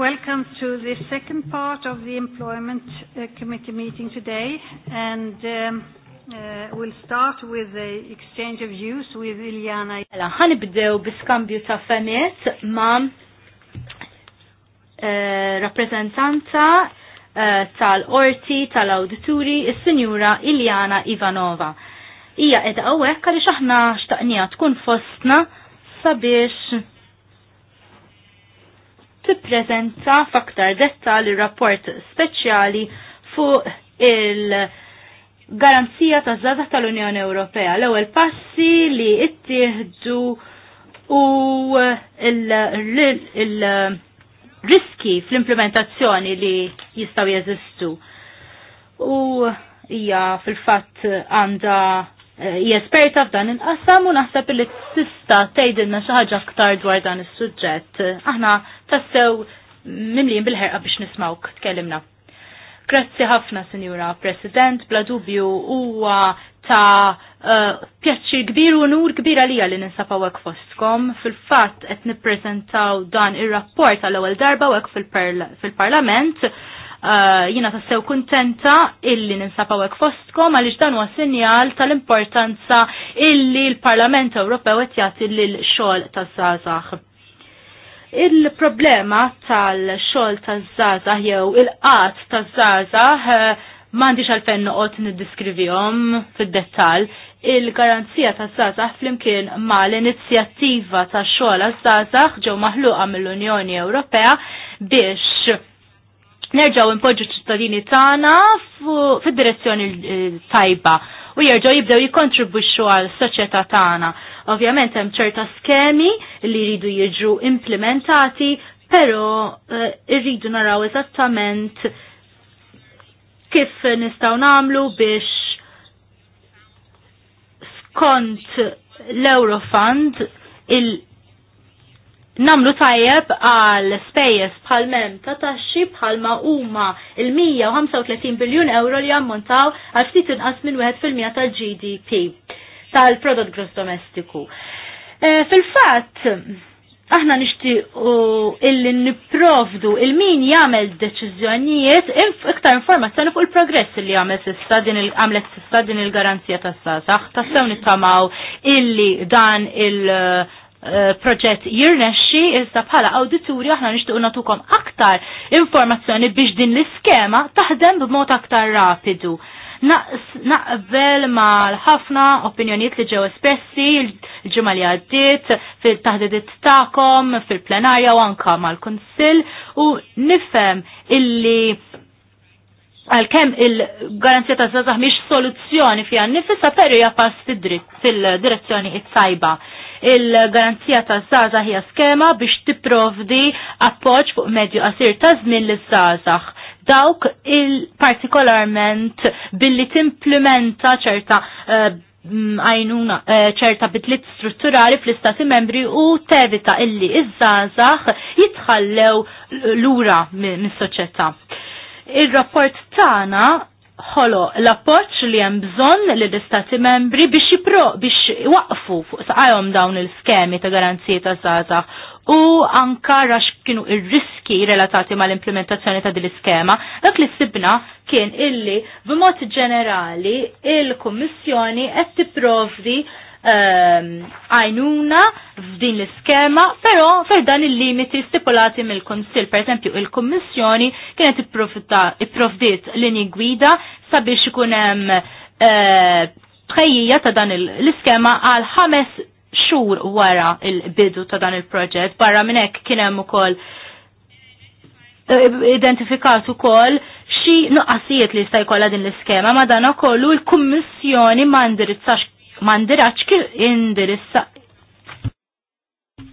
Welcome to the second part of the Employment uh, Committee meeting today, and um, uh, we'll start with the exchange of views with Iljana. Mela, ħanibdew biskambju ta' femiet ma' uh, rappresentanza uh, tal-orti, tal-awdituri, il-Sinjura Iljana Ivanova. Ija edha għawek għalix aħna xtaqnija tkun fostna sabiex tippreżenta f'aktar dettal ir-rapport speċjali fuq il- garanzija ta' zaza tal-Unjoni Ewropea. L-ewwel passi li ittieħdu u il-riski fl-implementazzjoni li jistaw jeżistu. U hija fil-fatt għandha jesperta f'dan il u naħseb li tista tgħidilna xi ħaġa aktar dwar dan is-suġġett. Aħna tassew mimlin bil-ħerqa biex nismawk tkellimna. Grazzi ħafna, Sinjura President, bla dubju huwa ta' uh, kbir u nur kbir għalija li ninsapaw għek fostkom. Fil-fatt qed nippreżentaw dan ir-rapport għal ewwel darba hekk fil-Parlament. fil parlament Eh, jina tassew kuntenta illi ninsabaw hekk fostkom għaliex dan huwa sinjal tal-importanza illi l-Parlament Ewropew qed jagħti lil-xogħol taż żgħażagħ Il-problema tal-xogħol taż-żgħażagħ jew il-qatt taż-żgħażagħ eh, m'għandix għalfejn noqgħod niddiskrivihom fid-dettall, il-garanzija ta' zazax flimkien ma' l-inizjattiva ta' xogħol għaż-żazax ġew maħluqa mill-Unjoni Ewropea biex nerġaw impoġġu ċittadini tagħna fid-direzzjoni eh, tajba u jerġgħu jibdew jikkontribwixxu għal soċjetà tagħna. Ovvjament hemm ċerta skemi li jridu jiġu implementati, però eh, rridu naraw eżattament kif nistgħu nagħmlu biex skont l-Eurofund il- namlu tajjeb għal spejjeż bħal mem ta' taxxi bħalma huma il-135 biljun euro li ammontaw għal ftit inqas minn 1% tal-GDP tal-prodott gross domestiku. E, Fil-fatt, aħna nixtiequ illi nipprovdu il-min jagħmel deċiżjonijiet iktar informazzjoni fuq il-progress li jagħmel s'issa din għamlet s'issa din il-garanzija tas-sasaħ tassew nittamaw illi dan il- uh, Eh, proġett jirnexxi iżda bħala awdituri aħna nixtieq nagħtukom aktar informazzjoni biex din l-iskema taħdem b'mod aktar rapidu. Naqbel ma ħafna opinjonijiet li ġew espressi l-ġimgħa li għaddiet fil-taħdidiet tagħkom fil-plenarja u anka mal-Kunsill u nifhem illi għalkemm il-garanzija ta' zazah miex soluzzjoni fija nifissa perri japass fil-direzzjoni it-sajba. Il-garanzija ta' zaza hija skema biex tipprovdi appoġġ fuq medju qasir ta' żmien lis-żgħażagħ dawk il-partikolarment billi timplementa ċerta eh, għajnuna eh, ċerta bitlit strutturali fl-istati membri u tevita illi iż-żazax jitħallew l-ura mis-soċjetà. Il-rapport tagħna ħolo l-appoċ li hemm bżonn li l-istati membri biex jipro biex waqfu fuq saqajhom dawn il-skemi ta' garanzija ta' sata u anka rax kienu ir-riski relatati mal-implementazzjoni ta' din iskema dak li sibna kien illi b'mod ġenerali il-Kummissjoni qed tipprovdi Ehm, għajnuna f'din l-iskema, però fer dan il-limiti stipulati mill-Konsil, per esempio il-Kommissjoni kienet i-profdit ini gwida sabiex ikun hemm eh, tħejjija ta' dan l-iskema għal ħames xhur wara il-bidu ta' dan il-proġett, barra minn hekk kien hemm ukoll eh, identifikat ukoll xi nuqqasijiet li jista' jkollha din l-iskema ma dan u l-Kummissjoni ma ndirizzax mandiraċ kif indirissa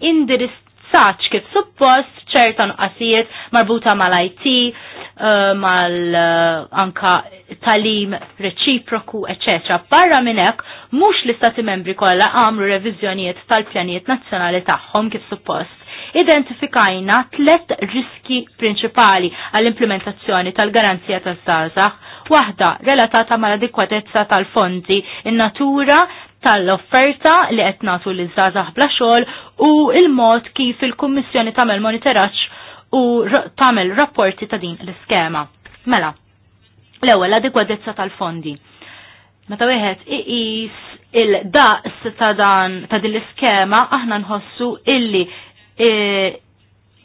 indirissaċ kif suppost ċerta qasijiet marbuta mal-IT, eh, mal-anka eh, talim reċiproku, ecc. Barra minnek, mux l-istati membri kolla għamlu revizjonijiet tal-pjanijiet nazzjonali tagħhom kif suppost identifikajna tlet riski prinċipali għall-implementazzjoni tal-garanzija tal sarsaħ Waħda relatata mal-adekwatezza tal-fondi in-natura tal-offerta li qed nagħtu l żgħażagħ bla xogħol u il-mod kif il-Kummissjoni tagħmel monitoraġġ u tagħmel rapporti ta' din l-iskema. Mela, l-ewwel l-adekwatezza tal-fondi. Meta wieħed iqis il-daqs ta' dan ta' din l-iskema aħna nħossu illi E,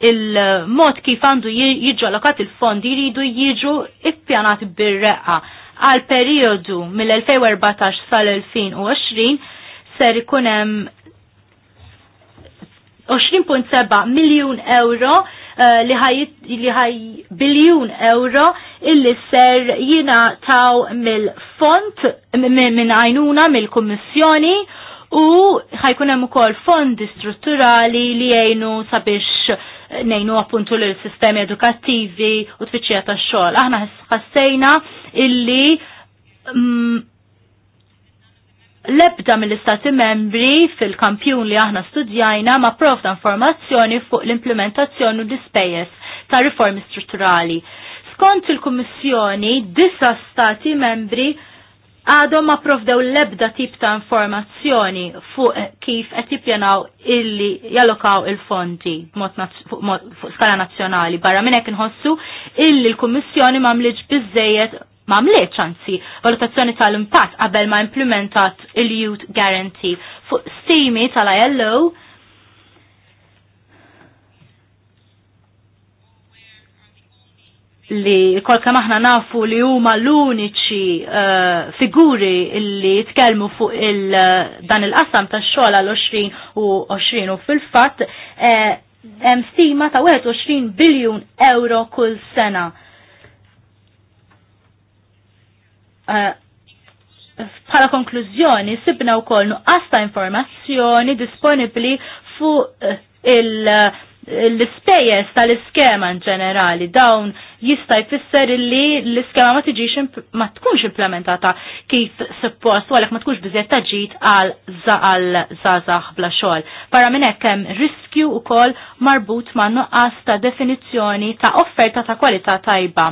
il-mod kif għandu jiġu allokat il-fondi jridu jiġu ippjanati bir-reqqa għal periodu mill-2014 sal-2020 ser ikun hemm 20.7 miljun euro e, li ħaj biljun euro illi ser jina taw mill-font minn għajnuna mill-kommissjoni u ħajkun hemm ukoll fondi strutturali li jgħinu sabiex eh, nejnu appuntu l sistemi edukattivi u tfittxija tax-xogħol. Aħna ħassejna illi mm, Lebda mill-istati membri fil-kampjun li aħna studjajna ma provda informazzjoni fuq l-implementazzjoni u l-ispejjeż ta' riformi strutturali. Skont il-Kummissjoni, disa stati membri għadhom ma provdew lebda tip ta' informazzjoni fuq kif qed jippjanaw illi jallokaw il-fondi fuq skala nazzjonali barra minn hekk inħossu illi l-Kummissjoni m'għamlitx biżejjed m'għamlitx anzi valutazzjoni tal-impatt qabel ma implementat il-Youth Guarantee fuq stimi tal-ILO li kolka maħna nafu li huma l-uniċi uh, figuri li jitkellmu fuq il, eh, dan il-qasam ta' xogħol għal 20 u 20 u fil-fatt eh, hemm uh, stima ta' 21 biljun euro kull sena. Uh, konklużjoni sibna wkoll nuqqas ta' informazzjoni disponibbli fuq il- uh, l-ispejjeż tal-iskema in ġenerali dawn jista' jfisser li l-iskema ma tiġix ma tkunx implementata kif suppost u għalhekk ma tkunx biżjed taġit għal għal żgħażagħ bla xogħol. Barra minn hekk hemm riskju wkoll marbut ma' nuqqas ta' definizzjoni ta' offerta ta' kwalità tajba.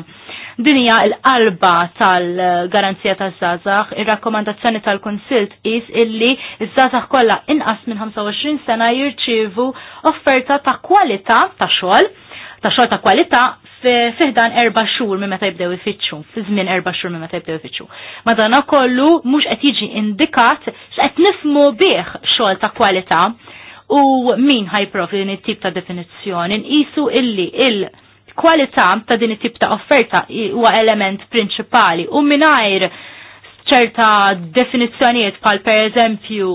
Dinija l-qalba tal-garanzija taż-żazax, ir-rakkomandazzjoni tal konsilt is illi iż-żazax kollha inqas minn 25 sena jirċievu offerta ta' kwalità ta' xogħol ta' xogħol ta' kwalità fiħdan erba' xhur minn meta jibdew ifittxu, fi żmien erba' xhur minn meta jibdew ifittxu. Madonna kollu mhux qed jiġi indikat x'qed nifmu bih xogħol ta' kwalità u min ħajprofi din it-tip ta' definizzjoni nqisu illi il- il-kwalità ta' din it-tip ta' offerta huwa element prinċipali u mingħajr ċerta definizzjonijiet pal per eżempju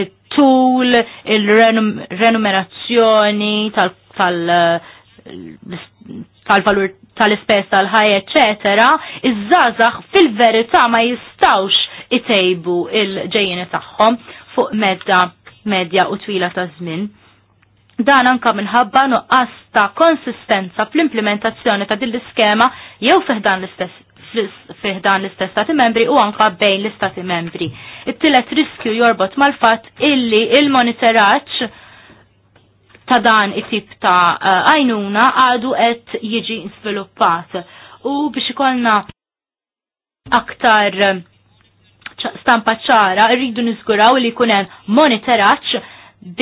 il-tul, il-renumerazzjoni tal-valur tal-ispess tal-ħajja, eccetera, iż-żazax fil-verità ma jistawx itejbu il-ġejjeni tagħhom fuq medda medja u twila ta' żmien. Dan anka minħabba nuqqas ta' konsistenza fl-implementazzjoni ta' din l-iskema jew fiħdan l-istess fiħdan l-istess stati membri u anka bejn l-istati membri. It-tielet riskju jorbot mal-fatt illi il-monitoraċ ta' dan it-tip ta' eh, għajnuna għadu qed jiġi sviluppat. U biex ikolna aktar eh, stampa ċara, rridu niżguraw li jkun hemm monitoraċ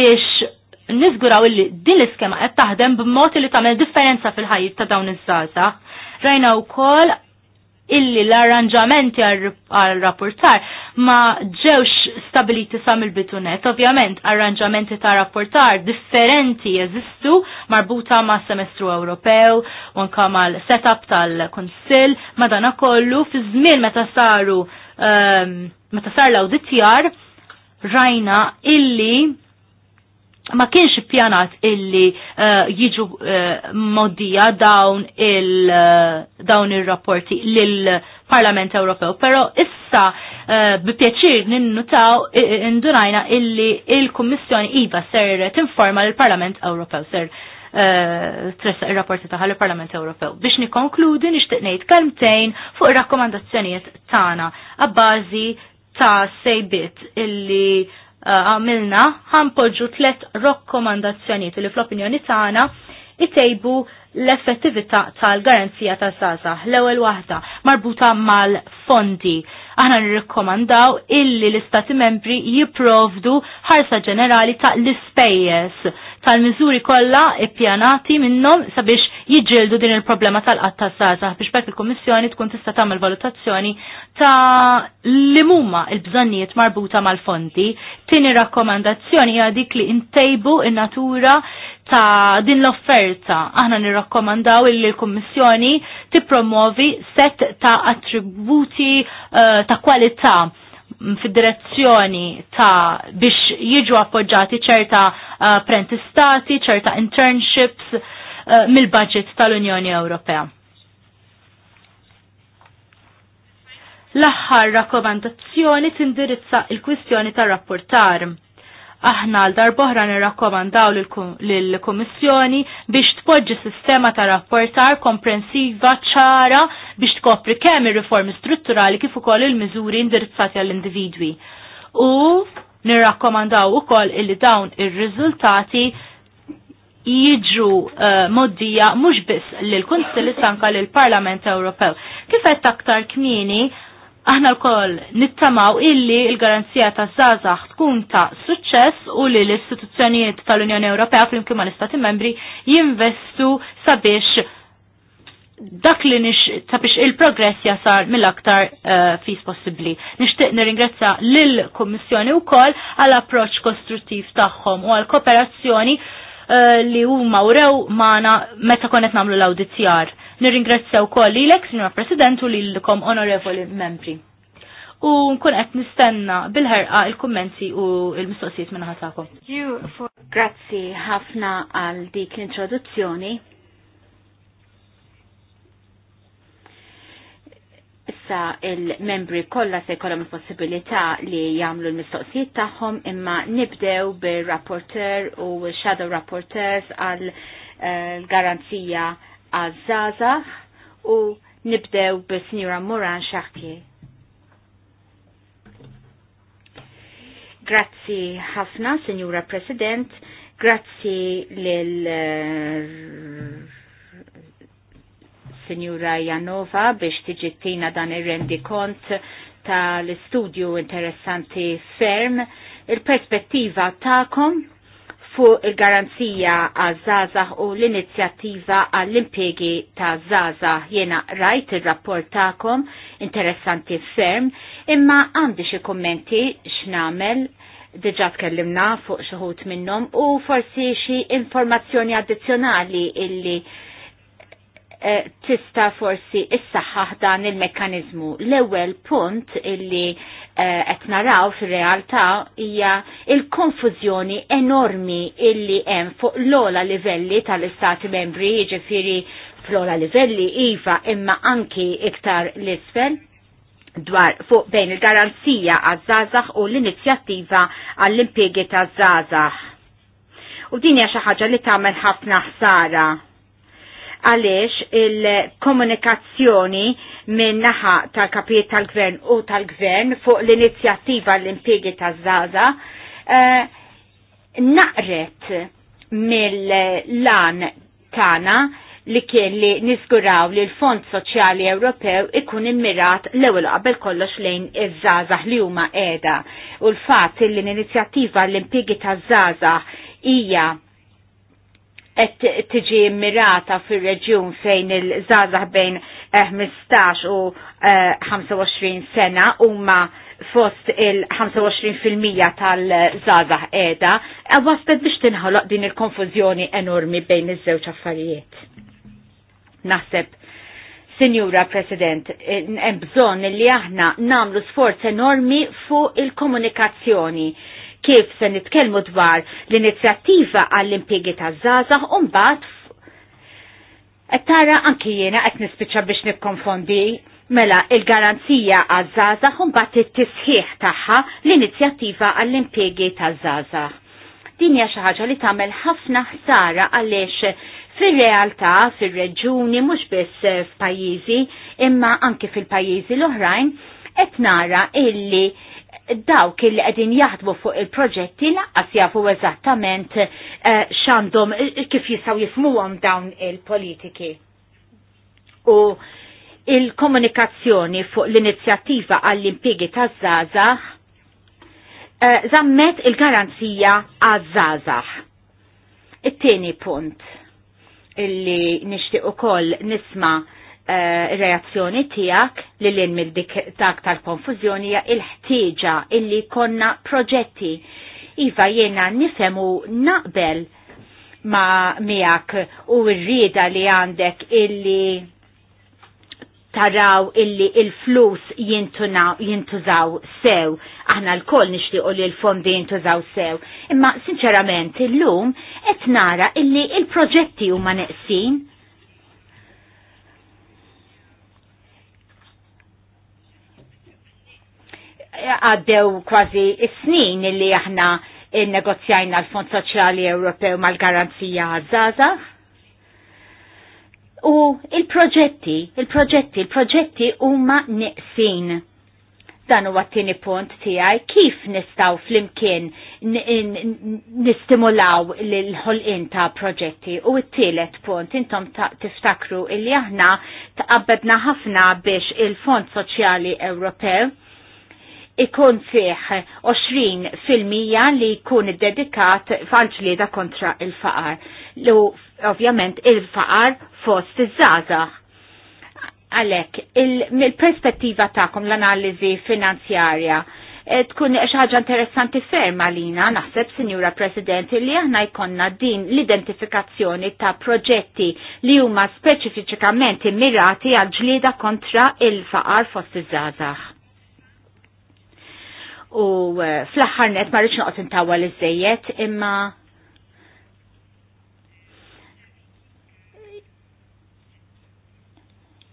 biex nizguraw li din l-iskema qed taħdem b'mod li tagħmel differenza fil-ħajjit ta' dawn iż-żaza. Rajna wkoll illi l-arranġamenti għal-rapportar ma ġewx stabiliti sam il-bitunet. Ovvjament, arranġamenti ta' rapportar differenti jeżistu marbuta ma' semestru Ewropew, unka mal setup tal-Konsil, ma' dana kollu fi żmien meta saru um, meta sar l-auditjar rajna illi ma kienx pjanat illi uh, jiġu uh, moddija dawn il uh, dawn ir-rapporti lil Parlament Ewropew, però issa uh, bi ninnutaw indunajna illi il-Kummissjoni iva ser tinforma l-Parlament Ewropew ser uh, tressa il-rapporti taħal l-Parlament Ewropew. Biex nikonkludi nixtieq ngħid kelmtejn fuq ir-rakkomandazzjonijiet tagħna għabbażi ta' sejbit illi Eh, għamilna ħanpoġġu tlet rokkomandazzjonijiet li fl-opinjoni tagħna itejbu l-effettività tal-garanzija ta' sasa. L-ewwel waħda marbuta mal-fondi. Aħna nirrikkomandaw illi l-Istati membri jipprovdu ħarsa ġenerali ta' l-ispejjeż tal-miżuri kollha ippjanati minnhom sabiex jiġildu din il-problema tal qatta s sasa biex bekk il komissjoni tkun tista' tagħmel valutazzjoni ta' li mumma l-bżonnijiet marbuta mal-fondi. Tini rakkomandazzjoni hija dik li intejbu in-natura ta' din l-offerta. Aħna nirrakkomandaw li l-Kummissjoni tippromovi set ta' attributi uh, ta' kwalità fid-direzzjoni ta' biex jiġu appoġġati ċerta apprentistati, uh, ċerta internships uh, mill-budget tal-Unjoni Ewropea. L-aħħar rakkomandazzjoni tindirizza il-kwistjoni tar-rapportar. Aħna l darboħra nirrakkomandaw lill-Kummissjoni biex tpoġġi sistema ta' rapportar komprensiva ċara biex tkopri kemm ir-riformi strutturali kif ukoll il-miżuri indirizzati għall-individwi. U nirrakkomandaw ukoll illi dawn ir-riżultati jiġu uh, moddija mhux biss lill-Kunsill sanka lill-Parlament Ewropew. Kif qed aktar kmieni Aħna l-koll nittamaw illi il-garanzija ta' zazax tkun ta' suċċess u li l-istituzzjonijiet tal-Unjoni Ewropea flimkien ma' l-Istati membri jinvestu sabiex dak li nix sabiex il-progress jasar mill-aktar uh, fis possibli. Nixtieq nirringrazzja lill-Kummissjoni wkoll għall approċċ kostruttiv tagħhom u għall kooperazzjoni uh, li huma wrew magħna meta konet nagħmlu l-awdizzjar Nirringrazzjaw koll lilek, Sinjor President, u lilkom onorevoli membri. U nkun qed nistenna bil-ħerqa il-kummenti u l mistoqsijiet minn ħatakom. Grazzi ħafna għal dik l-introduzzjoni. issa il-membri kollha se jkollhom il-possibilità li jagħmlu l-mistoqsijiet tagħhom imma nibdew bir-rapporter u shadow rapporters għal eh, garanzija għazzazax u nibdew bis-Sinjura Moran Xaħtje. Grazzi ħafna, Sinjura President, grazzi lil eh, Sinjura Janova biex tiġittina dan ir-rendi kont tal-istudju interessanti ferm il-perspettiva ta'kom fuq il-garanzija għaż-żazah u l-inizjattiva għall impiegi ta' żazah jena rajt il-rapport ta'kom interessanti ferm imma għandi xi kummenti x'namel diġa tkellimna fuq xuħut minnom u forsi xi informazzjoni addizzjonali illi Eh, tista forsi issaħħaħ dan il mekanizmu L-ewwel punt illi eh, qed naraw fir-realtà hija il-konfużjoni enormi illi hemm fuq l-ola livelli tal-istati membri, jiġifieri fl-ola livelli iva imma anki iktar l-isfel dwar fuq bejn il-garanzija għaż-żgħażagħ u l-inizjattiva għall-impjegi taż-żgħażagħ. U din hija xi ħaġa li tagħmel ħafna ħsara għaliex il-komunikazzjoni minn naħa tal-kapijiet tal-gvern u tal-gvern fuq l-inizjattiva l-impiegi taż zaza eh, naqret mill-lan tana li kien li nisguraw li l-Fond Soċjali Ewropew ikun immirat l ewwel qabel kollox lejn iż-żgħażagħ li huma qiegħda u l-fatt li l-inizjattiva l impiegi taż-żgħażagħ hija qed tiġi mirata fir-reġjun fejn il żazah bejn 15 eh, u 25 eh, sena huma fost il-25% tal żazah qiegħda, wasbet biex tinħoloq din il-konfużjoni enormi bejn iż-żewġ affarijiet. Naħseb Sinjura President, eh, hemm bżonn li aħna nagħmlu sforz enormi fuq il-komunikazzjoni kif se nitkellmu dwar l-inizjattiva għall impiegi taż-żgħażagħ un-bat qed tara anki jiena qed nispiċċa biex nikkonfondi mela il-garanzija għaż-żgħażagħ u mbagħad tisħiħ tagħha l-inizjattiva għall impiegi ta' żgħażagħ Din hija xi ħaġa li tagħmel ħafna ħsara għaliex fil-realtà, fil-reġuni, mhux biss f'pajjiżi, imma anki fil-pajjiżi l-oħrajn, qed nara illi dawk li qegħdin jaħdmu fuq il-proġetti naqqas jafu eżattament eh, x'għandhom eh, kif jistgħu jifmuhom dawn il-politiki. U il-komunikazzjoni fuq l-inizjattiva għall impiegi taż Zaza eh, zammet il-garanzija għaż Zaza. It-tieni punt illi nixtieq ukoll nisma' Eh, reazzjoni tijak li l-in mil-dik tak tal-konfuzjoni hija il-ħtieġa illi konna proġetti. Iva jena nifemu naqbel ma miak u rrida li għandek illi taraw illi il-flus jintużaw sew. Aħna l-koll nishtiqu li l-fondi jintużaw sew. Imma sinċerament il-lum etnara illi il-proġetti huma neqsin għaddew kważi is-snin illi aħna negozjajna l-Fond Soċjali Ewropew mal-Garanzija għazzaza. U il-proġetti, il-proġetti, il-proġetti huma neqsin. Dan huwa t-tieni punt tiegħi kif nistgħu flimkien nistimulaw l-ħolqien ta' proġetti. U t-tielet punt intom tiftakru illi aħna taqabbedna ħafna biex il-Fond Soċjali Ewropew ikun fieħ 20 fil-mija li jkun dedikat fal-ġlieda kontra il-faqar. Lu ovvjament il-faqar fost iż żaza Għalek, il-perspettiva ta'kom l-analizi finanzjarja, e, tkun xaġa interessanti ferma jina naħseb, Sinjura President, li aħna jkonna din l-identifikazzjoni ta' proġetti li huma speċifikament immirati għal ġlieda kontra il-faqar fost iż-żazax u eh, fl-aħħar net ma rridx noqgħod intawa l imma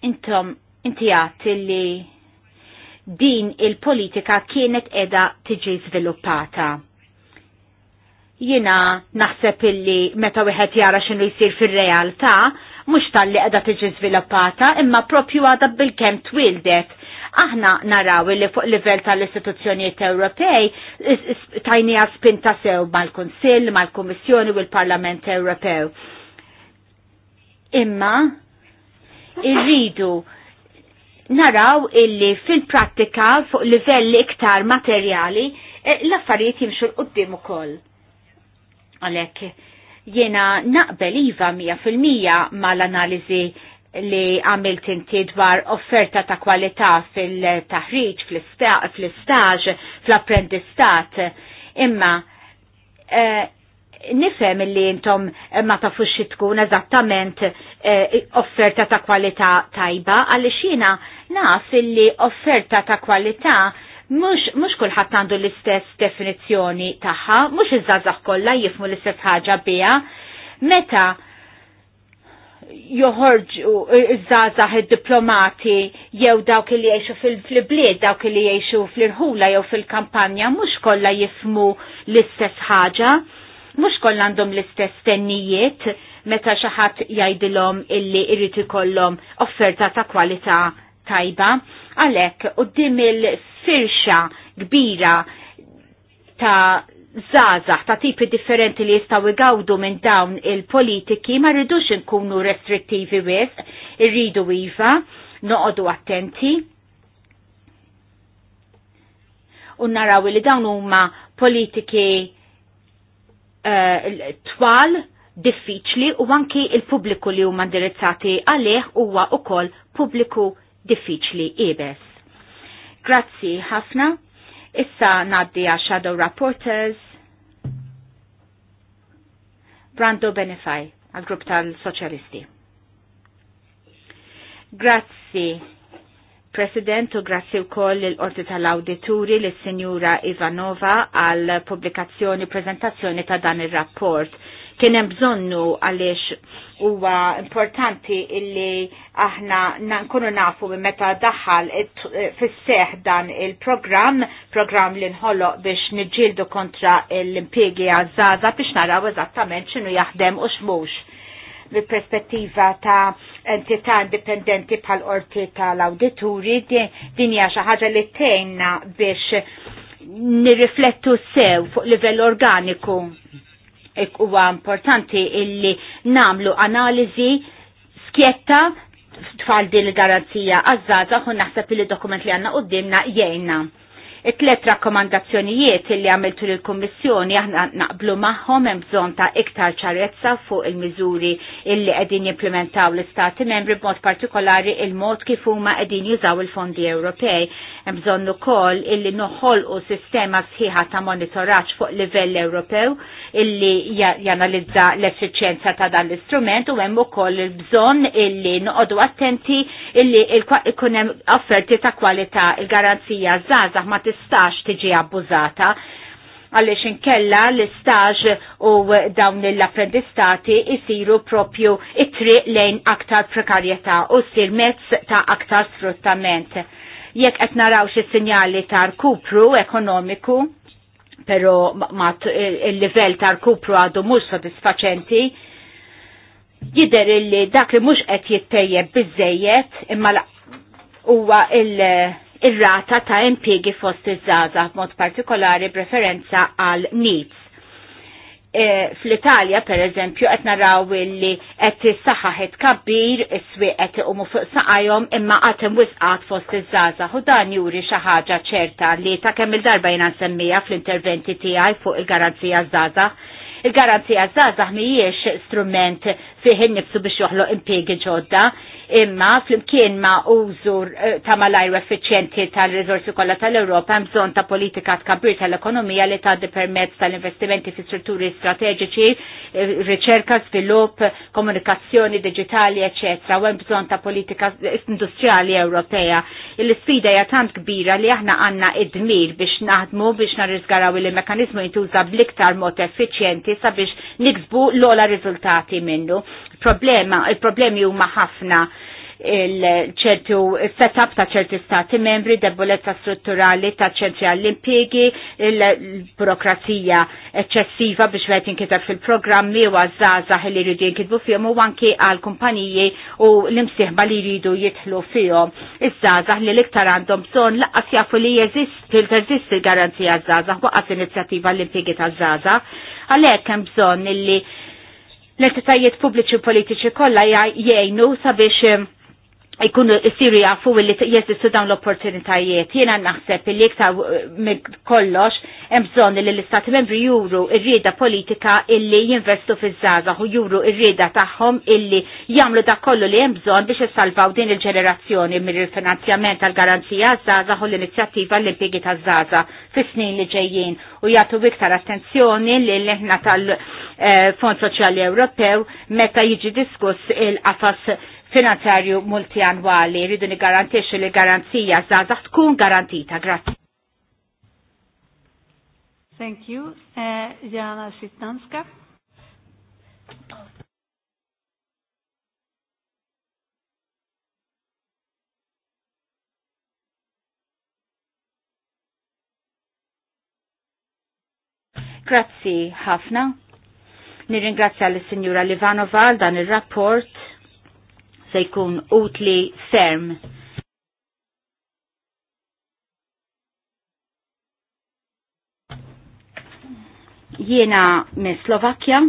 intom inti għat li din il-politika kienet edha tiġi sviluppata jina naħseb illi meta wieħed jara x'inhu jsir fir-realtà, mhux tal-li qiegħda tiġi żviluppata, imma propju għadha bil-kemm twildet aħna naraw li fuq livell tal-istituzzjonijiet Ewropej tajnija spinta sew mal-Kunsill, mal-Kummissjoni u l-Parlament Ewropew. Imma irridu naraw illi fil-prattika fuq livelli iktar materjali eh, l-affarijiet jimxu l-qoddim ukoll. Għalhekk jiena naqbel iva mija fil-mija mal-analiżi li għamilt inti dwar offerta ta' kwalità fil-taħriġ, fil-staġ, fl-apprendistat. Imma nifem eh, nifhem li intom ma tafux tkun eżattament eh, offerta ta' kwalità tajba għaliex jiena nas li offerta ta' kwalità mux, mux kullħat għandu l-istess definizjoni taħħa, mux iż-żazax kollha jifmu l-istess ħaġa biha. Meta joħorġu eh, iż-żazax id-diplomati jew dawk li jgħixu fil-bliet, dawk li jgħixu fl-irħula jew fil-kampanja, mhux kollha jifmu l-istess ħaġa, mhux kollha għandhom l-istess tennijiet meta xi ħadd jgħidilhom illi jrid ikollhom offerta ta' kwalità tajba. Għalhekk quddiem il-firxa kbira ta' zazax ta' tipi differenti li jistaw igawdu minn dawn il-politiki ma rridux nkunu restrittivi wis, irridu iva, noqodu attenti. U naraw li dawn huma politiki uh, twal, diffiċli u anki il-pubbliku li huma indirizzati għalih huwa ukoll pubbliku diffiċli ibes. Grazzi ħafna. Issa naddi għal Shadow Rapporters. Brando Benefaj, għal grupp tal-Soċjalisti. Grazzi, President, u grazzi u koll l-Orti tal-Awdituri l-Sinjura Ivanova għal pubblikazzjoni prezentazzjoni ta' dan il-rapport kien hemm bżonnu għaliex huwa importanti illi aħna nkunu nafu minn meta daħal fis-seħ dan il-programm, programm li nħolloq biex niġġieldu kontra l għaż għażaża biex naraw eżattament x'inhu jaħdem u x'mhux mill-perspettiva ta' entità indipendenti bħal orti tal-awdituri, din hija xi ħaġa li tgħinna biex nirriflettu sew fuq livell organiku huwa importanti illi namlu analiżi skjetta tfal din il-garanzija għazzaza kun naħseb li dokument li għanna dimna jgħinna it-tlet rakkomandazzjonijiet li għamiltu l-Kommissjoni aħna naqblu maħħom hemm bżonn ta' iktar ċarezza fuq il-miżuri illi qegħdin jimplementaw l-Istati membri b'mod partikolari il-mod kif huma qegħdin jużaw il-fondi Ewropej. Hemm bżonn ukoll illi noħolqu sistema sħiħa ta' monitoraġġ fuq livell Ewropew illi janalizza l-effiċjenza ta' dan l-istrument u hemm ukoll il-bżonn illi noqogħdu attenti illi ikun hemm offerti ta' kwalità il-garanzija żgħażagħ ma tistax tiġi abbużata għalix inkella l-istaġ u dawn l-apprendistati isiru propju it-triq lejn aktar prekarjetà u sir mezz ta' aktar sfruttament. Jekk qed naraw xi sinjali ta' rkupru ekonomiku, pero mat il-livell ta' rkupru għadu mhux sodisfaċenti, jider li dak li mhux qed jittejjeb biżejjed imma huwa il- ir-rata ta' impiegi fost iż-żaza b'mod partikolari preferenza għal nits. E, Fl-Italja, per eżempju, qed naraw li qed saħaħet kabbir, is-swieq qed iqumu fuq saqajhom imma qatt hemm wisqat fost iż-żaża. U dan juri xi ħaġa ċerta li ta' kemm il-darba jiena nsemmija fl-interventi tiegħi fuq il-garanzija żgħażagħ il-garanzija żgħażagħ mhijiex strument fiħin nifsu biex joħloq impiegi ġodda, imma flimkien ma' użu eh, ta' malajru effiċjenti tal-rizorsi kollha tal-Ewropa hemm bżonn ta' politika tkabbir tal-ekonomija li tgħaddi permezz tal-investimenti fi strutturi strateġiċi, eh, riċerka, svilupp, komunikazzjoni digitali, ecc. u hemm bżonn ta' politika industrijali Ewropea. Il-sfida hija tant kbira li aħna għandna id-dmir biex naħdmu biex narriżgaraw li mekanizmu jintuża bliktar mod effiċjenti sabiex niksbu l-ola riżultati minnu problema, il-problemi huma ħafna il-ċertu setup ta' ċerti stati membri, debolezza strutturali ta' ċentri għall-impiegi, il-burokrazija eccessiva biex għet jinkiteb fil-programmi u għazzaza li jridu jinkitbu fihom u anki għal-kumpaniji u l-imsieħba li jridu jitħlu fihom. Iż-żaza li l-iktar għandhom bżonn laqqas jafu li jeżisti l-teżisti l-garanzija għazzaza, waqqas inizjativa l-impiegi ta' żaza. Għalhekk hemm bżonn illi l-entitajiet pubbliċi u politiċi kollha jgħinu sabiex eh, jkunu jisiru jafu li s dawn l-opportunitajiet. Jena naħseb li iktar kollox hemm bżonn li l-Istati membri juru irrida rieda politika illi jinvestu fiż-żgħażagħ u juru irrida taħħom tagħhom illi jagħmlu dak kollu li hemm bżonn biex issalvaw din il-ġenerazzjoni il finanzjament tal-garanzija żgħażagħ u l-inizjattiva l-impjiegi taż-żgħażagħ fis-snin li ġejjin u jagħtu iktar attenzjoni li l-eħna tal-Fond eh, Soċjali Ewropew meta jiġi diskuss il-qafas finanzjarju multianwali. Rridu nigarantixu li garanzija zaza tkun garantita. Grazie. Thank you. Uh, Jana Grazie, Grazzi ħafna. Nirringrazzja l sinjura Livanova dan il-rapport se jkun utli ferm. Jiena me Slovakkja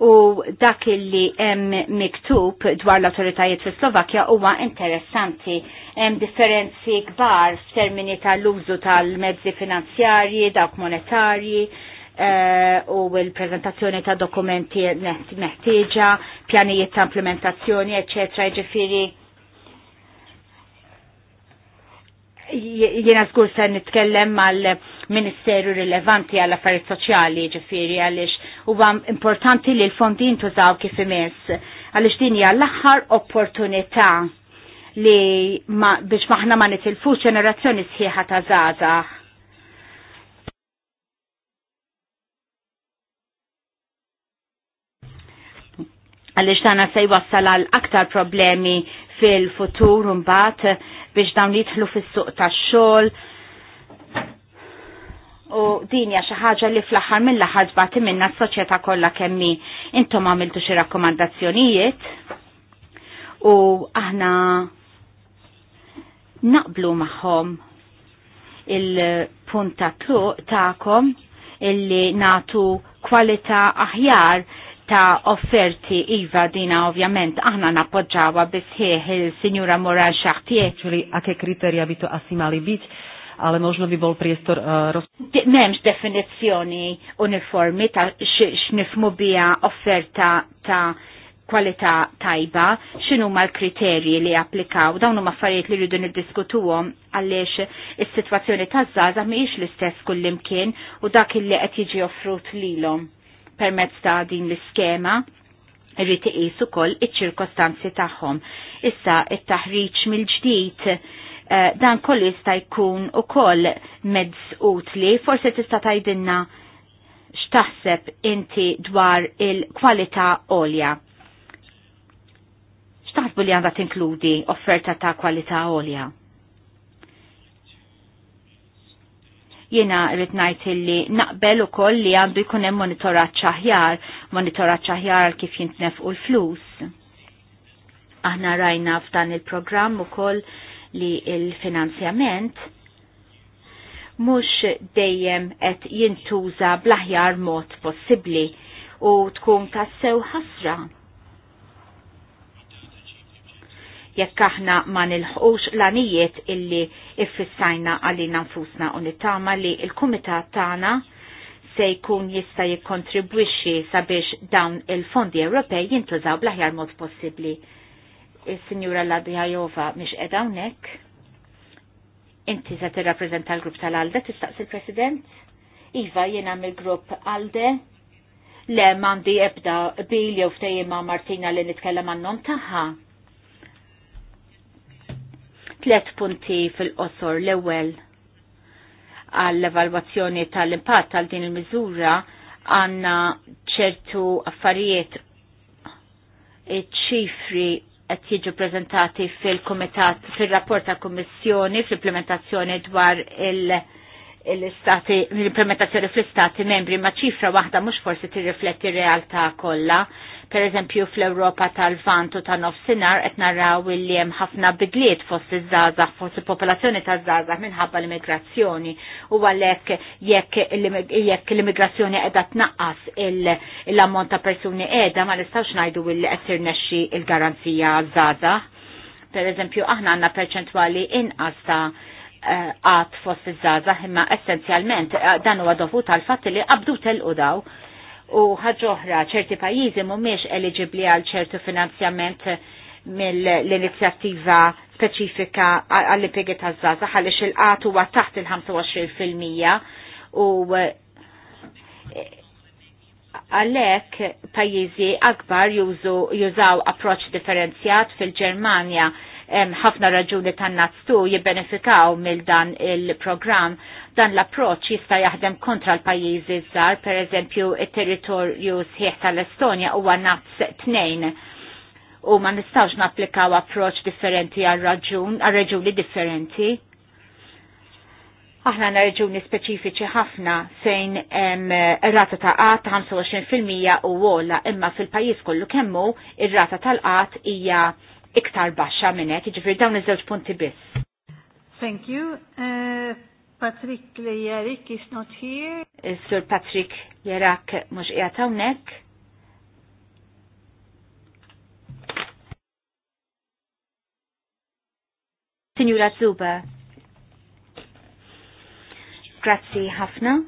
u dak li hemm miktub dwar l-autoritajiet fi Slovakkja huwa interessanti. Hemm differenzi kbar f'termini tal-użu tal-mezzi finanzjarji, dawk monetarji, Eh, u l-prezentazzjoni ta' dokumenti meħtieġa, pjanijiet ta' implementazzjoni, eccetera, ġifiri. Jena zgur se nitkellem mal ministeru rilevanti għall affarijiet soċjali ġifiri għaliex huwa importanti li l-fondi tużaw kif imiss għaliex din hija l-aħħar opportunità li biex maħna ma nitilfux ġenerazzjoni sħiħa ta' zazax għaliex tagħna se jwassal għal aktar problemi fil-futur mbagħad biex dawn jidħlu fis-suq tax-xogħol. U dinja xaħġa xi ħaġa li fl-aħħar mill-aħħar bati minna s-soċjetà kollha kemmi intom għamiltu xi rakkomandazzjonijiet u aħna naqblu magħhom il-punta tluq ta'kom illi natu kwalità aħjar ta' offerti iva dina ovvjament aħna nappoġġawa ħieħ il-Sinjura Moran Xaħtie. Ċuri, għake kriterja bitu assimali bit, għale možno bi bol priestor uh, eh, Memx definizjoni uniformi ta' xnifmu bija offerta ta' kwalità tajba, xinu ma l-kriterji li applikaw, dawnu farijiet li rridu niddiskutuhom għaliex is-sitwazzjoni taż zaza mhijiex l-istess kullimkien u dak li qed jiġi offrut lilhom permezz ta' din l-iskema irrid iqis ukoll iċ-ċirkostanzi tagħhom. Issa it-taħriġ mill-ġdid eh, dan kollu jista' jkun ukoll mezz utli, forsi tista' tgħidilna x'taħseb inti dwar il-kwalità olja. X'taħsbu li għandha tinkludi offerta ta' kwalità għolja? Jena rritnajt illi naqbel ukoll li għandu jkun hemm ċaħjar, aħjar, ċaħjar għal kif u l-flus. Aħna rajna f'dan il-programm ukoll li il-finanzjament mhux dejjem qed jintuża bl-aħjar mod possibbli u tkun tassew ħasra jekk aħna ma nilħqux l-anijiet illi iffissajna għalina nfusna u nittama li il-Kumitat tagħna se jkun jista' jikkontribwixxi sabiex dawn il-fondi Ewropej jintużaw bl-aħjar mod possibbli. Is-Sinjura Ladjajova mhix qed hawnhekk. Inti se tirrappreżenta l-grupp tal-Alde tistaqsi il president Iva jiena mill-grupp Alde le mandi ebda bil jew ftejjim Martina li nitkellem għannom taħħa tlet punti fil-qosor l-ewwel għall-evalwazzjoni tal-impatt tal din il-miżura għanna ċertu affarijiet ċifri qed jiġu prezentati fil-kumitat fil-rapport ta' kummissjoni fl-implementazzjoni dwar il- l-istati, l-implementazzjoni fl-istati membri ma' ċifra waħda mhux forsi tirrifletti r-realtà kollha. Per eżempju fl-Ewropa tal-Vant u tal nofsinhar qed narraw li hemm ħafna bidliet fost iż-żgħażagħ fost il-popolazzjoni taż-żgħażagħ minħabba l-immigrazzjoni u għalhekk jekk l-immigrazzjoni qiegħda tnaqqas l-ammont ta' persuni qiegħda ma nistgħux ngħidu li qed tirnexxi l-garanzija żgħażagħ. Per eżempju aħna għandna perċentwali inqas ta' Eh, għat fost iż-żaza imma essenzjalment eh, dan huwa dovut għal fatt li qabdu telqu daw u ħaġoħra ċerti pajjiżi mhumiex eligibbli għal ċertu finanzjament mill-inizjattiva speċifika għall-impjegi taż-żaza għaliex il-qat huwa taħt il-25 u eh, għalek pajjiżi akbar jużaw approċ differenzjat fil-Germania ħafna raġuni tan-nazzu jibbenefikaw mill dan il-programm. Dan l-approċ jista' jaħdem kontra l-pajjiżi żgħar, pereżempju it-territorju sħiħ tal-Estonja huwa nazz tnejn u ma nistawx napplikaw approċ differenti għal raġun, għal raġuni differenti. Aħna għanna raġuni speċifiċi ħafna fejn rata ta' qat 25% u għola imma fil-pajis kollu kemmu ir-rata tal-qat hija iktar baxxa minn hekk, jiġifieri dawn iż-żewġ punti biss. Thank you. Uh, Patrick Lejerik is not here. Sur Patrick Jerak mhux qiegħed hawnhekk. Signora Zuba. Grazie ħafna.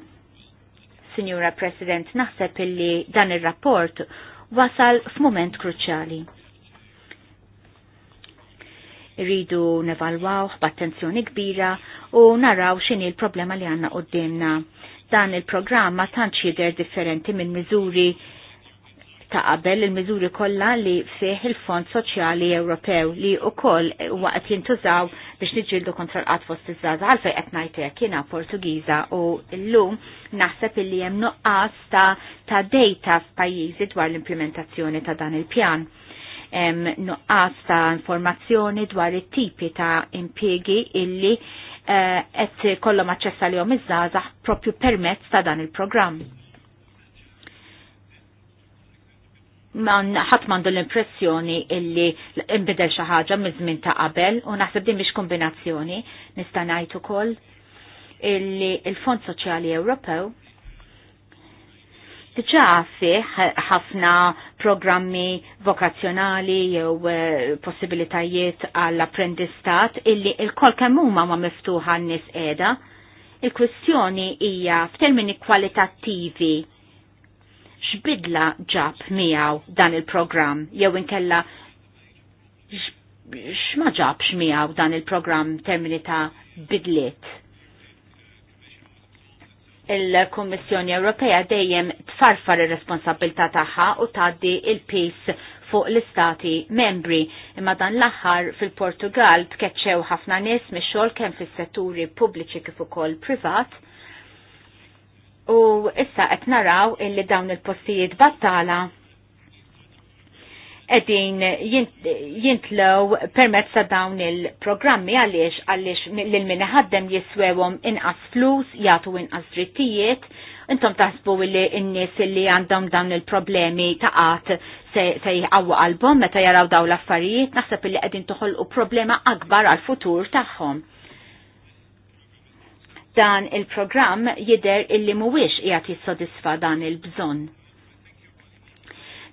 Signora President, naħseb illi dan ir-rapport wasal f'mument kruċjali rridu nevalwawh b'attenzjoni kbira u naraw x'inhi l-problema li għandna qudiemna. Dan il-programma tantx jidher differenti minn miżuri ta' qabel il-miżuri kollha li fih il-Fond Soċjali Ewropew li wkoll waqt jintużaw biex niġġieldu kontra l-qatt fost iż-żgħażagħ għalfejn qed ngħidlek jiena Portugiża u llum naħseb illi hemm nuqqas ta' ta' data f'pajjiżi dwar l-implementazzjoni ta' dan il-pjan nuqqas ta' informazzjoni dwar it-tipi ta' impiegi illi eh, qed kollhom aċċess għalihom iż-żgħażagħ propju permezz ta' dan il-programm. man ħadd m'għandu l-impressjoni illi imbidel xi ħaġa miż-żmien ta' qabel u naħseb din biex kombinazzjoni nista' ngħid ukoll illi il-Fond Soċjali Ewropew diġa fih ħafna programmi vokazzjonali jew eh, possibilitajiet għall-apprendistat illi il-kol kemmuma ma miftuħa n-nis edha. Il-kwestjoni hija f'termini kwalitattivi x'bidla ġab miegħu dan il-programm jew inkella x'ma ġabx miegħu dan il-programm termini ta' bidliet il-Kommissjoni Ewropea dejjem tfarfar ir-responsabilità tagħha u tgħaddi il-pis fuq l-istati membri. Imma dan l-aħħar fil-Portugal tkeċċew ħafna nies mix-xogħol kemm fis-setturi pubbliċi kif ukoll privat. U issa qed naraw illi dawn il-postijiet battala edin jintlow permezz ta' dawn il-programmi għaliex għaliex l-min ħaddem jiswewhom inqas flus, jagħtu inqas drittijiet, intom taħsbu li n-nies li għandhom dawn il-problemi ta' qatt se jħawwa qalbhom meta jaraw daw l-affarijiet, naħseb li qegħdin toħolqu problema akbar għal-futur tagħhom. Dan il-programm jider illi mhuwiex qiegħed jissodisfa dan il-bżonn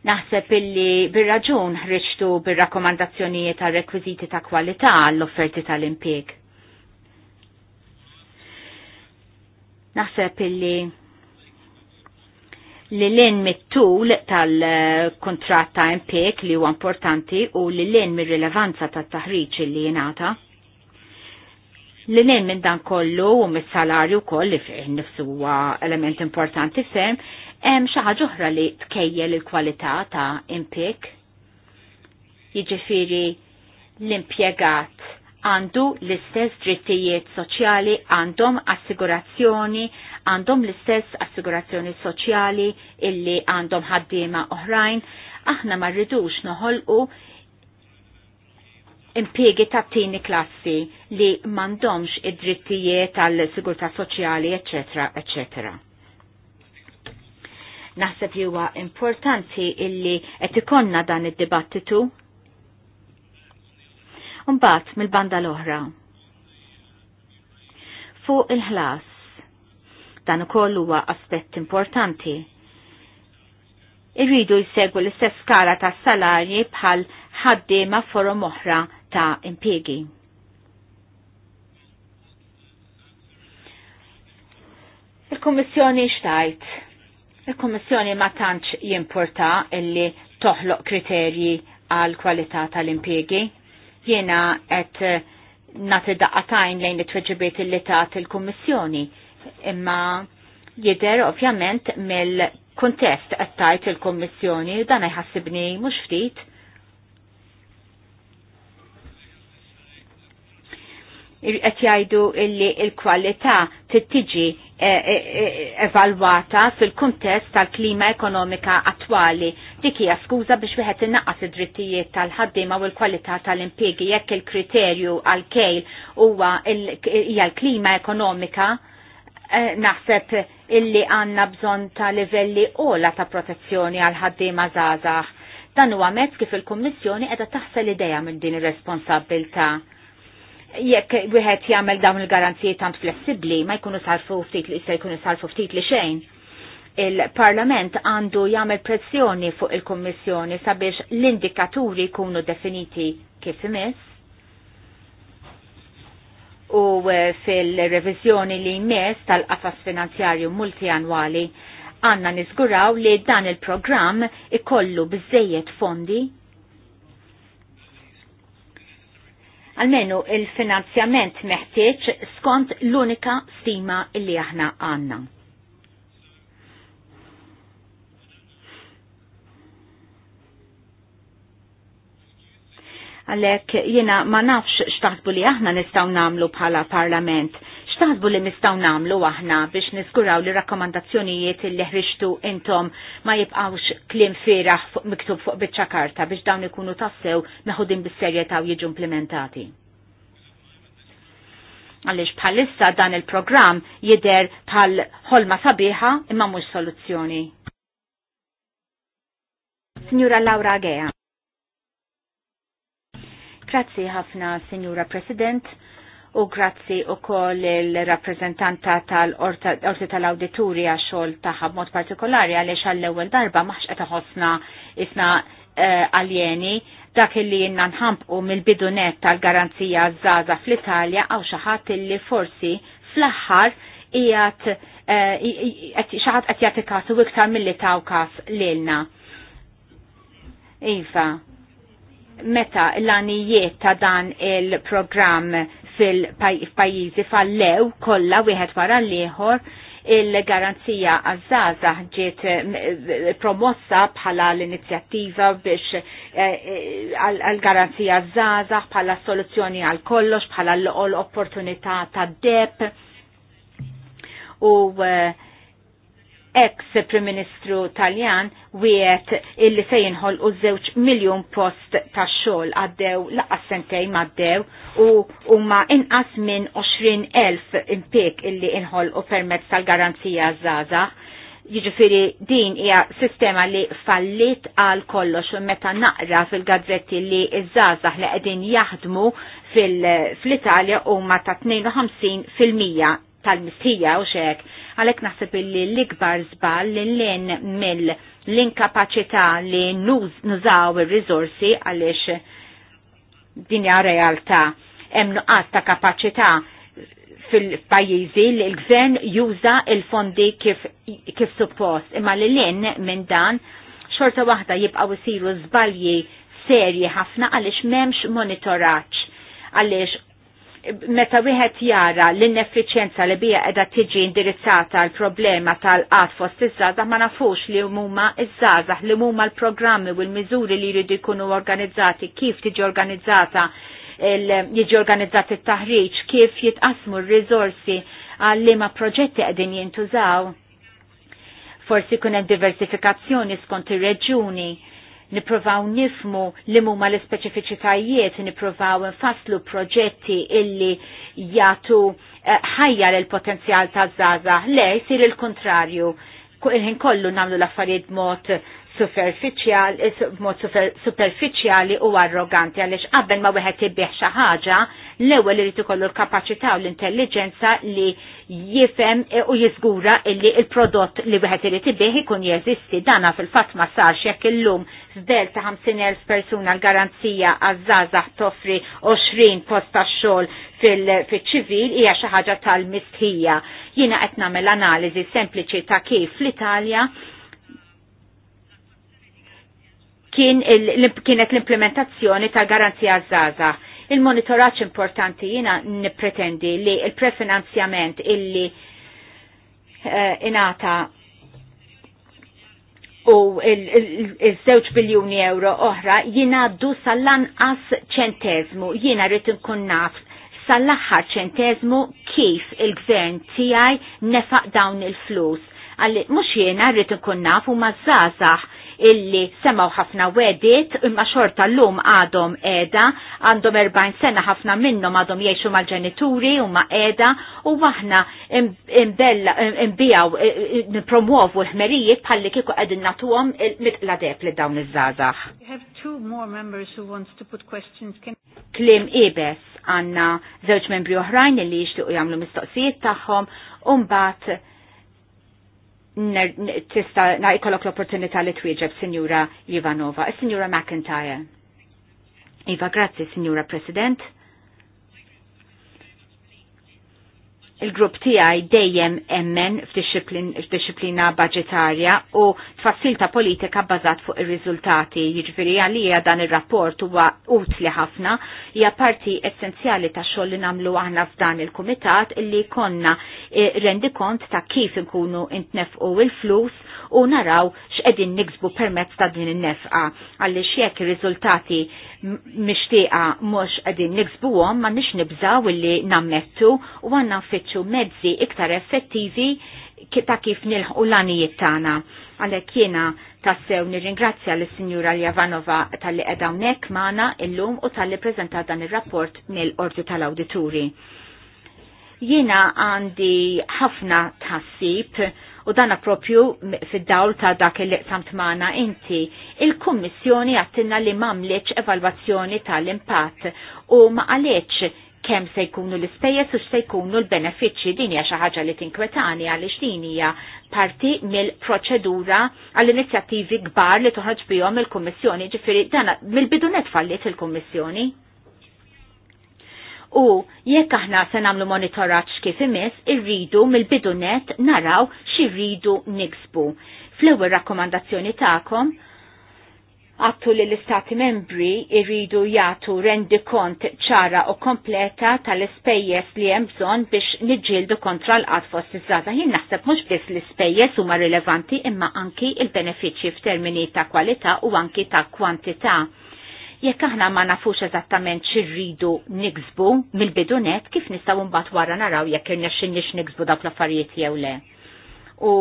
Naħseb illi bir-raġun ħriġtu bir-rakkomandazzjonijiet ta' rekwiżiti ta' kwalità għall-offerti tal-impjeg. Naħseb illi li l-in mit-tul tal-kontrat ta' impjeg li huwa importanti u li l-in mir-rilevanza tat-taħriġ li jingħata. Li l-in minn dan kollu u mis-salarju koll li fih nifsu huwa element importanti sem, Hemm xi ħaġa oħra li tkejjel il-kwalità ta' impik. Jiġifieri l-impjegat għandu l-istess drittijiet soċjali, għandhom assigurazzjoni, għandhom l-istess assigurazzjoni soċjali illi għandhom ħaddiema oħrajn, aħna ma rridux noħolqu impiegi ta' tini klassi li mandomx id-drittijiet għall sigurta soċjali, eccetera, eccetera. Naħseb li huwa importanti illi qed ikonna dan id-dibattitu. Mbagħad mill-banda l-oħra. Fuq il-ħlas. Dan ukoll huwa aspett importanti. Irridu jsegwu l-istess skala tas salarji bħal ħaddiema forum oħra ta' impiegi. Il-Kommissjoni xtajt Il-Kommissjoni ma tantx jimporta illi toħloq kriterji għal kwalità tal-impjegi. Jiena qed nagħti daqatajn lejn it-tweġibiet illi tat il-Kummissjoni, imma jidher ovvjament mill-kuntest qed tajt il-Kummissjoni dan jħassibni mhux ftit qed jgħidu illi l-kwalità tittiġi eh, eh, eh, evalwata fil-kuntest tal-klima ekonomika attwali. Dik hija skuża biex wieħed innaqas id-drittijiet tal-ħaddiema u l-kwalità tal impjiegi jekk il-kriterju għal kejl huwa hija l-klima ekonomika naħseb illi għanna bżon ta' livelli ola ta' protezzjoni għal ħaddiema żgħażagħ. Dan huwa mezz kif il-Kummissjoni qiegħda taħsel idea minn din ir-responsabbilta' jekk wieħed jagħmel dawn il-garanziji tant flessibbli ma jkunu sarfu ftit li jkunu sarfu ftit li xejn. Il-Parlament għandu jagħmel pressjoni fuq il-Kummissjoni sabiex l-indikaturi jkunu definiti kif imiss u eh, fil-reviżjoni li jmiss tal-qafas finanzjarju multianwali għanna nizguraw li dan il-programm ikollu bizzejiet fondi almenu il-finanzjament meħtieġ skont l-unika stima li aħna għanna. Għalek jena ma nafx xtaħsbu li aħna nistaw namlu bħala parlament X'taħsbu li nistgħu nagħmlu aħna biex niskuraw li rakkomandazzjonijiet li ħriġtu intom ma jibqgħux kliem firaħ miktub fuq biċċa karta biex dawn ikunu tassew meħudin bis-serjetà u jiġu implementati? Għaliex bħalissa dan il-programm jider bħal ħolma sabiħa imma mhux soluzzjoni. Signora Laura Gea. Grazzi ħafna, Signora President u grazzi u koll il-rappresentanta tal-orti tal-auditori għaxol taħab mod partikolari għalix għall-ewel darba maħx għetaħosna isna eh, aljeni dak li jenna nħampqu mill-bidunet tal-garanzija zaza fl-Italja għaw xaħat li forsi fl ħar ijat eh, xaħat għat jati kasu iktar mill-li taw kas lilna. Iva, meta l-anijiet ta' dan il-programm fil-pajizi fallew kollha wieħed wara l-ieħor il-garanzija għazzaza ġiet eh, promossa bħala l-inizjattiva biex eh, għal-garanzija għazzaza bħala soluzzjoni għal kollox bħala l-opportunità ta' deb u uh, ex Prim Ministru Taljan wiet illi se jinħol u zewċ miljon post ta' xogħol għaddew laqas sentejn maddew u huma inqas minn 20,000 impik illi inħol u permezz tal-garanzija zaza. Jiġifieri din hija sistema li fallit għal kollox u meta naqra fil-gazzetti li iż-żgħażagħ li qegħdin jaħdmu fil-Italja huma ta' 52 fil-mija tal-mistija u xek. Għalek naħseb li l-ikbar zbal li l-in mill l inkapacita li nużaw il-rizorsi għalix dinja realtà hemm nuqqas ta' kapaċità fil-pajjiżi li l-gvern juża il-fondi kif, kif suppost. Imma li l-in minn dan xorta waħda jibqaw isiru żbalji serji ħafna għaliex m'hemmx monitoraċ għaliex meta wieħed jara l-ineffiċjenza li bija qiegħda tiġi indirizzata l problema tal qat fost iż-żgħażagħ ma nafux li huma iż-żgħażagħ li huma l-programmi u l-miżuri li jridu jkunu organizzati kif tiġi organizzata jiġi organizzat it-taħriġ, kif jitqasmu r-riżorsi għal liema proġetti qegħdin jintużaw. Forsi kun hemm diversifikazzjoni skont ir-reġuni niprovaw nifmu li mumma l-speċifiċitajiet, niprovaw nfasslu proġetti illi jatu eh, ħajja uh, l-potenzjal ta' zaza. Le, jisir il-kontrarju. Il-ħin kollu namlu l-affarijiet mod superficial, b'mod superficiali u arroganti għaliex qabel ma wieħed ibbieħ xi ħaġa, l-ewwel irid ikollu l-kapaċità u l-intelligenza li jifhem u jiżgura li l-prodott li wieħed irid ibbieħ ikun jeżisti. Dana fil-fatt ma sarx jekk illum żdel ta' 50,000 persuna l-garanzija għaż żażaħ toffri 20 post tax-xogħol fil-ċivil hija xi ħaġa tal-mistħija. Jiena qed nagħmel analiżi sempliċi ta' kif l-Italja kien kienet l-implementazzjoni ta' garanzija zaza. Il-monitoraġġ importanti jiena nippretendi li l prefinanzjament illi uh, inata u il-żewġ biljuni euro oħra du sal as ċentezmu, jina rrit nkun naf sal-aħħar ċentezmu kif il-gvern tiegħi nefaq dawn il-flus. Għalli mhux jiena rrid nkun naf huma żgħażagħ illi semaw ħafna wedit imma xorta l-lum għadhom edha, għandhom 40 sena ħafna minnhom għadhom jgħixu mal-ġenituri u ma edha u waħna imbijaw nipromuovu l-ħmerijiet bħalli kieku qegħdin nagħtuhom mitla deb li dawn iż-żgħażagħ. Klim ibes għanna żewġ membri oħrajn illi jixtiequ jagħmlu mistoqsijiet tagħhom u mbagħad tista najkolok l-opportunità li twieġeb Signora Ivanova. Signora McIntyre. Iva, grazie, Signora President. il-grupp tiegħi dejjem emmen f'disciplina budgetarja u tfassil ta' politika bbażat fuq ir-riżultati. Jiġifieri għalija dan ir-rapport huwa utli ħafna hija parti essenzjali ta' xogħol li nagħmlu aħna f'dan il-kumitat illi konna eh, rendi kont ta' kif inkunu intnefqu il-flus u naraw x'qegħdin niksbu permezz ta' din in-nefqa għaliex jekk ir-riżultati mixtieqa mhux qegħdin niksbuhom ma nix nibżaw illi nammettu u għandna nfittxu mezzi iktar effettivi ta' kif nilħu l-għanijiet tagħna. Għalhekk jiena tassew nirringrazzja l sinjura Javanova tal-li edha hawnhekk magħna illum u tal-li preżentat dan ir rapport mill qorti tal-awdituri. Jiena għandi ħafna tħassib u dana propju fid-dawl ta' dak il samt Tmana inti. Il-Kummissjoni għattinna li mamliċ evalwazzjoni tal-impatt u ma għaliex kemm se jkunu l-ispejjeż u se jkunu l-benefiċċji din hija xi ħaġa li tinkwetani għaliex din hija parti mill-proċedura għall-inizjattivi kbar li toħroġ bihom il-Kummissjoni, ġifieri dan mill-bidu net fallit il-Kummissjoni. U jekk aħna se nagħmlu monitoraġġ kif imiss, irridu mill net naraw x'irridu niksbu. Fl-ewwel rakkomandazzjoni tagħkom għattu li l-istati membri irridu jagħtu rendi kont ċara u kompleta tal-ispejjeż li hemm bżonn biex niġġieldu kontra l-qatt fost iż-żgħażagħ. Jien naħseb mhux biss l-ispejjeż huma rilevanti imma anki il-benefiċċji f'termini ta' kwalità u anki ta' kwantità jekk aħna ma nafux eżattament xirridu niksbu mill-bidunet kif nistgħu mbagħad wara naraw jekk irnexxinniex niksbu dawk l-affarijiet jew le. U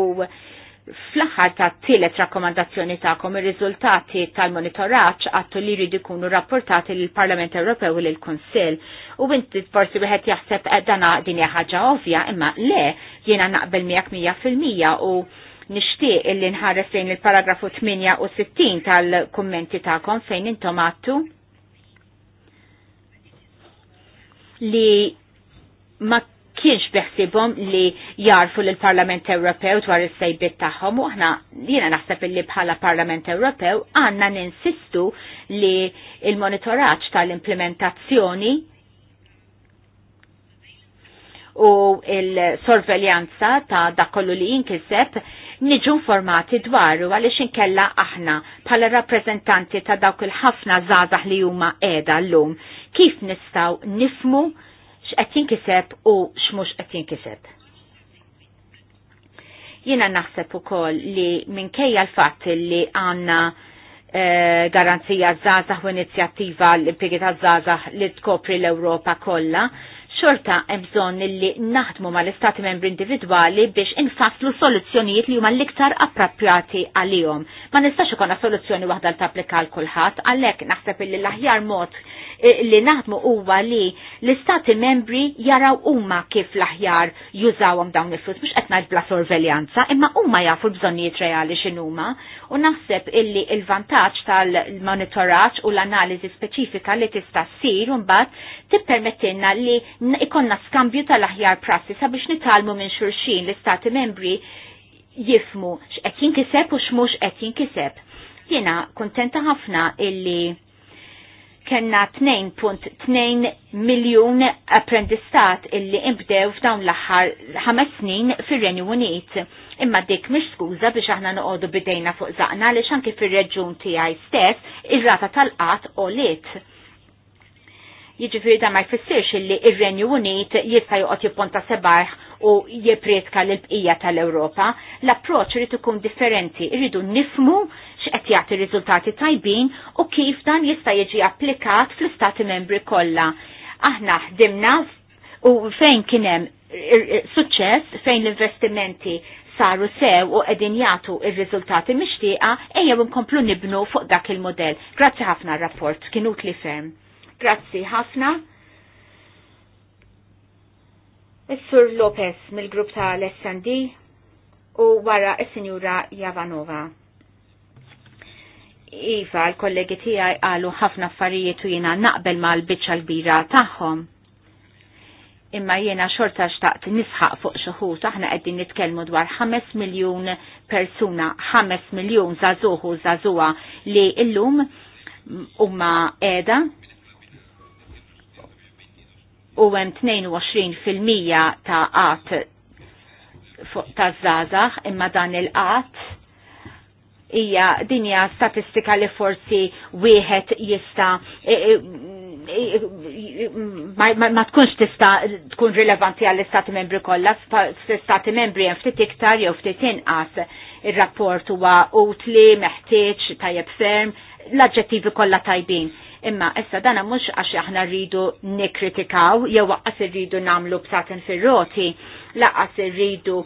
fl-aħħar ta' tielet rakkomandazzjoni tagħkom ir-riżultati tal-monitoraġġ għattu li jridu jkunu rapportati lill parlament Ewropew u lill kunsill u inti forsi wieħed jaħseb eh, dana din hija ħaġa ovvja imma le jiena naqbel miegħek mija fil-mija u nixtieq illi nħares lejn il-paragrafu 68 tal-kummenti tagħkom fejn intom għattu li ma kienx beħsibhom li jarfu l parlament Ewropew dwar is-sejbiet tagħhom u aħna jiena naħseb illi bħala Parlament Ewropew għandna ninsistu li il-monitoraġġ tal-implementazzjoni u il-sorveljanza ta' dakollu li jinkiseb niġu informati dwaru għaliex inkella aħna bħala rappreżentanti ta' dawk il-ħafna zazah li huma qiegħda llum kif nistgħu nifmu x'qed jinkiseb u x'mhux qed jinkiseb. Jiena naħseb ukoll li minkejja l-fatt li għandna eh, garanzija zazah u inizjattiva l-impiegi ta' zazah li tkopri l-Europa kolla, xorta hemm bżonn li naħdmu mal-istati membri individwali biex infasslu soluzzjonijiet li huma l-iktar appropriati għalihom. Ma nistax ikonna soluzzjoni waħda l tapplika l kulħadd, għalhekk naħseb illi l-aħjar mod Eh, li naħdmu huwa li l-istati membri jaraw huma kif l-aħjar jużawhom dawn il-flus, mhux qed ngħid bla sorveljanza, imma huma jafu l-bżonnijiet reali x'inhuma u naħseb illi il-vantaġġ tal-monitoraġġ u l-analiżi speċifika li tista' ssir mbagħad tippermettilna li ikonna skambju tal-aħjar prassi sabiex nitalmu minn xurxin l-istati membri jifmu x'qed jinkiseb u x'mhux qed jinkiseb. Jiena kuntenta ħafna illi kena 2.2 miljon apprendistat illi imbdew f'dawn l-aħħar 5 snin fir-Renju Unit. Imma dik mhix skuża biex aħna noqogħdu bidejna fuq zaqna li anke fir-reġjun tiegħi stess ir-rata tal-qatt olit. Jiġifieri da ma jfissirx illi r renju Unit jista' joqgħod jipponta sebaħ u jipretka l-bqija tal-Ewropa, l-approċ rrid ikun differenti, rridu nifmu qed jagħti riżultati tajbin u kif dan jista' jiġi applikat fl-istati membri kollha. Aħna ħdimna u fejn kien hemm er, er, suċċess fejn l-investimenti saru sew u qegħdin jagħtu r-riżultati mixtieqa ejja nkomplu nibnu fuq dak il-modell. Grazzi ħafna r-rapport, kien utli ferm. Grazzi ħafna. Is-Sur Lopez mill-grupp tal-SND u wara is-Sinjura Javanova. Iva, l-kollegi tijaj għalu ħafna affarijiet u jena naqbel ma l-bicċa l-bira taħħom. Imma jena xorta xtaqt nisħaq fuq xuħut, aħna għeddin nitkelmu dwar 5 miljon persuna, 5 miljon zazuhu zazuwa li illum umma edha u hemm 22% ta' qat ta' zazax imma dan il-qat hija dinja statistika li forsi wieħed jista' e, e, e, ma tkunx tista' tkun rilevanti għall-istati membri kollha, f'istati membri hemm ftit iktar jew ftit inqas ir-rapport huwa utli, meħtieġ, tajjeb ferm, l-aġġettivi kollha tajbin. Imma issa dana mhux għax aħna rridu nikritikaw, jew waqqas rridu nagħmlu b'satin fir-roti, laqas rridu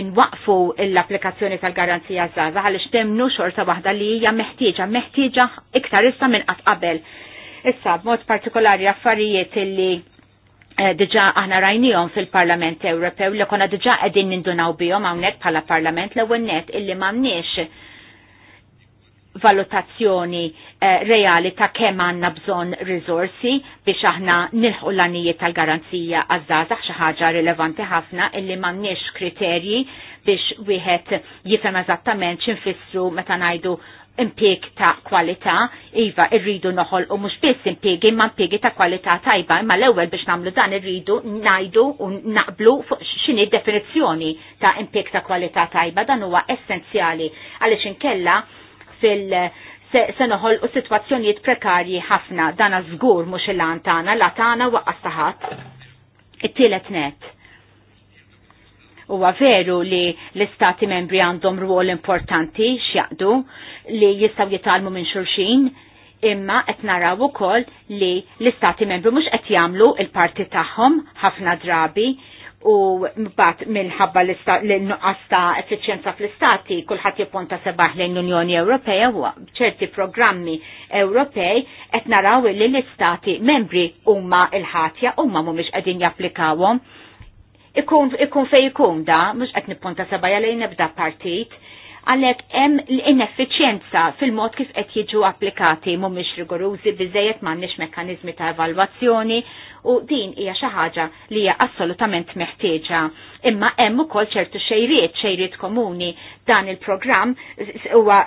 inwaqfu in l-applikazzjoni tal-garanzija zaza, għaliex temnu xorta waħda li hija meħtieġa, meħtieġa iktar issa minn qabel. Issa b'mod partikolari affarijiet illi eh, diġa aħna rajnijom fil-Parlament Ewropew li konna dġa għedin nindunaw bijom għawnek pala Parlament l net illi mamniex valutazzjoni eh, reali ta' kemm għandna bżonn risorsi biex aħna nilħu l-għanijiet tal-garanzija għazzazax xi ħaġa rilevanti ħafna illi m'għandniex kriterji biex wieħed jifhem eżattament x'infissru meta ngħidu impieg ta' kwalità, iva irridu noħol u mhux biss impiegi imma impiegi ta' kwalità tajba, imma l-ewwel biex nagħmlu dan irridu ngħidu u naqblu fuq x'inhi definizzjoni ta' impieg ta' kwalità tajba dan huwa essenzjali għaliex inkella fil- se noħol u situazzjonijiet prekarji ħafna dana żgur mhux il-lan tagħna, la tagħna waqqas taħat. It-tielet net. Huwa veru li l-istati membri għandhom ruol importanti x'jaqdu li jistgħu jitalmu minn xulxin, imma qed naraw ukoll li l-istati membri mhux qed jagħmlu il-parti tagħhom ħafna drabi u mbagħad minħabba l-nuqqas ta' effiċjenza fl-istati kulħadd jipponta sebaħ lejn l-Unjoni Ewropea u ċerti programmi Ewropej qed naraw li l-istati membri huma l-ħatja huma mhumiex qegħdin japplikawhom ikun, ikun fej ikun da, mux għet nipponta sabaja lejn ebda partit, għalhekk hemm l-ineffiċjenza fil-mod kif qed jiġu applikati mhumiex rigorużi biżejjed m'għandniex mekkaniżmi ta' evalwazzjoni u din hija xi ħaġa li hija assolutament meħtieġa. Imma hemm ukoll ċertu xejriet, xejriet komuni dan il-programm huwa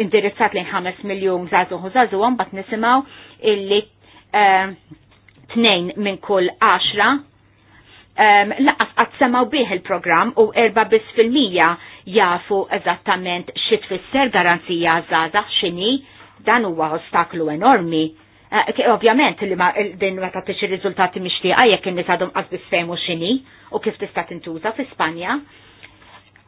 indirizzat lejn 5 miljun żagħżuħu żagħżuhom bad mbagħad nisimgħu illi eh, tnejn minn kull għaxra um, laqas qatt semaw bih il-programm u erba biss fil-mija jafu eżattament xi tfisser garanzija żgħażagħ x'inhi dan huwa ostaklu enormi. Uh, Ovvjament li ma din ma tagħtix ir-riżultati mixtieqa jekk in-nies għadhom qas biss fehmu x'inhi u kif tista' tintuża fi Spanja.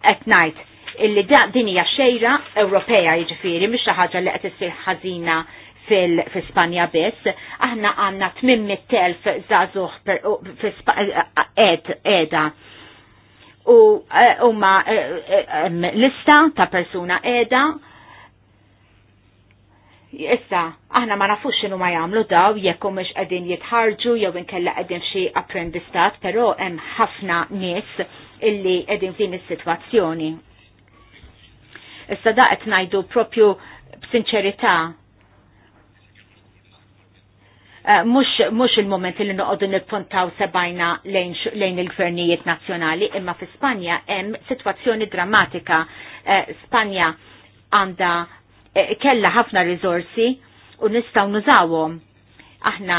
Qed ngħid illi din hija xejra Ewropea jiġifieri mhix xi ħaġa li qed issir ħażina fil-Spanja biss, aħna għanna 800.000 zazuħ fil ed, U umma lista ta' persuna edha. Issa, aħna ma nafux xinu ma jamlu daw, jekku mux għedin jitħarġu, jew inkella għedin xie apprendistat, pero hemm ħafna nies illi għedin f'din is-situazzjoni. Issa da qed ngħidu propju b'sinċerità Eh, mux il-moment li noqogħdu nippuntaw sebajna lejn il-gvernijiet nazzjonali, imma fi Spanja hemm sitwazzjoni drammatika. Eh, Spanja għandha eh, kella ħafna rizorsi u nistgħu nużawhom. Aħna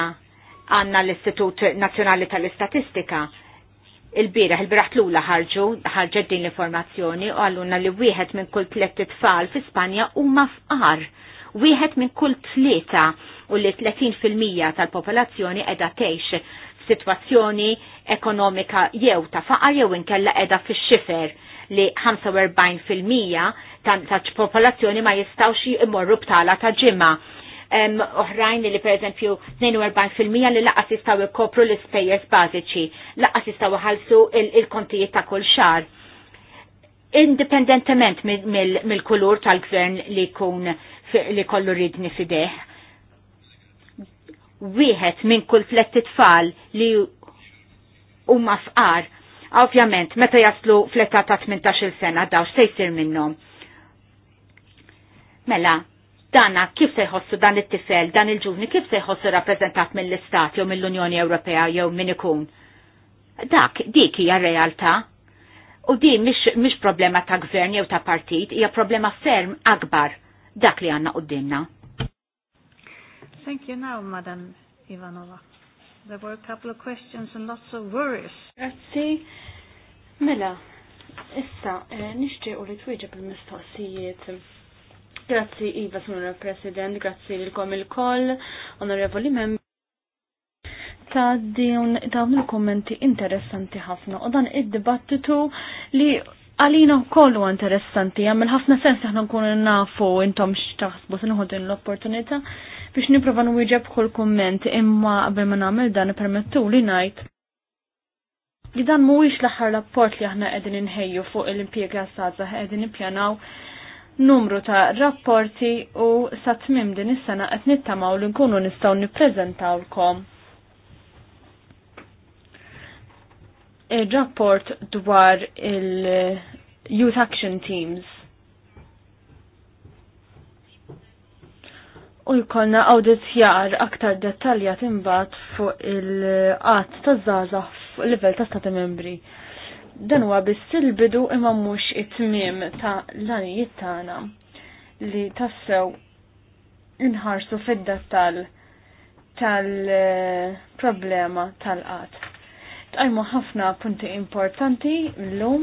għandna l-Istitut Nazzjonali tal-Istatistika il-biraħ, il l-ula ħarġu, ħarġet din l-informazzjoni u għalluna li wieħed minn kull tliet tfal fi Spanja huma fqar. Wieħed minn kull tlieta u li 30% tal-popolazzjoni edha tgħix f'sitwazzjoni ekonomika jew ta' faqar jew inkella edha fix-xifer li 45% tal-popolazzjoni ma jistawx imorru btala ta' ġimma oħrajn li per eżempju 42% li laqas jistaw ikopru l-ispejjeż bażiċi, laqas jistaw ħalsu il-kontijiet ta' kull xar. Indipendentement mill-kulur tal-gvern li kun li kollu ridni fideħ wieħed minn kull tlet tfal li huma fqar. Ovvjament, meta jaslu fl-età ta' 18 sena daw se jsir minnhom. Mela, dana kif se jħossu dan it-tifel, dan il-ġuvni kif se jħossu rappreżentat mill-Istat jew mill-Unjoni Ewropea jew min ikun. Dak, dik hija realtà. U di mish problema ta' gvern jew ta' partit, hija problema ferm akbar dak li għandna dinna. Thank you now, Madam Ivanova. There were a couple of questions and lots of worries. Grazzi. Mela, issa, eh, u li twieġeb il-mistoqsijiet. Grazzi, Iva, Sunura President, l lilkom il-koll, onorevoli membri ta' dawn il-kommenti interessanti ħafna u dan id-dibattitu li għalina kollu interessanti, għamil ħafna sens aħna nkunu nafu intom xtaħsbu sinħu din l-opportunita biex niprofa nwieġeb kull komment imma qabel ma nagħmel dan permettu li ngħid li dan mhuwiex l-aħħar rapport li aħna qegħdin inħejju fuq il impjieg għas-sażaħ qegħdin ippjanaw numru ta' rapporti u sa tmim din is-sena qed nittamaw li nkunu nistgħu nippreżentawlkom. Il-rapport dwar il-Youth Action Teams u jkollna awdizjar aktar dettaljat timbat fuq il-qatt ta' żgħażagħ fuq level ta' stati membri. Dan huwa biss il-bidu imma mhux it-tmiem ta' l-għanijiet tagħna li tassew inħarsu fid-dettall tal-problema tal-qatt. Tajmu ħafna punti importanti l-lum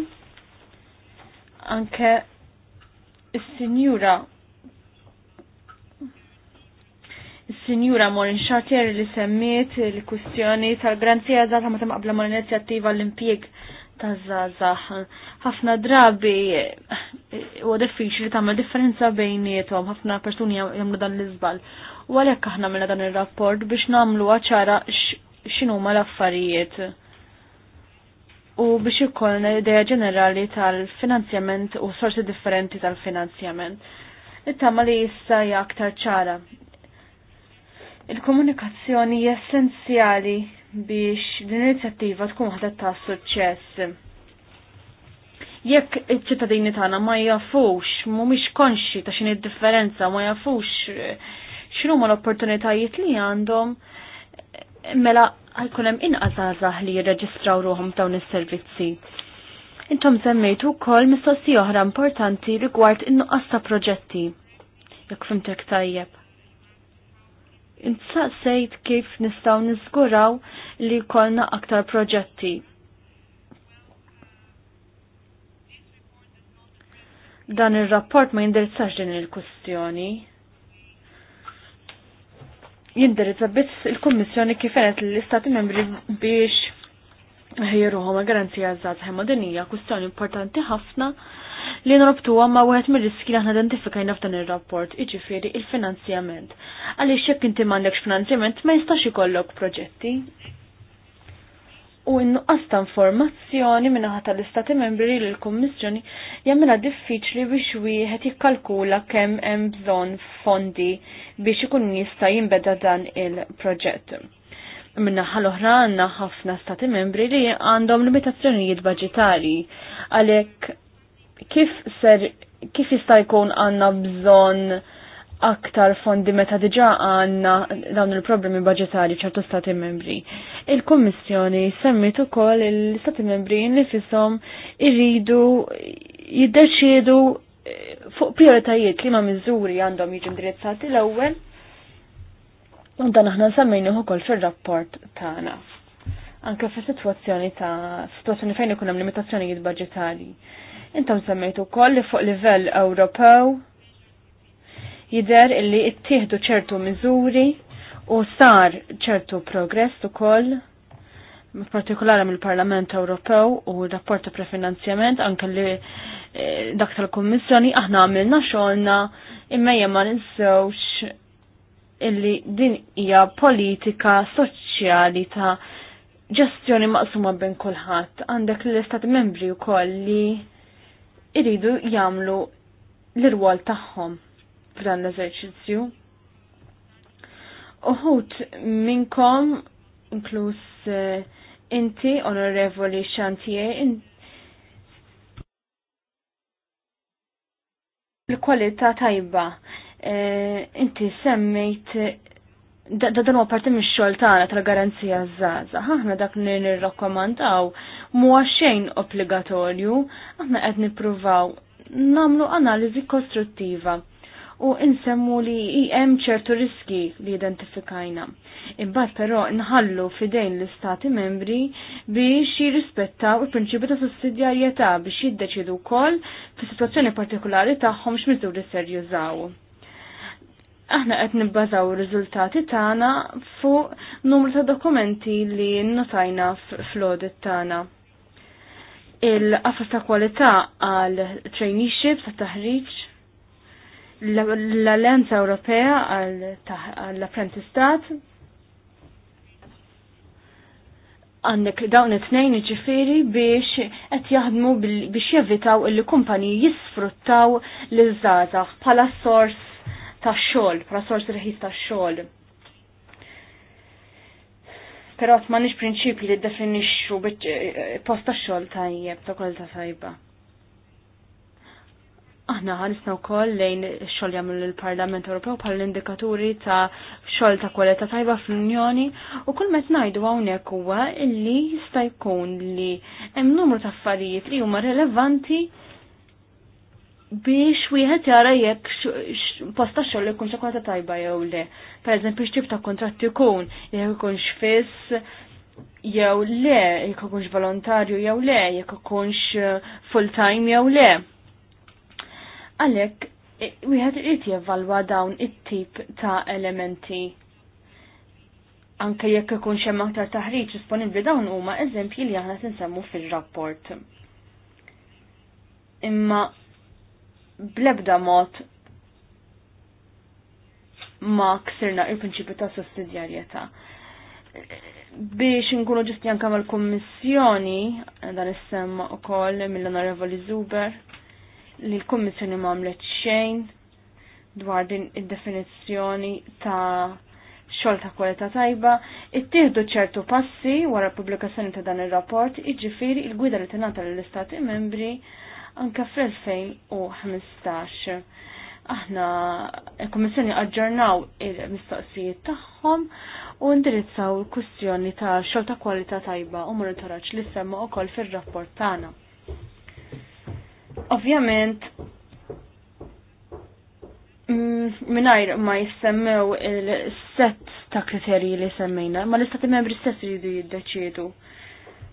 anke is-sinjura Sinjura Morin Xatier li semmiet il-kustjoni tal-garanzija zaħħa ma qabla ma l-inizjattiva l impieg ta' zazax. ħafna drabi u diffiċli tagħmel differenza bejniethom, ħafna persuni jagħmlu dan l-iżbal. U għalhekk aħna minna dan ir-rapport biex għacħara ċara x'inhuma l-affarijiet. U biex ikollna idea ġenerali tal-finanzjament u sorsi differenti tal-finanzjament. Ittama tama li jissa aktar ċara Il-komunikazzjoni essenzjali biex din l-inizjattiva tkun waħda ta' suċċess. Jekk iċ-ċittadini tagħna ma jafux, mhumiex konxi ta' x'inhi differenza, ma jafux x'inhuma l-opportunitajiet li għandhom, mela ħajkun hemm inqas għażaħ li jirreġistraw ruhom dawn is-servizzi. Intom semmejtu wkoll mistoqsija oħra importanti rigward in-nuqqas ta' proġetti. Jekk fimtek tajjeb. Intsaqsejt kif nistaw nizguraw li kolna aktar proġetti. Dan il-rapport ma jindirizzax din il-kustjoni. Jindirizza biss il-Kommissjoni kif għalet l-Istati membri biex ħejruħu ma garanzija zzat ħemma din hija kustjoni importanti ħafna li norbtuha ma' wieħed mir-riski li aħna identifikajna f'dan ir-rapport, jiġifieri il-finanzjament. Għaliex jekk inti m'għandekx finanzjament ma jistax ikollok proġetti. U innu għasta informazzjoni minnaħat tal-Istati Membri li l-Kummissjoni jagħmilha diffiċli biex wieħed jikkalkula kemm hemm bżonn fondi biex ikun jista' jinbeda dan il-proġett minnaħħa l-oħra għanna ħafna stati membri li għandhom limitazzjonijiet budgetari għalhekk kif ser kif jista' jkun għandna bżonn aktar fondi meta diġà għandna dawn il-problemi budgetari ċertu stati membri. il kummissjoni semmit ukoll il-stati membri nifisom iridu jiddeċiedu eh, fuq prioritajiet li ma miżuri għandhom jiġu indirizzati l-ewwel u dan aħna semmejnu ukoll fir-rapport tagħna. Anke fis-sitwazzjoni ta' sitwazzjoni fejn ikun hemm limitazzjonijiet budġetarji Intom semmejtu koll li fuq livell Ewropew jider illi ittieħdu ċertu miżuri u sar ċertu progress ukoll partikolari mill-Parlament Ewropew u rapporti prefinanzjament anke li eh, dak tal-Kummissjoni aħna għamilna xogħolna imma ma ninsewx illi din hija politika soċjali ta' ġestjoni maqsuma bejn kulħadd. Għandek l-Istat membri wkoll li iridu jagħmlu l-irwol tagħhom f'dan l-eżerċizzju. Uħut minnkom, inkluż eh, inti, onorevoli Xantier, l-kwalità tajba. Eh, inti semmejt Da dan huwa parti mix-xogħol tagħna tal-garanzija żgħażagħ. Aħna dak li nirrakkomandaw huwa xejn obbligatorju, aħna qed nippruvaw nagħmlu analiżi kostruttiva u insemmu li hemm ċertu riski li identifikajna. Imbagħad però nħallu fidejn l-istati membri biex jirrispettaw il-prinċipju ta' sussidjarjetà biex jiddeċidu wkoll fis-sitwazzjoni partikolari tagħhom x'miżuri ser jużaw aħna qed nibbażaw ir-riżultati tagħna fuq numru ta' dokumenti li notajna fl-audit tagħna. Il-qafas ta' kwalità għal traineeship ta' taħriġ, l-Alleanza Ewropea għall-apprentistat, għandek dawn it-tnejn ġifiri biex qed jaħdmu biex jevitaw il-kumpaniji jisfruttaw l-żgħażagħ bħala sors tax-xogħol, pra sors reħis tax-xogħol. Però nix prinċipji li bieċ eh, eh, post tax-xogħol tajjeb ta' kol ta' sajba. Aħna ħanisna wkoll lejn xogħol jagħmlu l-Parlament Ewropew pal indikaturi ta' xogħol ta' kwalità tajba fl-Unjoni u kull meta ngħidu hawnhekk huwa illi jista' jkun li hemm numru ta' affarijiet li huma relevanti biex wieħed jara jekk posta xogħol ikun xi kontra tajba jew le. Pereżempju x'tip ta' kontratt ikun, jekk ikunx fiss jew le, jekk ikunx volontarju jew le, jekk ikunx uh, full time jew le. Għalhekk wieħed irid jevalwa dawn it-tip ta' elementi. Anke jekk ikunx hemm aktar taħriġ disponibbli dawn huma eżempji li aħna tinsemmu fil-rapport. Imma blebda mod ma ksirna il-prinċipju ta' sussidjarjetà. Biex nkunu ġusti anke mal-Kummissjoni, dan issemma wkoll mill-Onorevoli Zuber, li l-Kummissjoni ma għamlet xejn dwar din id-definizzjoni ta' xogħol ta' kwalità tajba, ittieħdu ċertu passi wara pubblikazzjoni ta' dan ir-rapport, iġifieri il-gwida li tingħata lill-Istati membri anka fl-2015. Aħna il-Kommissjoni aġġornaw il-mistoqsijiet tagħhom u indirizzaw il-kwistjoni ta' xogħol ta' kwalità tajba u monitoraġġ li semma wkoll fir-rapport tagħna. Ovvjament, mm, minajr ma jissemmew il-set ta' kriterji li semmejna, ma l-istati membri stess jridu jiddeċiedu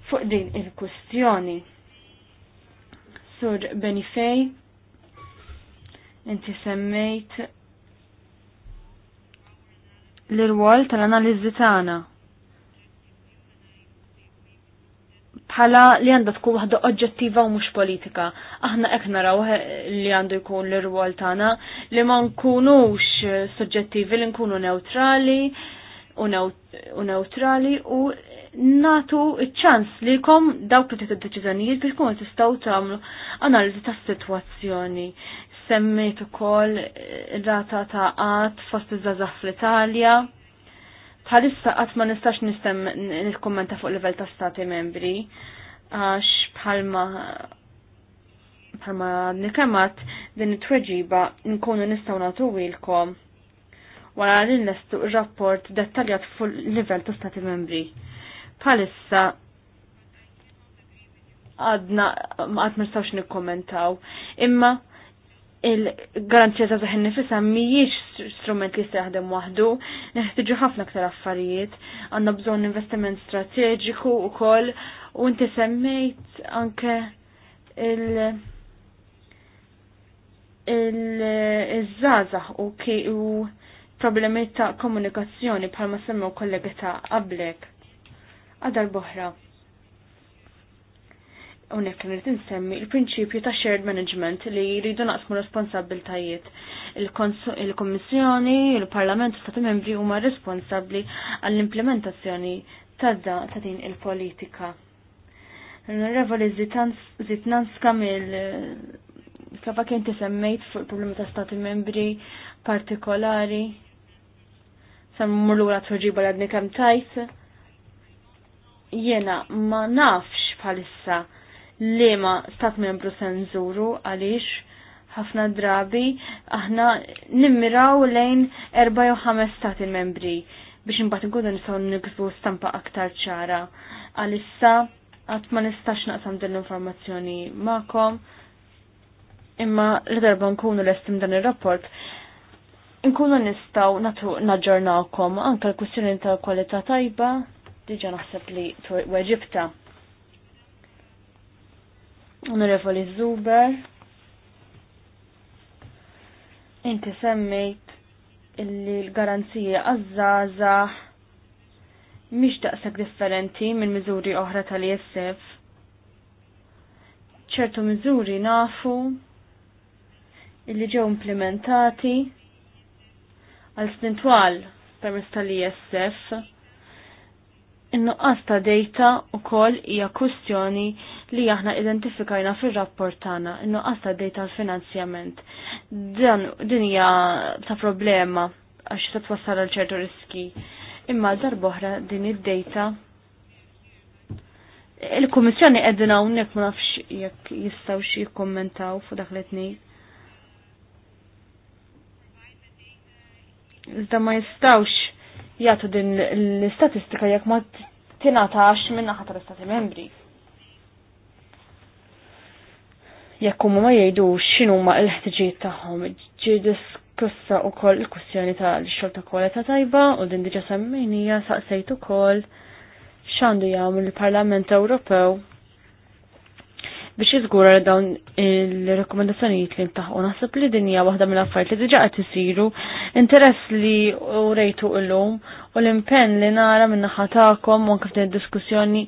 fuq din il-kustjoni. Sur Benifej, inti semmejt l-rwol tal-analizi tagħna. Bħala li għandha tkun waħda oġġettiva u mhux politika. Aħna hekk naraw li għandu jkun l-rwol tagħna li ma nkunux soġġettivi li nkunu neutrali u neutrali u natu ċans li kom dawk li tittu deċizjonijiet biex kun tistaw tamlu analizi ta' situazzjoni. Semmejt ukoll eh, rata ta' qatt fost iż żazaf fl-Italja. Tħalissa qatt ma nistax nistem nil-kommenta fuq livell ta' stati membri għax bħalma bħalma nikemat din it-tweġiba nkunu nistaw natu wilkom wara li nlestu rapport dettaljat fuq livell ta' stati membri palissa għadna għad nistawx nikkommentaw. Imma il-garanzija ta' zaħin nifisa mijiex strument li seħdem wahdu, neħtiġu ħafna ktar affarijiet, għanna bżon investiment strateġiku u koll, u inti semmejt anke il- il żaza u ki u problemi ta' komunikazzjoni bħalma semmew kollegi ta' qablek għadar boħra. Unek kienet insemmi il-prinċipju ta' shared management li jridu naqsmu responsabiltajiet. Il-Kommissjoni, il-Parlament, stati membri huma responsabli għall-implementazzjoni ta' din il-politika. Revoli Zitnanska mill kafa kien semmejt fuq il-problemi ta' stati membri partikolari. l-għura t-ħuġiba l-għadni kam tajt jena ma nafx bħalissa li ma stat membru senzuru għaliex ħafna drabi aħna nimmiraw lejn 4 jew stat stati membri biex imbagħad inkunu nistgħu nikbu stampa aktar ċara. Għalissa qatt ma nistax naqsam din l-informazzjoni magħkom imma li darba nkunu l-estim dan ir-rapport nkunu nistgħu naġġornawkom anke l-kwistjoni ta' kwalità tajba diġa naħseb li weġibta. Onorevoli Zuber, inti semmejt illi l-garanzija għazzaza miex daqsak differenti minn miżuri oħra tal-ISF. ċertu miżuri nafu illi ġew implementati għal snintwal permess tal-ISF In-nuqqas ta' data wkoll hija kwistjoni li aħna identifikajna fir-rapport tagħna, in-nuqqas ta' data l-finanzjament. Dan din hija ta' problema għax se twassal għal ċertu riski. Imma darb'oħra din id-data il-Kummissjoni qegħdin hawnhekk ma nafx jekk jistgħu xi jikkommentaw fuq dak li tnejn. Iżda ma jistawx jgħatu din l-istatistika jekk ma tingħatax minn naħa tal-Istati Membri. Jekk huma ma jgħidu x'inhuma l-ħtiġijiet tagħhom, ġi diskussa wkoll il-kwistjoni tal-xogħol ta' tajba u din diġà semmejnija saqsejt ukoll x'għandu jagħmel l parlament Ewropew biex jiżgura dawn il rekomendazzjoni li ntaħqu. Naħseb li din hija waħda mill-affarijiet li diġa' qed isiru, interess li urejtu illum u l-impenn li nara minn naħa tagħkom u anke id-diskussjoni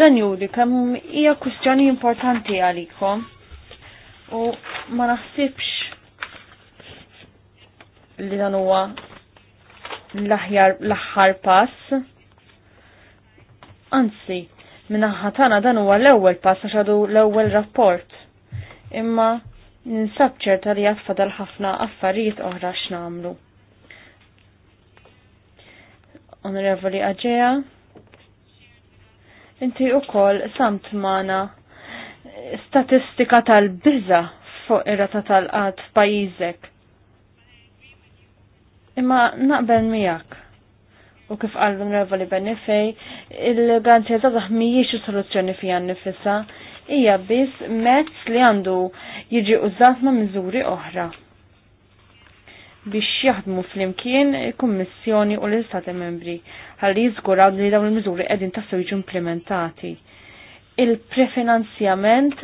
dan juri kemm hija kwistjoni importanti għalikom. U ma naħsibx li dan huwa l-aħjar l-aħħar pass. Anzi, Minnaħħa tagħna dan huwa l-ewwel pass għax għadu l-ewwel rapport. Imma ninsab ċerta li jaffadal ħafna affarijiet oħra x'namlu. Onorevoli Aġeja, inti wkoll samt mana statistika tal-biża fuq irata tal-qatt f'pajjiżek. Imma naqbel miegħek u kif rewa li benni Benefej, il-garanzija ta' taħ mhijiex soluzzjoni fiha nifissa, hija biss mezz li għandu jiġi użat ma' miżuri oħra biex jaħdmu fl-imkien il-Kummissjoni u l-Istati membri ħalli jiżguraw li dawn il-miżuri qegħdin tassew jiġu implementati. Il-prefinanzjament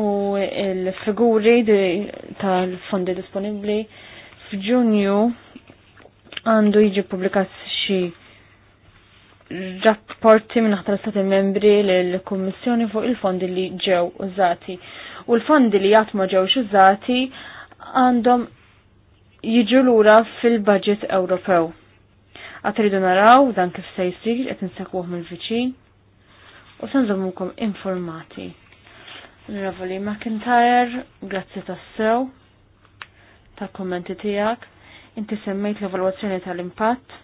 u il-figuri tal-fondi disponibbli f'Ġunju għandu jiġi publikat xi rapporti minn aħtar stati membri l kummissjoni fuq il-fondi li ġew użati. U l-fondi li jgħat ma ġewx użati għandhom jiġu lura fil-budget Ewropew. Għatridu naraw dan kif se jsir qed insakwuh mill-viċin u se nżommukom informati. Nirravoli McIntyre, grazzi tassew, ta' kommenti tijak. Inti semmejt l evaluazzjoni tal-impatt.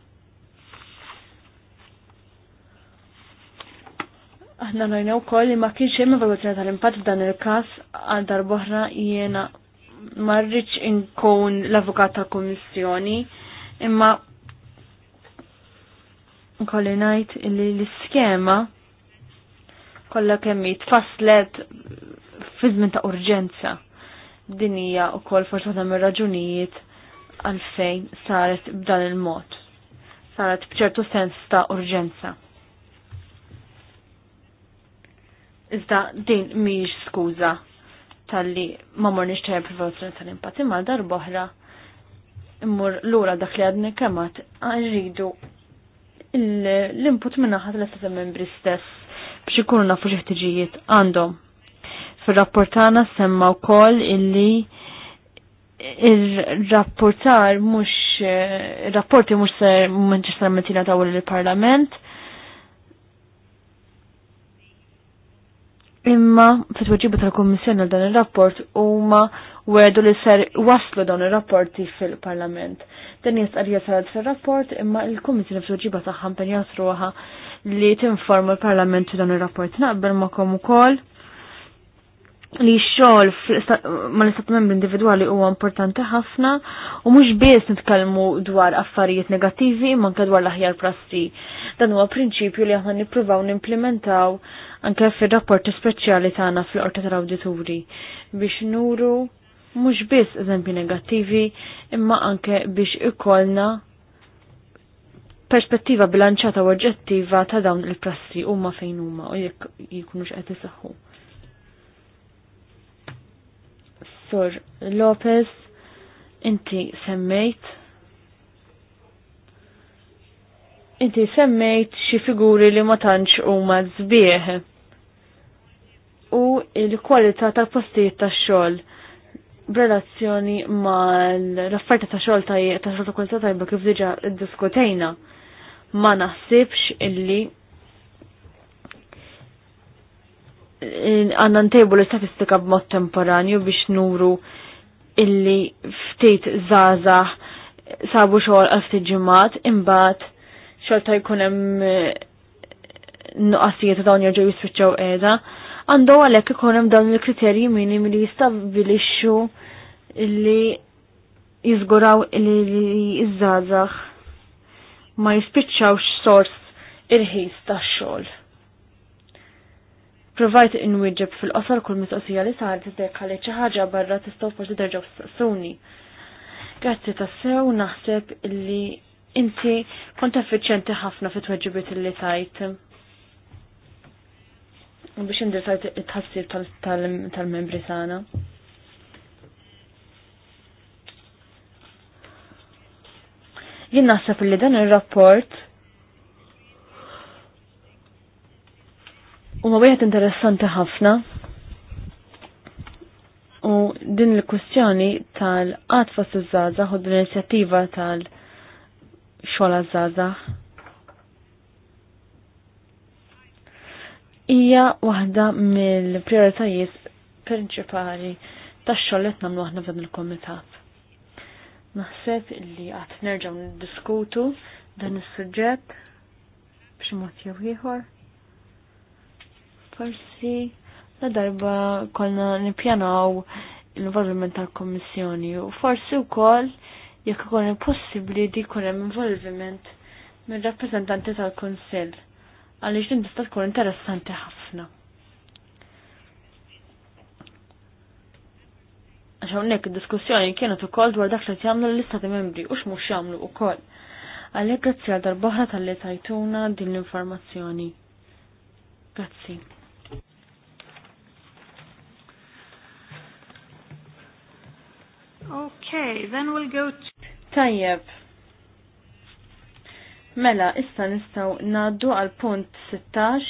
Aħna u wkoll li ma kienx hemm evalwazzjoni tal-impatt f'dan il-każ għal darb'oħra jiena marriċ inkun l-avukat tal-Kummissjoni imma nkolli ngħid li l-iskema kollha kemm jitfasslet fi żmien ta' urġenza. Din hija wkoll forsi ta' raġunijiet għalfejn saret b'dan il-mod. Saret bċertu sens ta' urġenza. Iżda din miġ skuża tal-li ma morniex ċeja privazzjoni tal impati ma darboħra immur l-ura dak li għadni kemat għanridu l-input minna ħad l-istess membri stess biex ikunu nafu ġeħtiġijiet għandhom. Fil-rapportana semma u koll illi il-rapportar mux, il-rapporti mux ser Manchester Metina ta' il-parlament. Imma fit-tweġibu tal-Kommissjoni għal dan il-rapport huma wedu li ser waslu dawn il-rapporti fil-Parlament. Dan jistqarrija sarad fil-rapport imma il-Kommissjoni fit-tweġiba ta' pen jasruħa li tinforma l-Parlament dan il-rapport naqbel ma' komu ukoll li xogħol ma l-istat membri individwali huwa importanti ħafna u mhux biss nitkellmu dwar affarijiet negattivi ma anke dwar l-aħjar prassi. Dan huwa prinċipju li aħna nippruvaw nimplementaw anke fir-rapporti speċjali tagħna fil qorta tal-awdituri biex nuru mhux biss eżempji negattivi imma anke biex ikollna perspettiva bilanċata u oġġettiva ta' dawn il-prassi huma fejn huma u jekk jikunux x'qed isaħħu. Dr. Lopez, inti semmejt inti semmejt xi figuri li ma tantx huma żbieħ u il-kwalità tal-postijiet tax-xogħol b'relazzjoni mal-raffarta ta' xogħol ta' xogħol ta' kwalità tajba kif diġà iddiskutejna. ma naħsibx illi għanna ntejbu l-istatistika b'mod temporanju biex nuru illi ftit zaza sabu xogħol għal ftit ġimgħat imbagħad jkunem jkun hemm eh, nuqqasijiet dawn jerġgħu jispiċċaw qiegħda. Għandu għalhekk ikun hemm dawn il-kriterji minimi li jista'bilixxu li jiżguraw illi jizzazax ma jispiċċawx sors il-ħis tax-xogħol. Provajt inwiġib fil-qosor kull mistoqsija li saħal tizdek għalli ċaħġa barra tistgħu forsi terġaw s Grazzi tassew naħseb illi inti kont effiċjenti ħafna fit tweġibiet illi tajt. Biex indirsajt it tħassib tal-membri sana. Jien naħseb illi dan ir rapport u ma wieħed interessanti ħafna u din il-kustjoni tal-qatfa s żaza u din l-inizjattiva tal-xola z-żaza. hija waħda mill-prioritajiet prinċipali tax xollet namlu għahna aħna f'dan il-kumitat. Naħseb li qatt nerġgħu niddiskutu dan is-suġġett b'xi mod jew ieħor. Forsi la darba konna nippjanaw l-involviment tal-Kommissjoni u forsi wkoll jekk ikun possibli di jkun hemm involvement mir-rappreżentanti tal-Kunsill għaliex din tista' tkun interessanti ħafna. Għax hawnhekk id-diskussjoni kienet ukoll dwar dak li jagħmlu l-istati membri u jamlu u kol. Għalhekk grazzi għal darbohra tal-li tajtuna din l-informazzjoni. Grazzi. Okay, then we'll go to... Tajjeb. Mela, issa nistaw naddu għal punt 16,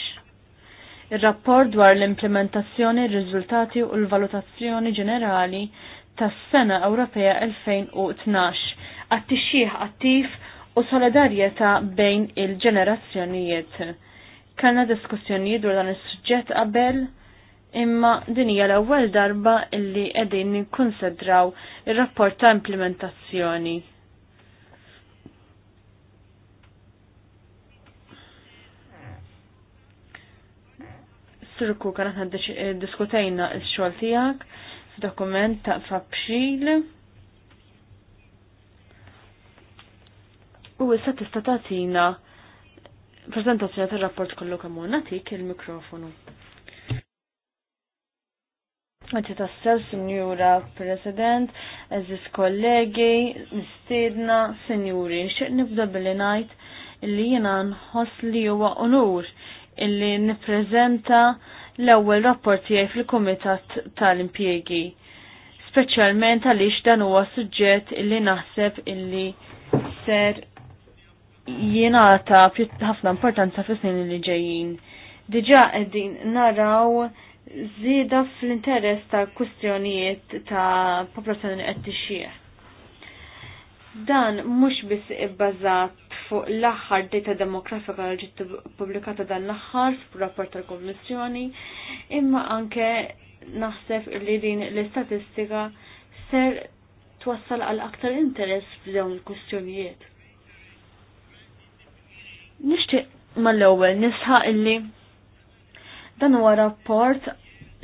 il-rapport dwar l-implementazzjoni, il-rizultati u l-valutazzjoni ġenerali tas sena Ewropea 2012, għattixieħ attiv u solidarjeta bejn il-ġenerazzjonijiet. Kanna diskussjonijiet dwar dan is-suġġett qabel imma din hija l-ewwel darba illi qegħdin nikkunsedraw ir-rapport ta' implementazzjoni. Sirku kan aħna eh, diskutejna x-xogħol tiegħek f'dokument ta' fabxil. U issa tista' tagħtina preżentazzjoni tar-rapport kollu kemm natik il-mikrofonu. Għadġi tassew, Signora President, eżis kollegi, mistiedna, Signori, xeq nibda billi najt illi jena nħoss li huwa onur illi nipprezenta l-ewwel rapport tiegħi fil-Kumitat tal-Impjegi. Speċjalment għaliex dan huwa suġġett illi naħseb illi ser jingħata ħafna importanza fis-snin li ġejjin. Diġà qegħdin naraw zida fl-interess ta' kustjonijiet ta' popolazzjoni qed tixjieħ. Dan mhux biss ibbażat fuq l-aħħar data demografika li ġiet pubblikata dan l-aħħar f'rapport tal-Kommissjoni, imma anke naħseb li din l-istatistika ser twassal għal aktar interess f'dawn il-kustjonijiet. Nixtieq mal-ewwel nisħaq illi dan huwa rapport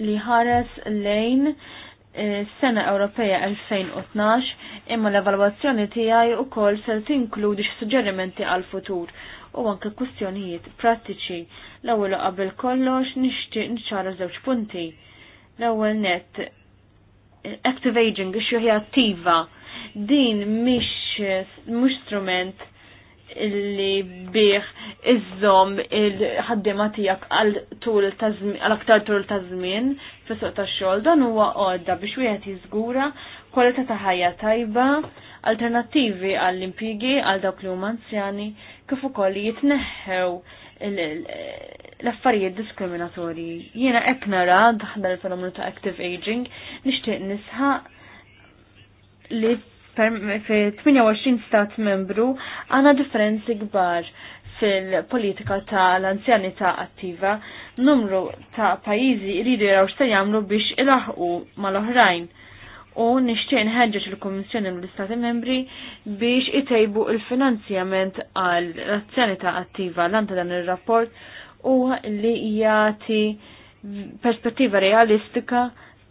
li ħares lejn eh, sena Ewropeja 2012 imma l-evalwazzjoni tiegħi wkoll se tinkludi suġġerimenti għal futur u anke kwistjonijiet prattiċi. L-ewwel qabel kollox nixtieq nċara żewġ punti. L-ewwel net active aging biex attiva din mhix mhux strument illi bih iżom il-ħaddima tijak għal-aktar għal tul ta' zmin fis-suq ta' xogħol dan huwa għodda biex wieħed jiżgura kwalità ta' ħajja tajba, alternattivi għall-impjigi għal dawk li huma anzjani kif ukoll jitneħħew l-affarijiet diskriminatorji. Jiena hekk nara daħdar il-fenomenu ta' active aging nixtieq nisħaq li fi 28 stat membru għana differenzi kbar fil-politika ta' l-anzjanità attiva, numru ta' pajizi rridu jaraw xta' jamlu biex ilaħqu mal-oħrajn u nixtieq nħeġġeġ il-Kummissjoni mill-Istati Membri biex itejbu il-finanzjament għal l-azzjanità attiva l-anta dan ir-rapport u li jagħti perspettiva realistika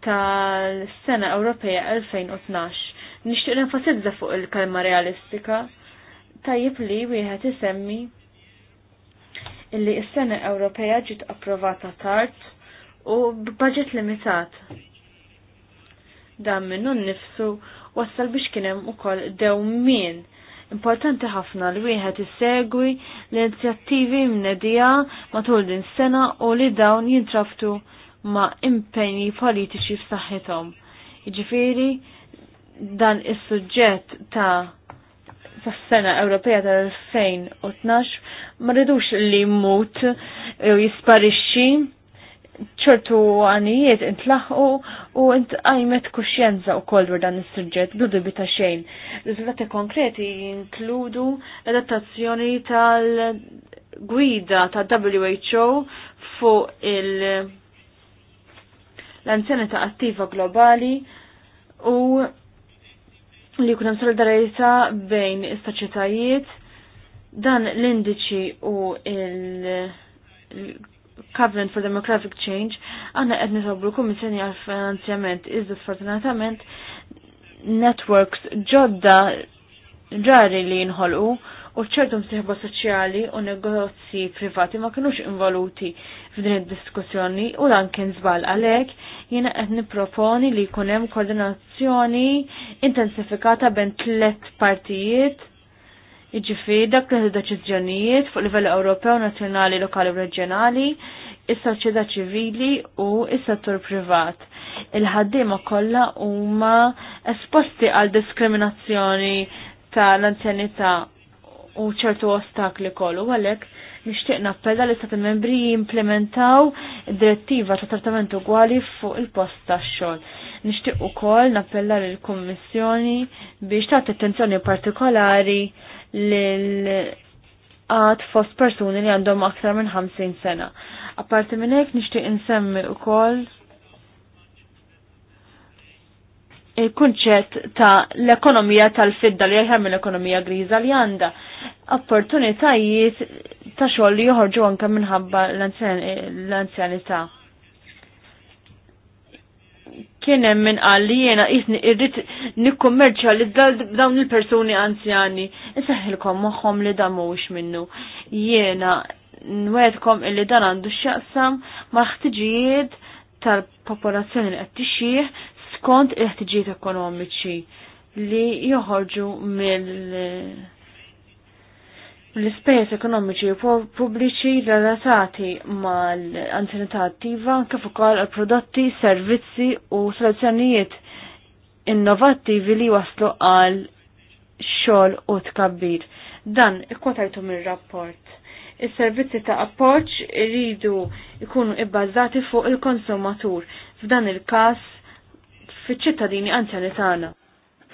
tal-Sena Ewropea 2012 Nixtieq enfasizza fuq il-kalma realistika tajjeb li wieħed isemmi illi s-sena Ewropea ġiet approvata tard u b'budget limitat. Dan minnu nnifsu wassal biex kien hemm ukoll dewmien importanti ħafna li wieħed isegwi l-inizjattivi mnedija matul din sena u li dawn jintraftu ma' impenji politiċi f'saħħithom. Jiġifieri dan is-suġġett ta' s sena Ewropea tal-2012 ma rridux li mut u jisparixxi ċertu għanijiet intlaħqu u għajmet kuxjenza u koll dan is-suġġett blu bita xejn. Riżultati konkreti jinkludu l-adattazzjoni tal-gwida ta' WHO fuq il- l-anzjoni ta' attiva globali u li kunem solidarieta bejn istaċetajiet dan l-indiċi u il Covenant for Demographic Change għanna għed nisobru kummissjoni għal finanzjament iżda sfortunatament networks ġodda ġari li jinħolqu u ċertu msiħba soċjali u negozji privati ma kinux involuti f'din id-diskussjoni u lan kien żball għalhekk jiena qed nipproponi li jkun hemm koordinazzjoni intensifikata bejn tliet partijiet jiġifieri dak li deċiżjonijiet fuq livell Ewropew, nazzjonali, lokali u reġjonali, is-soċjetà ċivili u s settur privat. Il-ħaddiema kollha huma esposti għal diskriminazzjoni tal-anzjanità u ċertu ostakli kollu għalek nishtiq nappella li stati membri jimplementaw direttiva ta' trattamentu għali fuq il-post ta' xogħol. Nishtiq ukoll nappella l kummissjoni biex ta' attenzjoni partikolari lil għad fost persuni li għandhom aktar minn 50 sena. Apparti minn hekk nixtieq insemmi ukoll il-kunċett ta' l-ekonomija tal-fidda li jħem l-ekonomija griża li għanda opportunitajiet ta' xogħol li joħorġu anke minħabba l-anzjanità. Kien hemm min qal li jiena irrid nikkummerċjalizza dawn il-persuni anzjani. Iseħħilkom moħħom li dan mhuwiex minnu. Jiena nwedkom illi dan għandu x'jaqsam ma' ħtiġijiet tal-popolazzjoni li qed tixjih skont il-ħtiġijiet ekonomiċi li joħorġu mill l-ispejjeż ekonomiċi u pubbliċi relatati mal-anzjanità attiva kif ukoll għal prodotti, servizzi u soluzzjonijiet innovattivi li waslu għal xogħol u tkabbir. Dan ikkwotajtu mir-rapport is-servizzi ta' appoġġ iridu jkunu ibbażati fuq il-konsumatur. F'dan il-każ fiċ-ċittadini anzjani tagħna.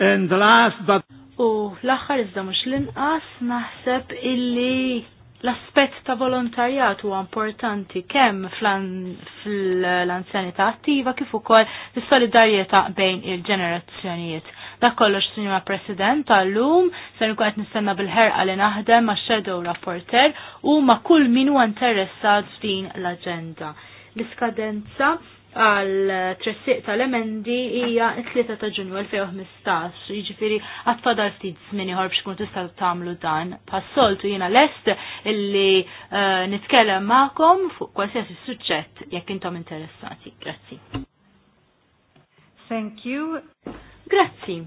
And the last but U l-aħħar iżda mhux l-inqas naħseb illi l-aspett ta' volontarjat huwa importanti kemm fl-anzjanità attiva kif ukoll is-solidarjetà bejn il-ġenerazzjonijiet. Dak kollox, sinjura President, tal-lum se nkun nistenna bil-ħerqa li naħdem ma' Shadow Rapporter u ma' kull min huwa interessat f'din l-aġenda. L-iskadenza għal tressiq tal-emendi hija 3 ta' ġunju 2015, jiġifieri għatfadar ftit żmien ieħor biex kun tista' tagħmlu dan. Passoltu jiena lest illi eh, nitkellem magħkom fuq kwalsiasi suġġett jekk intom interessati. Grazzi. Thank you. Grazzi.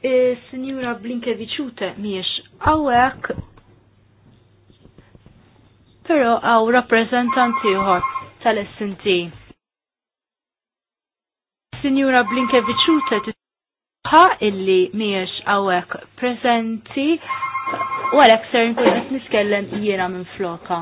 Eh, Signora Blinkeviċute miex għawek pero għaw rappresentanti uħor tal Sinjura Signora Blinkeviċuta titħa illi miex għawek prezenti u għalek ser nkun niskellem jiena minn floka.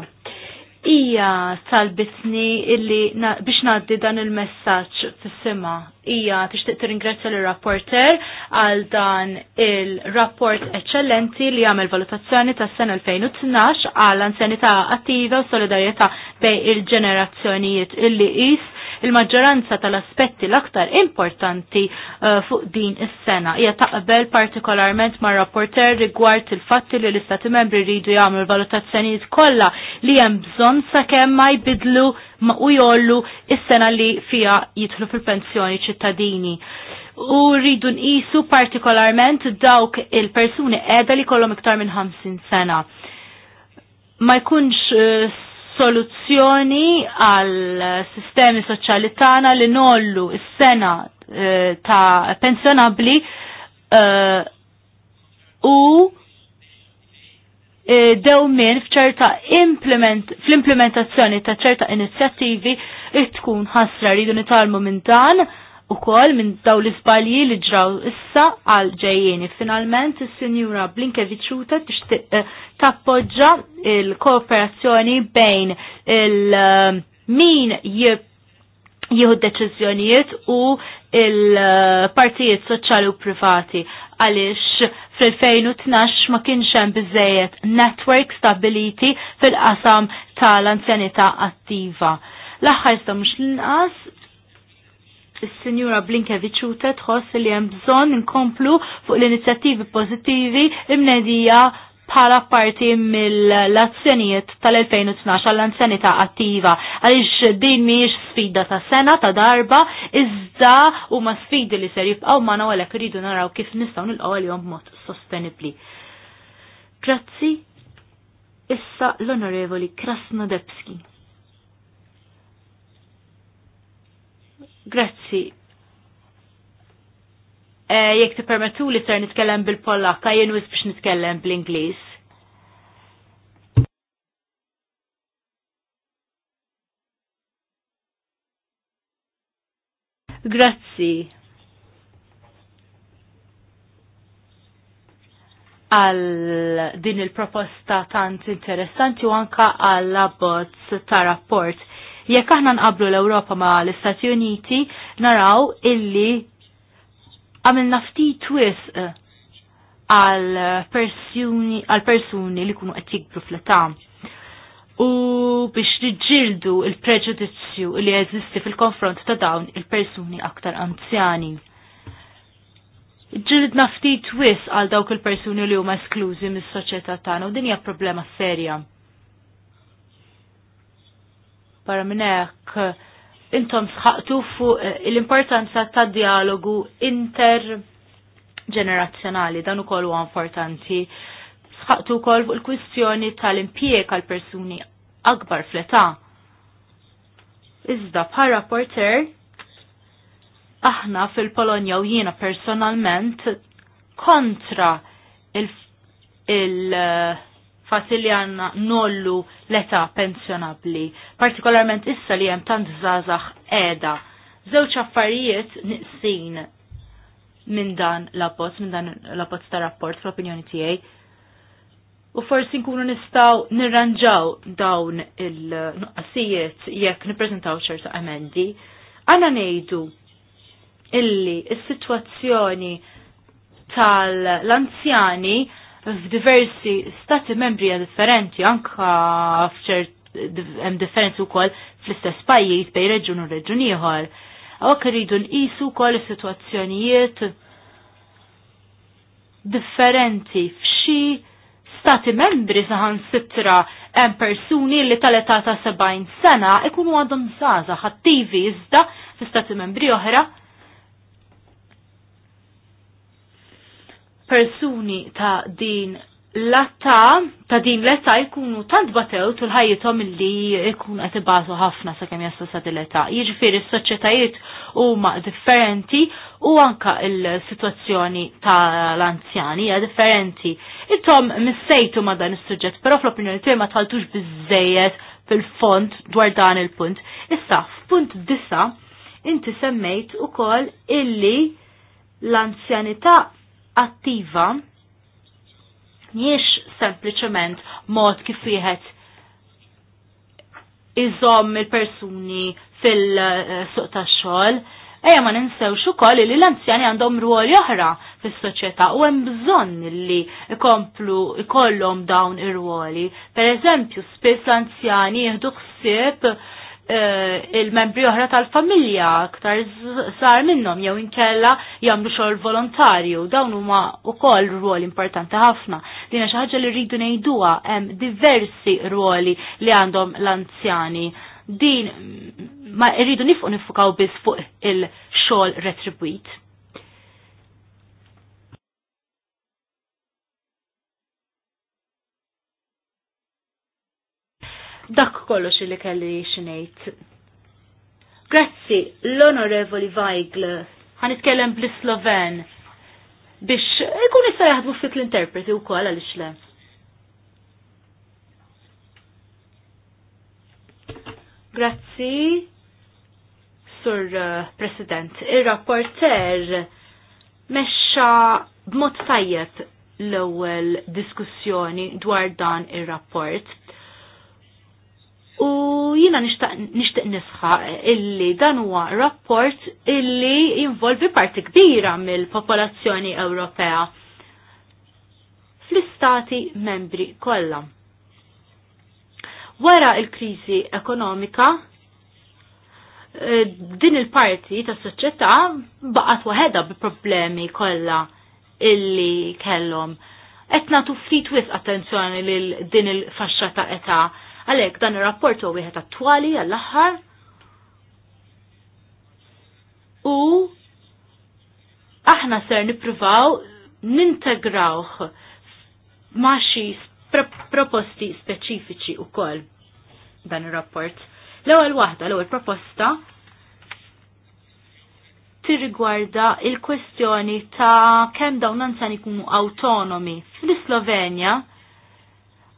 Ija talbitni illi biex naddi dan il-messaġġ fis-sima hija tixtieq tiringrazzja l rapporter għal dan il-rapport eċċellenti li għamel valutazzjoni tas-sena 2012 għal anzjanità attiva u solidarjetà bej il-ġenerazzjonijiet illi is il-maġġoranza tal-aspetti l-aktar importanti uh, fuq din is-sena. Hija taqbel partikolarment ma' rapporter rigward il-fatti li l-Istati membri rridu jagħmlu valutazzjonijiet kollha li hemm bżonn sakemm ma jbidlu ma u jollu is-sena li fija jidħlu fil-pensjoni ċittadini. U rridu nqisu partikolarment dawk il-persuni edha li kollhom iktar minn 50 sena. Ma jkunx eh, soluzzjoni għal sistemi soċjali tagħna li nollu is-sena eh, ta' pensjonabli uh, eh, u E, dew min fċerta fl-implementazzjoni ta' ċerta inizjattivi tkun ħasra rridu nitalmu minn dan u kol minn daw l-isbalji li ġraw issa għal ġejjeni. Finalment, il-Sinjura Blinkeviċuta e, tappoġġa il-kooperazzjoni bejn il-min e, jieħu deċizjonijiet u il-partijiet soċjali u privati għaliex fil-2012 ma kienx hemm biżejjed network stability fil-qasam tal-anzjanità attiva. L-aħħar iżda mhux l-inqas is-Sinjura Blinkevich tħoss li hemm bżonn inkomplu fuq l-inizjattivi pożittivi imnedija bħala parti mill-azzjonijiet tal-2012 għall-anzjanità attiva għaliex din mhijiex sfida ta' sena ta' darba iżda huma sfidi li ser jibqgħu magħna għalhekk iridu naraw kif nistgħu nilqgħu għalihom b'mod sostenibbli. Grazzi. Issa l-Onorevoli Krasnodebski. Grazzi, Eh, jekk permettu li ser nitkellem bil-Pollakka jien jis biex nitkellem bl-Ingliż. Grazzi. għal din il-proposta tant interessanti u anka għal abbozz ta' rapport. Jekk aħna nqablu l-Ewropa ma' l-Istati Uniti, naraw illi għamilna ftit twis eh, għal eh, persuni għal persuni li kunu qed jikbru fl-età. U biex niġġieldu il-preġudizzju li jeżisti fil-konfront ta' dawn il-persuni aktar anzjani. Ġilidna ftit twis għal dawk il-persuni li huma esklużi mis-soċjetà tagħna u din hija problema serja. Para minn hekk intom sħaqtu fuq eh, l-importanza ta' dialogu interġenerazzjonali, dan ukoll huwa importanti. Sħaqtu wkoll fuq il-kwistjoni tal-impjieg għal persuni akbar fl-età. Iżda bħal rapporter, aħna fil-Polonja u jiena personalment kontra il-, il fatti li għanna nollu l-età pensionabli, partikolarment issa li hemm tant zazax edha. Żewġ affarijiet niqsin minn dan l-abbozz, minn dan l-abbozz ta' rapport fl-opinjoni tiegħi. U forsi nkunu nistaw nirranġaw dawn il-nuqqasijiet jekk nippreżentaw ċerta emendi. Għana nejdu illi il sitwazzjoni tal-anzjani f'diversi stati membri differenti, anka f'ċert hemm differenzi wkoll fl-istess pajjiż bejn reġun u reġun ieħor. Għawak iridu nqisu wkoll is-sitwazzjonijiet differenti f'xi stati membri saħan sitra hemm persuni li tal-età ta' 70 sena ikunu għadhom żgħażagħ ħattivi iżda fi stati membri oħra persuni ta' din l-atta ta' din l-età jkunu tant batew tul ħajjithom illi jkun qed ibatu ħafna sakemm jaslu sa' din l-età. Jiġifieri s-soċjetajiet huma differenti u anka l-sitwazzjoni tal-anzjani hija differenti. Intom missejtu ma' dan is-suġġett, però fl-opinjoni tiegħi ma tħaltux biżejjed fil-font dwar dan il-punt. Issa, f'punt disa, inti semmejt ukoll illi l-anzjanità attiva miex sempliċement mod kif wieħed iżomm il-persuni fil-suq tax-xogħol, Eja ma ninsewx ukoll li l-anzjani għandhom ruoli oħra fis-soċjetà u hemm bżonn li ikomplu ikollhom dawn ir-ruoli. Pereżempju, spiss l-anzjani jieħdu ħsieb Eh, il-membri oħra tal-familja aktar sar minnhom jew inkella jagħmlu xogħol volontarju dawn huma wkoll rwol importanti ħafna. Dina xi ħaġa li rridu ngħiduha hemm diversi rwoli li għandhom l-anzjani. Din ma rridu nifqu nifukaw biss fuq il-xogħol retribwit. Dak kollox li kelli xinejt. Grazzi, l-onorevoli Weigl, ħanitkellem bl-Sloven biex ikun jista' jaħdmu fit l-interpreti wkoll li xle. Grazzi, Sur uh, President. Ir-rapporter mexxa b'mod tajjeb l-ewwel diskussjoni dwar dan ir-rapport U jina nishtaq nisħa illi dan huwa rapport illi jinvolvi parti kbira mill-popolazzjoni Ewropea fl-istati membri kollha. Wara l kriżi ekonomika eh, din il-parti ta' soċjetà baqgħet waħedha bi problemi kollha illi kellhom. Qed nagħtu ftit wisq attenzjoni lil din il-faxxa ta' età Għalhekk dan ir-rapport huwa wieħed attwali għall-aħħar u aħna ser nippruvaw nintegrawh ma' xi proposti speċifiċi wkoll dan ir-rapport. L-ewwel waħda, l-ewwel proposta tirrigwarda il-kwestjoni ta' kemm dawn anzan ikunu autonomi. Fl-Slovenja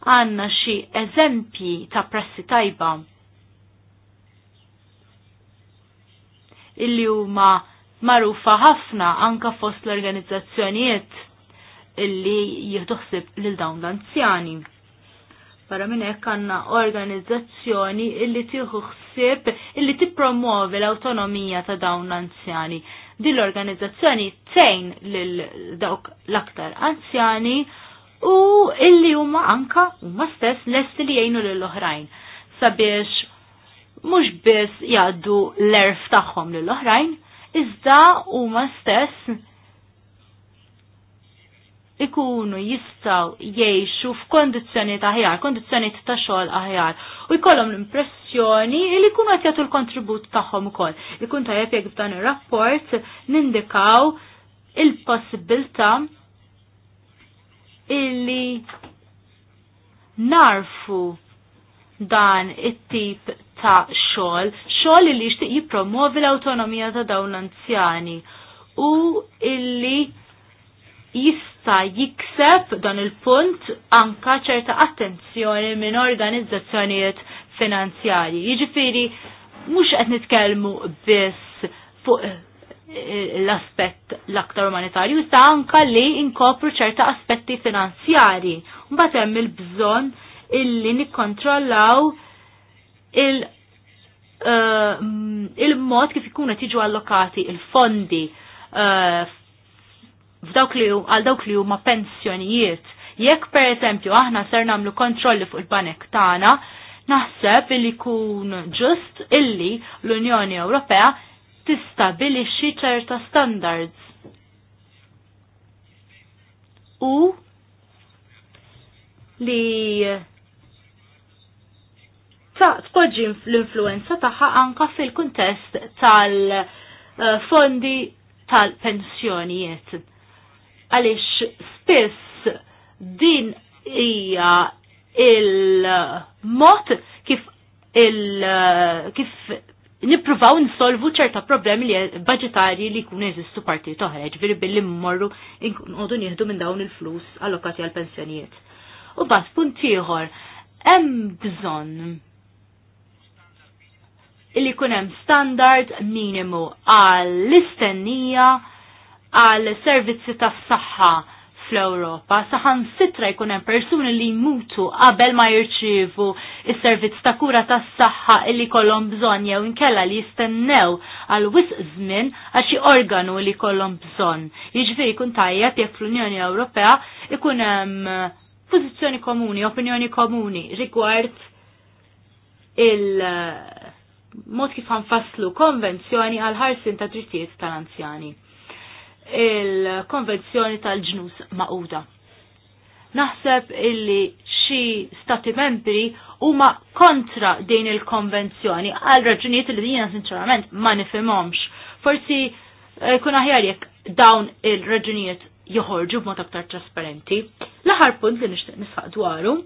għanna xi eżempji ta' pressi tajba illi huma marufa ħafna anka fost l-organizzazzjonijiet illi jihduħsib lil dawn l-anzjani. Barra minn hekk għandna organizzazzjoni illi tieħu ħsieb illi tippromuovi l-awtonomija ta' dawn l-anzjani. Din l-organizzazzjoni tgħin lil dawk l-aktar anzjani u illi huma anka huma stess lesti li jgħinu lill-oħrajn sabiex mhux biss jgħaddu l-erf tagħhom lill-oħrajn, iżda huma stess ikunu jistaw jiexu f'kondizzjoni ta' ħjar, kondizzjoni ta' xogħol aħjar u jkollhom l-impressjoni li jkunu qed jagħtu l-kontribut tagħhom ukoll. Ikun tajjeb jekk f'dan ir-rapport nindikaw il-possibilità illi narfu dan it-tip ta' xogħol, xogħol illi jixtieq jippromovi l-awtonomija ta' dawn anzjani u illi jista jikseb dan il-punt anka ċerta attenzjoni minn organizzazzjonijiet finanzjarji. Jiġifieri mhux qed nitkellmu bis. fuq l-aspett l-aktar umanitarju, sa anka li inkopru ċerta aspetti finanzjari. Mbagħad hemm il-bżonn illi nikkontrollaw il- Uh, il-mod kif ikunu tiġu allokati il-fondi uh, għal dawk li huma pensjonijiet. Jekk per eżempju aħna ser nagħmlu kontrolli fuq il-banek tagħna, naħseb illi kun ġust illi l-Unjoni Ewropea tistabilixxi ċerta standards. U li ta' tpoġġi l-influenza tagħha anka fil-kuntest tal-fondi tal-pensjonijiet. Għaliex spiss din hija il-mod kif il kif nippruvaw nsolvu ċerta problemi li budgetari li kun jeżistu partij toħra, ġviri billi mmorru nqodu nieħdu minn dawn il-flus allokati għal pensjonijiet. U bas punt ieħor, hemm bżonn illi kun hemm standard minimu għall-istennija għall servizzi tas-saħħa fl-Ewropa saħan sitra jkun hemm persuni li jmutu qabel ma jirċievu is-servizz ta' kura tas-saħħa illi kolom bżonn jew inkella li jistennew għal wisq żmien għal xi organu li kolom bżonn. Jiġifieri jkun tajjeb jekk fl-Unjoni Ewropea ikun hemm eh, pożizzjoni komuni, opinjoni komuni rigward il eh, mod kif ħanfasslu konvenzjoni għal ħarsin ta' drittijiet tal-anzjani il-konvenzjoni tal-ġnus maquda. Naħseb illi xi stati membri huma kontra din il-konvenzjoni għal raġunijiet li jiena sinċerament ma nifhimhomx. Forsi jkun eh, aħjar jekk dawn il-raġunijiet joħorġu b'mod aktar trasparenti. L-aħħar punt li nixtieq nisħaq dwaru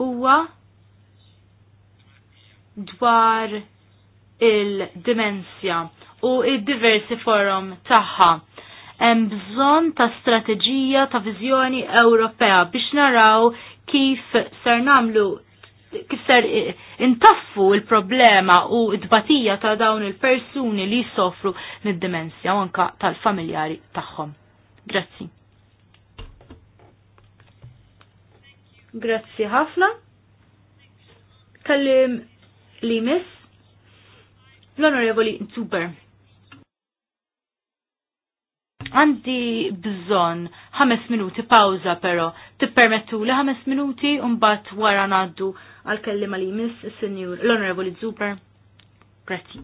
huwa dwar il-dimensja u id-diversi forum tagħha. Hemm bżonn ta' strateġija ta' viżjoni Ewropea biex naraw kif ser nagħmlu kif ser intaffu il-problema u id-batija ta' dawn il-persuni li jsofru mid-dimensja u anka tal-familjari tagħhom. Grazzi. Grazzi ħafna. Kallim li miss l-Onorevoli Zuber. Għandi bżon ħames minuti pauza pero, tippermettu li ħames minuti un-bat wara ngħaddu għal-kellima li miss l-Onorevoli Zuber. Grazie.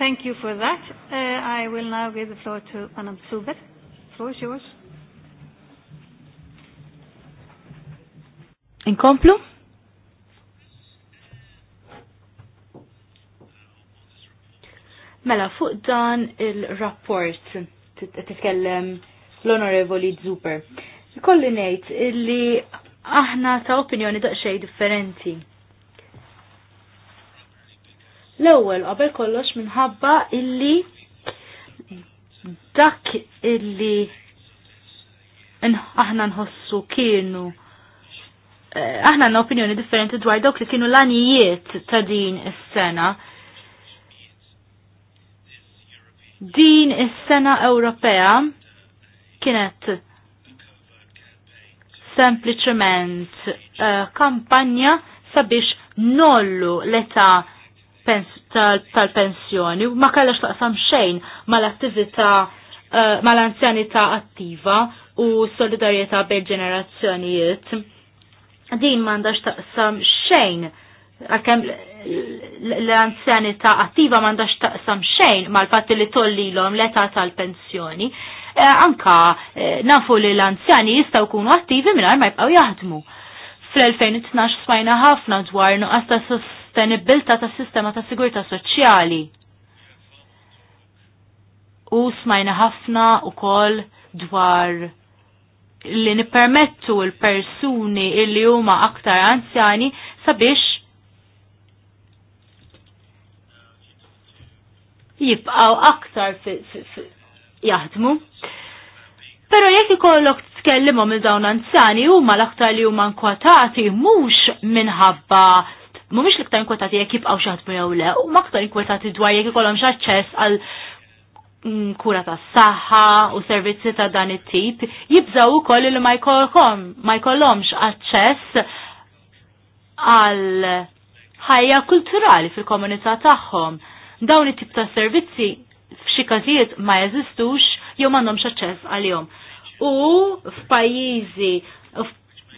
Thank you for that. Uh, I will now give the floor to Madam Zuber. The floor is yours. Inkomplu? Mela, fuq dan il-rapport titkellem l-Onorevoli Zuber. Kolli ngħid illi aħna ta' opinjoni daqsxejn differenti. L-ewwel qabel kollox minħabba illi dak illi aħna nħossu kienu eh, aħna għandna opinjoni differenti dwar dawk li kienu l-anijiet ta' din is-sena. Din is-sena Ewropea kienet sempliċement eh, kampanja sabiex nollu l-età tal-pensjoni u ma kellax taqsam xejn mal-attività eh, mal-anzjanità attiva u solidarjetà bejn ġenerazzjonijiet. Din m'għandax taqsam xejn għakem l-anzjanità attiva m'għandax taqsam xejn mal-fatti li tollilhom l-età tal-pensjoni. Eh, anka eh, nafu li l-anzjani jistgħu jkunu attivi mingħajr ma jibqgħu jaħdmu Fl-2012 smajna ħafna dwar nuqqas ta' sostenibilta ta' sistema ta' sigurta soċjali. U smajna ħafna u koll dwar li nipermettu l-persuni illi huma aktar anzjani sabiex jibqaw aktar jaħdmu. Pero jekk ikollok tkellimhom il dawn anzjani huma l-aktar li huma nkwatati mhux minħabba mhumiex l-iktar nkwatati jekk jibqgħu ħadd jew le, huma aktar nkwatati dwar jekk ikollhom aċċess għal mm, kura ta' saħħa u servizzi ta' dan it-tip, jibżaw ukoll li ma jkollhomx aċċess għal ħajja kulturali fil-komunità tagħhom. Dawn it-tip ta' servizzi f'xi każijiet ma jeżistux jew m'għandhomx aċċess għalihom u f'pajjiżi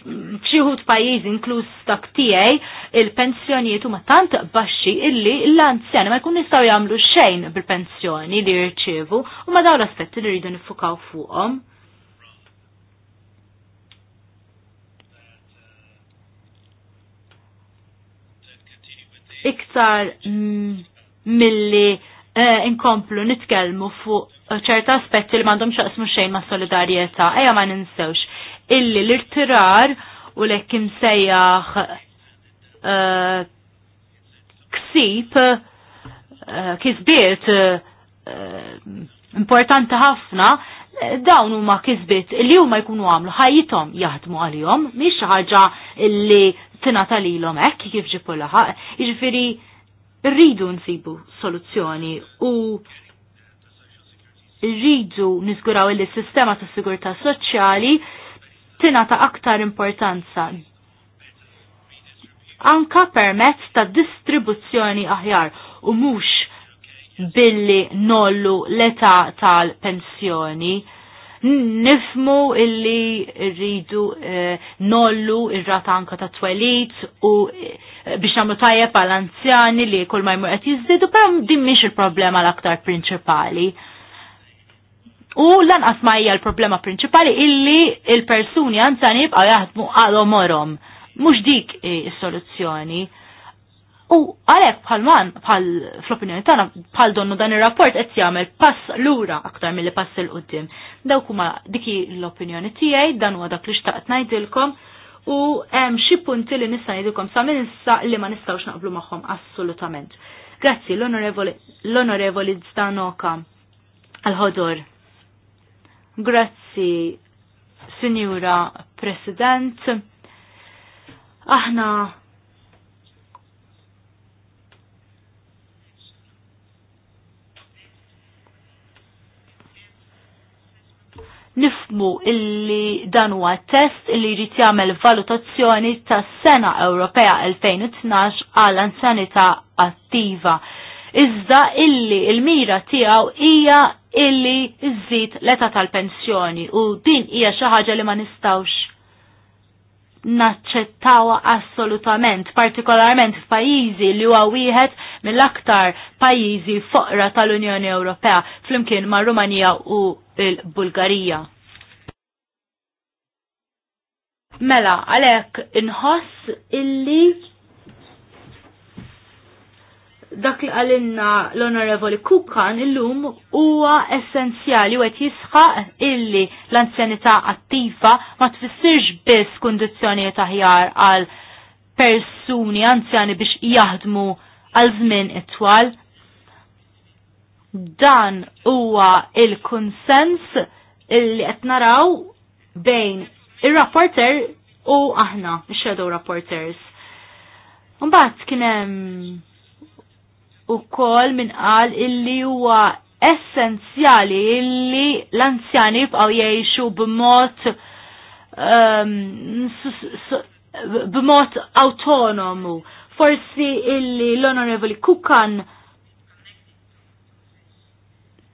f'xieħut pajjiżi inkluż dak tiegħi il-pensjonijiet huma tant baxxi illi l-anzjani ma jkun nistgħu jagħmlu xejn bil-pensjoni li jirċievu u ma dawn l-aspetti li rridu nifukaw fuqhom. Iktar milli eh, inkomplu nitkellmu fuq ċerta aspetti li mandom xaqsmu xejn ma' solidarieta, eja ma' ninsewx, illi l-irtirar u lek ek imsejjaħ eh, ksib eh, kisbiet eh, importanti ħafna dawn huma kisbiet li huma jkunu għamlu ħajjithom jaħdmu għalihom mhix ħaġa li tingħata talilhom hekk kif ġipu laħaq. Jiġifieri rridu nsibu soluzzjoni u rridu niżguraw li s-sistema ta' sigurtà soċjali tingħata aktar importanza. Anka permezz ta' distribuzzjoni aħjar u mhux billi nollu l-età tal-pensjoni nifmu illi rridu eh, nollu ir-rata anka ta' twelit u eh, biex nagħmlu tajjeb pal anzjani li kol ma jmur qed jizdidu, però din mhix il-problema l-aktar prinċipali. U lanqas ma hija l-problema prinċipali illi il-persuni anzani jibqgħu jaħdmu għalhom orhom. Mhux dik is-soluzzjoni. U għalhekk bħal man bħal fl-opinjoni tagħna bħal donnu dan ir-rapport qed jagħmel pass lura aktar milli pass il qudiem Dawk huma diki l-opinjoni tiegħi dan huwa dak li xtaqt ngħidilkom u hemm xi punti li nista' ngħidilkom sa minn issa li ma nistgħux naqblu magħhom assolutament. Grazzi l-Onorevoli Zdanoka għal-ħodor. Grazzi, Signora President. Aħna nifmu illi dan huwa test illi jrid jagħmel valutazzjoni tas-Sena Ewropea 2012 għal anzjanità attiva. Iżda illi il-mira tiegħu hija illi iżżid l-età tal-pensjoni u din hija xi ħaġa li ma nistgħux naċċettawa assolutament, partikolarment f'pajjiżi li huwa wieħed mill-aktar pajjiżi foqra tal-Unjoni Ewropea flimkien ma' Rumanija u l-Bulgarija. Mela, għalhekk inħoss illi dak li għalinna l-Onorevoli Kukan illum huwa essenzjali u qed jisħaq illi l-anzjanità attiva ma tfissirx biss kundizzjonijiet aħjar għal persuni anzjani biex jaħdmu għal żmien itwal. Dan huwa il-konsens illi qed naraw bejn ir-rapporter u aħna, ix-shadow rapporters. Mbagħad kien hemm u kol min qal illi huwa essenzjali illi l-anzjani jibqaw jgħixu b'mod um, b'mod autonomu. Forsi illi l-Onorevoli Kukan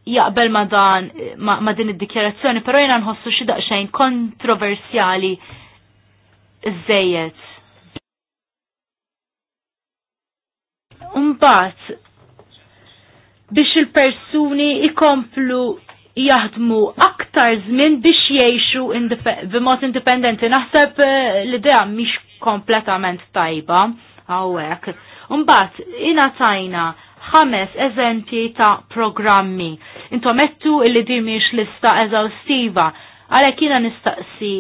jaqbel ma dan ma, din id-dikjarazzjoni, però jena nħossu xi daqsxejn kontroversjali żejjed. Umbat, biex il-persuni ikomplu jaħdmu aktar żmien biex jgħixu b'mod indipendenti. Naħseb eh, li idea mhix kompletament tajba hawnhekk. Imbagħad ingħatajna ħames eżempji ta' programmi. Intomettu għettu illi di miex lista eżawstiva, għalhekk jiena nistaqsi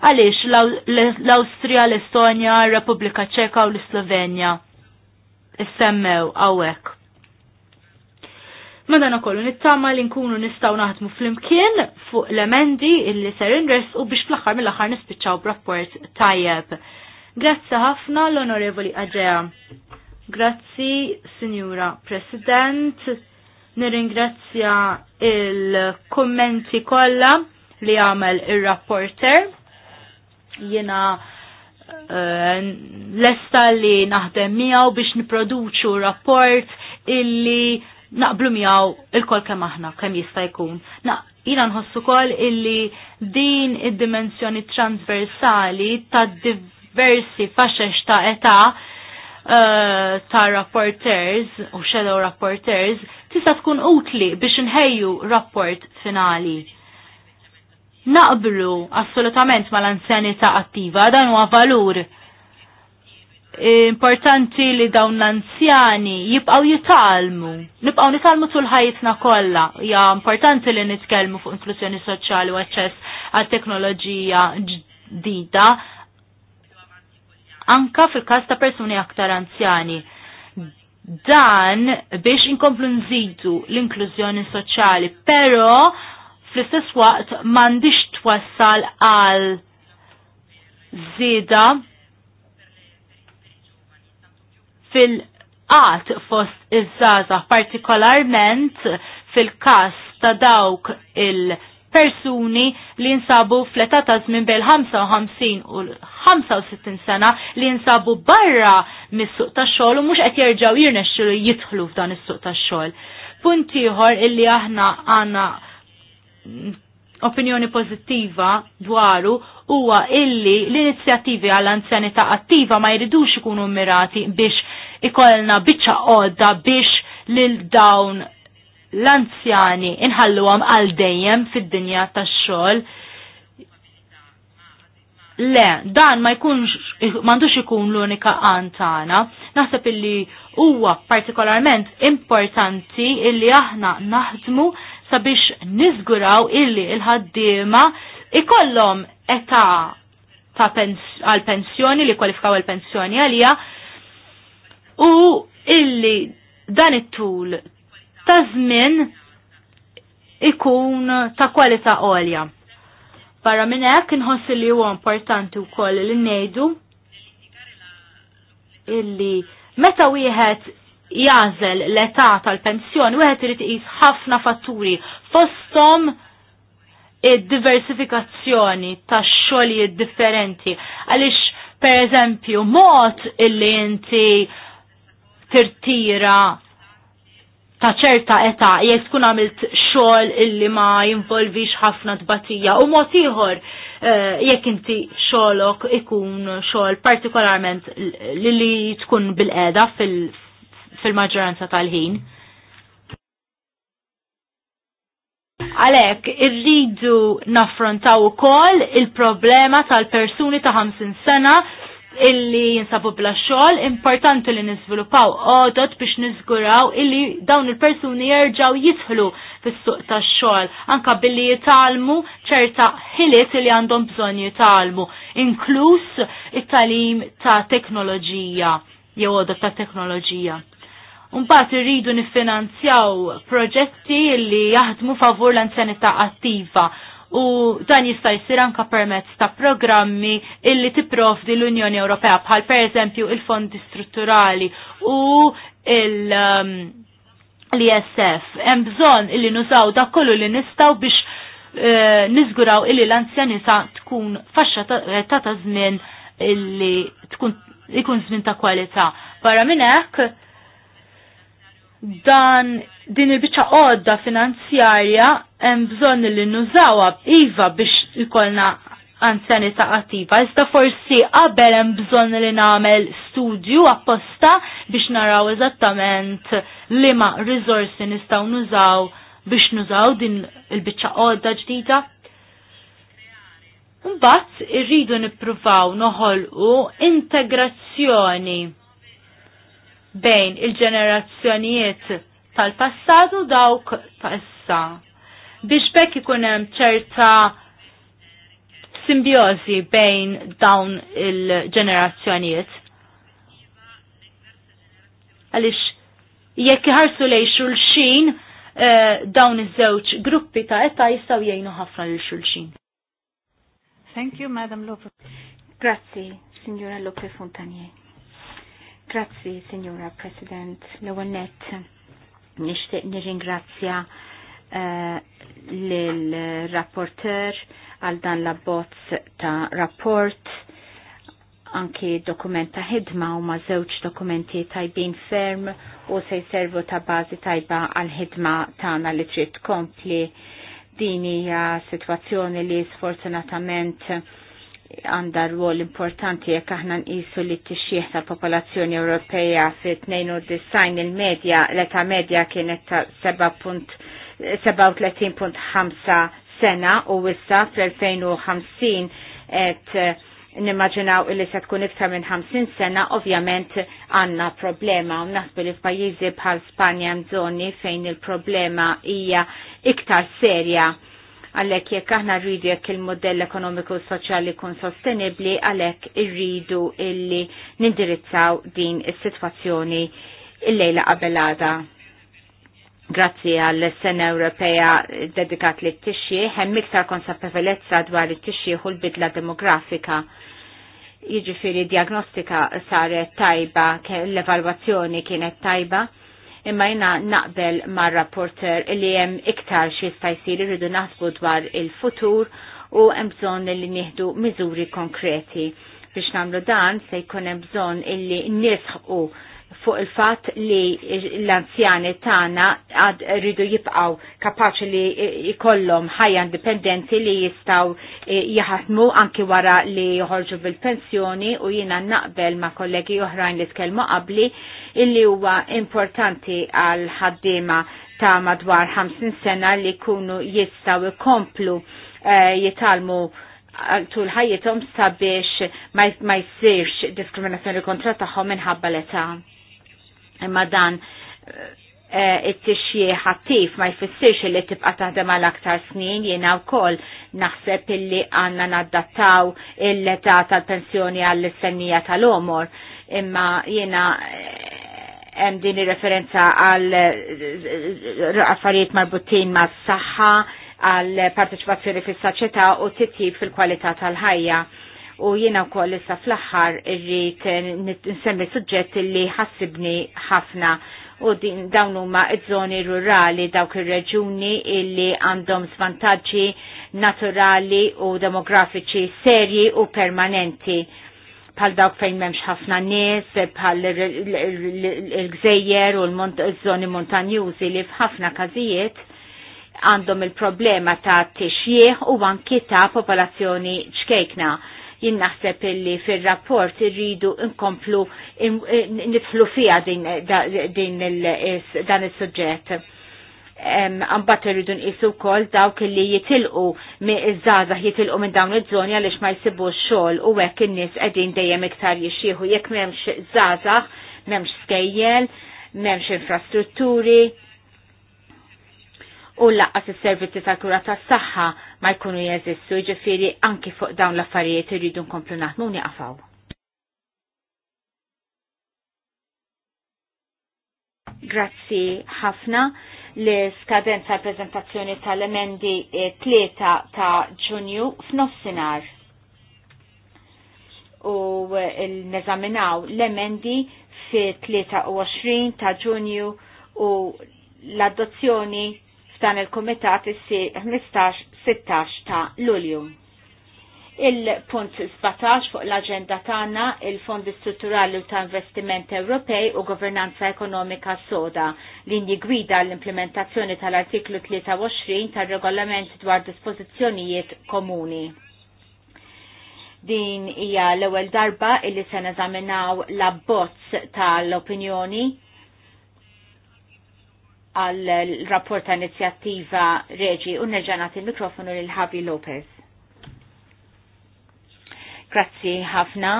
Għaliex l-Awstrija, l-Estonja, r-Repubblika Ċeka u l-Slovenja issemmew għawek. Madana kollu nittama li nkunu nistaw naħdmu fl-imkien fuq l-emendi illi ser indres u biex fl-axar mill-axar nispiċċaw b'rapport tajjeb. Grazzi ħafna l-Onorevoli Aġea. Grazzi, Signora President. Nirringrazzja il-kommenti kollha li għamel il-rapporter. Jena eh, lesta li naħdem miegħu biex niproduċu rapport illi naqblu miegħu il-kol kemm aħna kemm jista' jkun. Jina nħossu kol illi din id-dimensjoni transversali ta' diversi faxex ta' età eh, ta' rapporters u shadow rapporters tista' tkun utli biex nħejju rapport finali naqblu assolutament mal-anzjanità attiva, dan huwa valur importanti li dawn l-anzjani jibqaw jitalmu. Nibqaw nitalmu tul ħajitna kollha. Ja importanti li nitkellmu fuq inklużjoni soċjali u aċċess għal teknoloġija ġdida anka fil-każ ta' persuni aktar anzjani. Dan biex inkomplu nżidu l-inklużjoni soċjali, pero fl-istess waqt m'għandix twassal għal żieda fil-qat fost iż-żaza, partikolarment fil-kas ta' dawk il-persuni li nsabu fleta ta' żmien bel 55 u 65 sena li nsabu barra mis-suq ta' xogħol u mhux qed jerġgħu jirnexxilu jitħlu f'dan is-suq ta' xogħol. Punt ieħor illi aħna għandna opinjoni pozittiva dwaru huwa illi l-inizjattivi għall-anzjanità attiva ma jridux ikunu mirati biex ikollna biċċa qodda biex lil dawn l-anzjani inħalluhom għal dejjem fid-dinja tax-xogħol. Le, dan ma jkunx m'għandux ikun l-unika għan tagħna. Naħseb illi huwa partikolarment importanti illi aħna naħdmu sabiex nizguraw illi il-ħaddiema ikollhom età ta' għal-pensjoni li kwalifikaw għal-pensjoni għalija u illi dan it-tul ta' żmien ikun ta' kwalità għolja. Barra minn hekk inħossi li huwa importanti wkoll li ngħidu illi meta wieħed jażel l-età tal-pensjoni wieħed irid jis ħafna fatturi fosthom id-diversifikazzjoni tax xogħlijiet differenti għaliex pereżempju mod illi inti tirtira ta' ċerta età jekk tkun għamilt xogħol illi ma jinvolvix ħafna tbatija u mod ieħor eh, jekk inti xogħolok ikun xogħol partikolarment li tkun bil-qeda fil- fil-maġġoranza tal-ħin. Għalek, irridu naffrontaw ukoll il-problema tal-persuni ta' 50 sena illi jinsabu bla xogħol, importanti li nizvilupaw odot biex niżguraw illi dawn il-persuni jerġgħu jidħlu fis-suq tax-xogħol, anka billi jitalmu ċerta ħiliet li għandhom bżonn jitalmu, inkluż it-talim ta' teknoloġija jew odot ta' teknoloġija. Unbat irridu nifinanzjaw proġetti li jaħdmu favur l-anzjanità attiva u dan jista' jsir anka permezz ta' programmi illi tipprovdi l-Unjoni Ewropea bħal pereżempju il-fondi strutturali u il- um, l-ISF. Hemm bżonn illi nużaw dak kollu li nistgħu biex uh, niżguraw illi l-anzjanità tkun faxxa eh, ta' ta' żmien illi tkun ikun żmien ta' kwalità. Barra minn hekk dan din il-biċċa għodda finanzjarja hemm bżonn li nużawha iva biex ikolna anzjanità attiva. Iżda forsi qabel hemm bżonn li nagħmel studju apposta biex naraw eżattament liema risorsi nistgħu nużaw biex nużaw din il-biċċa għodda ġdida. Mbagħad irridu nippruvaw noħolqu integrazzjoni bejn il-ġenerazzjonijiet tal-passat u dawk ta' issa. Biex bekk ikun hemm ċerta simbiozi bejn dawn il-ġenerazzjonijiet. Għalix, jekk iħarsu lej xulxin uh, dawn iż-żewġ gruppi ta' etta jistgħu jgħinu ħafna lil xulxin. Thank you, Madam Lopez. Grazzi, Signora Lopez Fontanier. Grazzi, Signora President. L-ewwel nett nixtieq nirringrazzja eh, lill-rapporter għal dan la bozz ta' rapport anki dokumenta ħidma u ma' żewġ dokumenti tajbin ferm u se jservu ta' bażi tajba għal ħidma tagħna li trid tkompli din hija sitwazzjoni li sfortunatament għandha rwol importanti jekk aħna nqisu li t-tixjih tal-popolazzjoni Ewropea fi 92 il-medja, l-età medja kienet ta' 37.5 sena u wissa fl-2050 et nimmaġinaw illi se tkun iktar minn 50 sena, ovvjament għanna problema. U naħsbu li f'pajjiżi bħal Spanja mżoni fejn il-problema hija iktar serja Għalek jekk aħna rridu jekk il-modell ekonomiku u soċjali kun sostenibli, għalek irridu illi nindirizzaw din is-sitwazzjoni il-lejla qabelada. Grazzi għall sena Ewropea dedikat li t tixie hemm iktar konsapevolezza dwar it tixie u l-bidla demografika Jiġifieri diagnostika saret tajba, l-evalwazzjoni kienet tajba, imma jina naqbel ma' rapporter li jem iktar xie stajsir irridu naħsbu dwar il-futur u hemm bżonn li nieħdu miżuri konkreti. Biex namlu dan se jkun hemm bżonn illi nisħu fuq il-fat li l-anzjani tana għad rridu jibqaw kapaċi li jkollhom ħajja indipendenti li jistaw eh, jaħatmu anki wara li joħorġu bil-pensjoni u jina naqbel ma kollegi oħrajn li tkellmu qabli illi huwa importanti għal ħaddiema ta' madwar 50 sena li kunu jistaw ikomplu uh, jitalmu tul ħajjithom sabiex ma jsirx diskriminazzjoni kontra tagħhom minħabba l-età. Imma dan eh, eh, it-tixjie ħattif ma jfissirx li tibqa taħdem għal aktar snin jiena wkoll naħseb illi għandna naddattaw il-età tal-pensjoni għall-istennija tal-omor imma jiena eh, hemm din ir-referenza għal affarijiet marbutin ma' s-saħħa għal parteċipazzjoni fis-soċjetà u titjib fil-kwalità tal-ħajja u jiena wkoll issa fl-aħħar irrid nsemmi suġġett li ħassibni ħafna u dawn huma ż-żoni rurali dawk ir-reġuni illi għandhom svantaġġi naturali u demografiċi serji u permanenti bħal dawk fejn memx ħafna nies, bħal il-gżejjer u l-żoni montanjużi li f'ħafna każijiet għandhom il-problema ta' tixjieħ u anki ta' popolazzjoni ċkejkna jien naħseb illi fir-rapport irridu nkomplu nidħlu fija din, dan is-suġġett għambat irridu nqisu wkoll dawk li jitilqu iż-żgħażagħ jitilqu minn dawn iż-żoni għaliex ma jsibux xogħol u hekk in-nies qegħdin dejjem iktar jixxieħu jekk m'hemmx żgħażagħ, m'hemmx skejjel, m'hemmx infrastrutturi, u laqqas is-servizzi tal-kura tas-saħħa ma jkunu jeżistu, jiġifieri anki fuq dawn l-affarijiet irridu nkomplu naħdmu niqafaw. Grazzi ħafna li skadenza prezentazzjoni tal-emendi 3 eh, ta' ġunju f'nofsinhar. U eh, neżaminaw l-emendi fi 23 ta' ġunju u l-adozzjoni f'dan il-Kumitat issi 15-16 ta' Lulju. Il-punt 17 fuq l-agenda tagħna il-Fondi Strutturali u ta' Investiment Ewropej u Governanza Ekonomika Soda li jgwida l-implementazzjoni tal-artiklu 23 tal-regolament dwar dispożizzjonijiet komuni. Din hija l-ewwel darba illi se neżaminaw l-abbozz tal-opinjoni għal rapport ta' inizjattiva reġi u nerġanat il-mikrofonu lil Javi Lopez. Grazzi ħafna.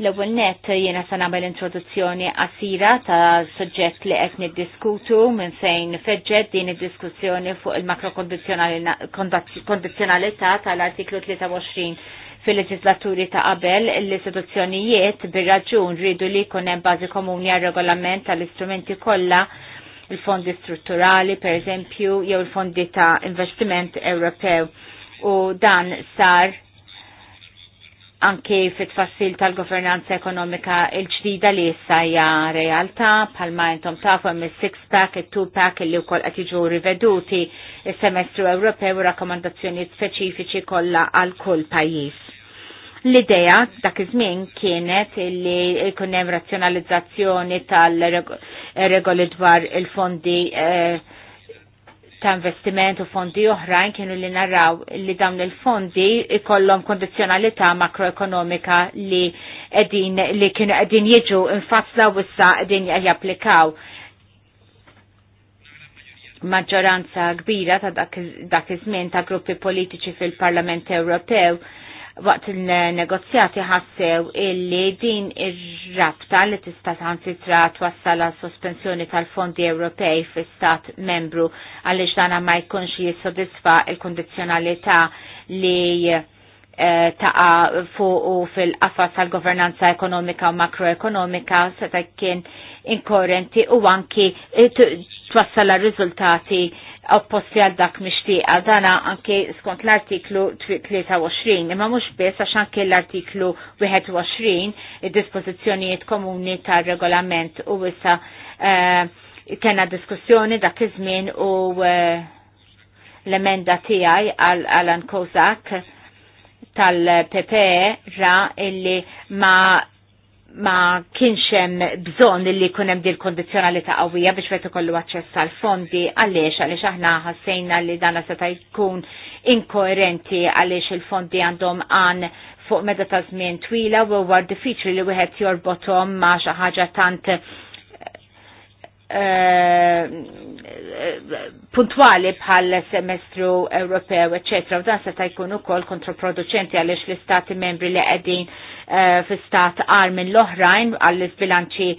L-ewwel net jiena se nagħmel introduzzjoni qasira ta' suġġett li qed niddiskutu minn fejn feġġed din id-diskussjoni fuq il-makrokondizzjonalità tal-artiklu 23 fil-leġislaturi ta' qabel l-istituzzjonijiet bir-raġun rridu li jkun hemm bażi komuni għar regolament tal-istrumenti kollha il-fondi strutturali, per eżempju, jew il-fondi ta' investiment Ewropew. U dan sar anke fit tfassil tal-governanza ekonomika il-ġdida li issa hija realtà bħalma jentom tafhom hemm is-six pack, it-two pack li wkoll qed jiġu riveduti il semestru Ewropew u rakkomandazzjonijiet speċifiċi kollha għal kull pajjiż. L-idea dak iż-żmien kienet li jkun hemm razzjonalizzazzjoni tal-regoli dwar il-fondi eh, ta' investiment u fondi oħrajn kienu li naraw li dawn il-fondi ikollhom kondizjonalità makroekonomika li edin li kienu qegħdin jiġu infasla u issa qegħdin japplikaw maġġoranza kbira ta' dak iż-żmien ta' gruppi politiċi fil-Parlament Ewropew waqt il-negozjati ħassew illi din ir-rabta li tista' transitra twassal sospensjoni tal-fondi Ewropej fl-istat membru għaliex dana ma jkunx jissodisfa il-kondizzjonalità li eh, taqa fuq u fil-qafas tal-governanza ekonomika u makroekonomika seta' kien inkorrenti u anki twassal rizultati riżultati opposti għal dak mixtieqa dana anke skont l-artiklu 23 imma mhux biss għax anke l-artiklu 21 id-dispożizzjonijiet komuni tar-regolament u issa eh, kena diskussjoni dak iż-żmien u eh, l-emenda tiegħi għal Alan Kozak tal-PPE ra illi ma ma kienx hemm bżonn li jkun hemm din ta' qawwija biex wet ikollu għacċess għal fondi għaliex għaliex aħna ħassejna li dana seta jkun inkoerenti għaliex il-fondi għandhom għan fuq meta ta' żmien twila u huwa diffiċli li wieħed jorbothom ma' xi ħaġa tant Eh, puntuali bħal semestru Ewropew, ecc. U dan se jkun ukoll kontraproducenti għaliex l-istati membri li qegħdin eh, fi stat għal minn l-oħrajn għall bilanċi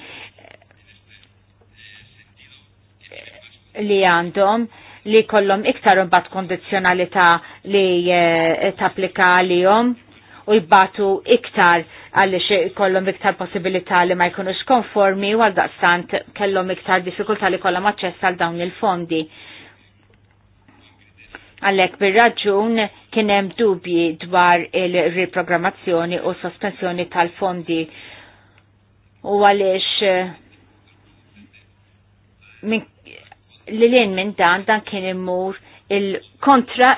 li għandhom li kollhom iktar imbagħad kondizzjonalità li eh, tapplika għalihom u jibbatu iktar għaliex kollom iktar possibilità li ma jkunux konformi u għal daqstant kellhom iktar diffikultà li kollom aċċess għal dawn il-fondi. Għalhekk bir-raġun kien hemm dubji dwar il-riprogrammazzjoni u sospensjoni tal-fondi u għaliex eh, li l-in minn dan dan kien immur il-kontra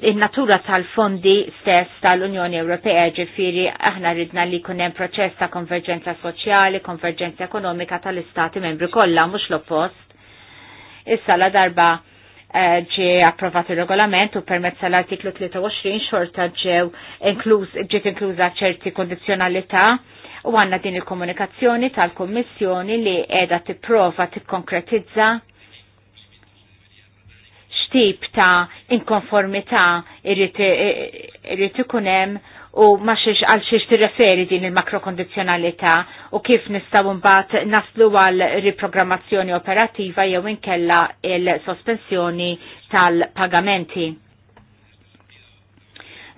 il-natura il tal-fondi stess tal-Unjoni Ewropea ġifiri aħna ridna li kunem proċess ta' konverġenza soċjali, konverġenza ekonomika tal-istati membri kollha mhux l-oppost. Issa la darba eh, ġi approvat il-regolament u permezz l-artiklu 23 xorta ġew ġiet inkluża ċerti kondizjonalità u għanna din il-komunikazzjoni tal-Kommissjoni li edha tipprova tikkonkretizza tip ta' inkonformità irrit ikun hemm u ma xiex għal xiex tirreferi din il-makrokondizjonalità u kif nistaw mbagħad naslu għal riprogrammazzjoni operattiva jew inkella il-sospensjoni tal-pagamenti.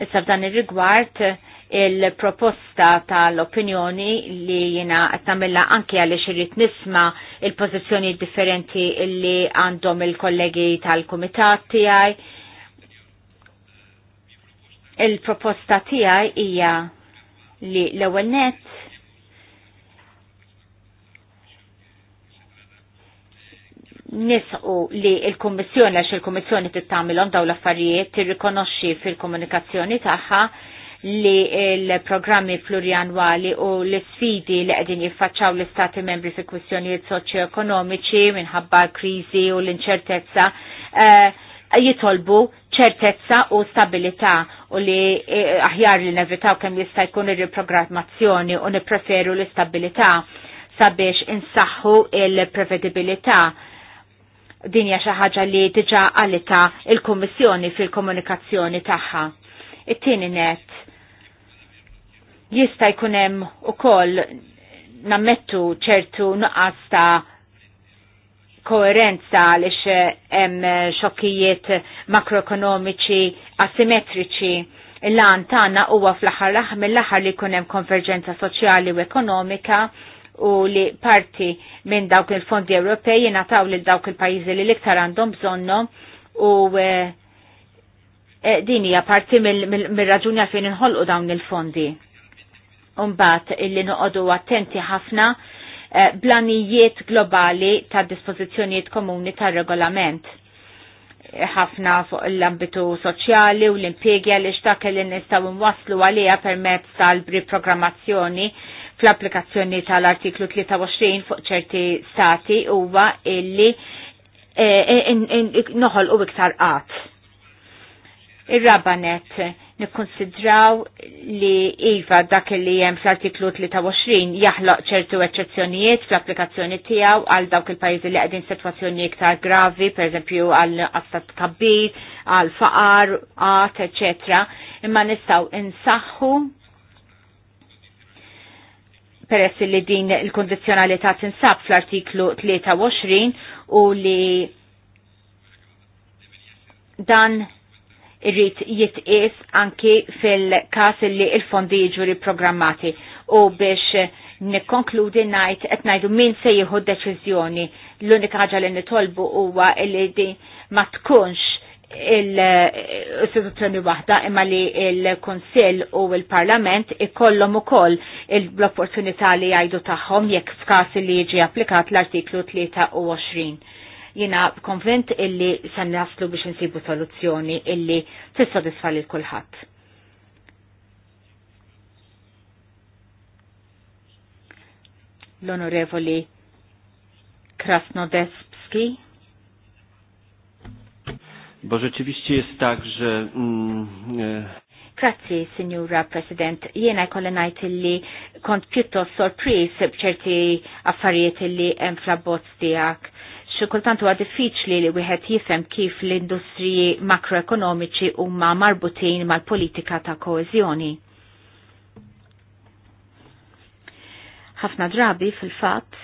Issa f'dan ir-rigward il-proposta tal-opinjoni li jina tamilla anki għalli xirrit nisma il-pozizjoni differenti li għandhom il-kollegi tal-komitat tijaj. Il-proposta tijaj hija li l-ewel net nisqu li il-Kommissjoni għax il-Kommissjoni tittamilhom daw l-affarijiet tirrikonoxxi fil-komunikazzjoni tagħha li l-programmi plurianwali u l-sfidi li għedin jiffaċċaw l-Stati membri fi kwistjonijiet soċjoekonomiċi minħabba l-krizi u l-inċertezza eh, jitolbu ċertezza u stabilità u li eh, aħjar li nevitaw kemm jista' jkun ir-riprogrammazzjoni u nippreferu l-istabilità sabiex insaħħu il-prevedibilità dinja xi ħaġa li diġà għalita il-Kummissjoni fil-komunikazzjoni tagħha. It-tieni net Jista' jkun hemm ukoll nammettu ċertu nuqqas ta' koerenza għaliex hemm xokkijiet makroekonomiċi asimetriċi l-għan tagħna huwa fl-aħħar mill-aħħar li jkun hemm konverġenza soċjali u ekonomika u li parti minn dawk il-fondi Ewropej jingħataw lil dawk il-pajjiżi li l-iktar għandhom bżonnhom u eh, eh, din hija parti mill-raġuni għalfejn inħolqu dawn il-fondi. Umbat illi noqodu attenti ħafna eh, blanijiet globali ta' dispożizzjonijiet komuni ta' regolament eh, ħafna fuq l-ambitu soċjali u l-impiegja li xtak li nistaw nwaslu għalija permezz tal programmazzjoni fl-applikazzjoni tal-artiklu 23 fuq ċerti stati huwa illi eh, noħol u iktar qatt. Ir-rabanet nikkonsidraw li iva dak li hemm fl-artiklu 23 jaħloq ċertu eċċezzjonijiet fl-applikazzjoni tiegħu għal dawk il-pajjiżi li qegħdin sitwazzjoni iktar gravi, eżempju għal għastat kabbir, għal faqar, għat, eccetera, imma nistgħu insaħħu peress li din il-kondizjonalità tinsab fl-artiklu 23 u li dan irrit jitqis anki fil-kas li il-fondi jiġu programmati u biex nikkonkludi najt qed ngħidu min se jieħu deċiżjoni. L-unika ħaġa li nitolbu huwa li di ma tkunx il-istituzzjoni waħda imma li il-Konsil u il-Parlament ikollhom ukoll l-opportunità li jgħidu tagħhom jekk f'każ li jiġi applikat l-artiklu 23. Jina konvent illi san naslu biex nsibu soluzzjoni illi tissodisfa lil kulħadd. L-Onorevoli Krasnodebski. Bo rzeczywiście jest tak, że... Grazie, mm, Grazzi, Signora President. Jiena jkolli najt illi kont pjuttost sorpris bċerti affarijiet illi hemm fl tiegħek kultant huwa diffiċli li wieħed jifhem kif l-industriji makroekonomiċi huma marbutin mal-politika ta' koeżjoni. Ħafna drabi fil-fatt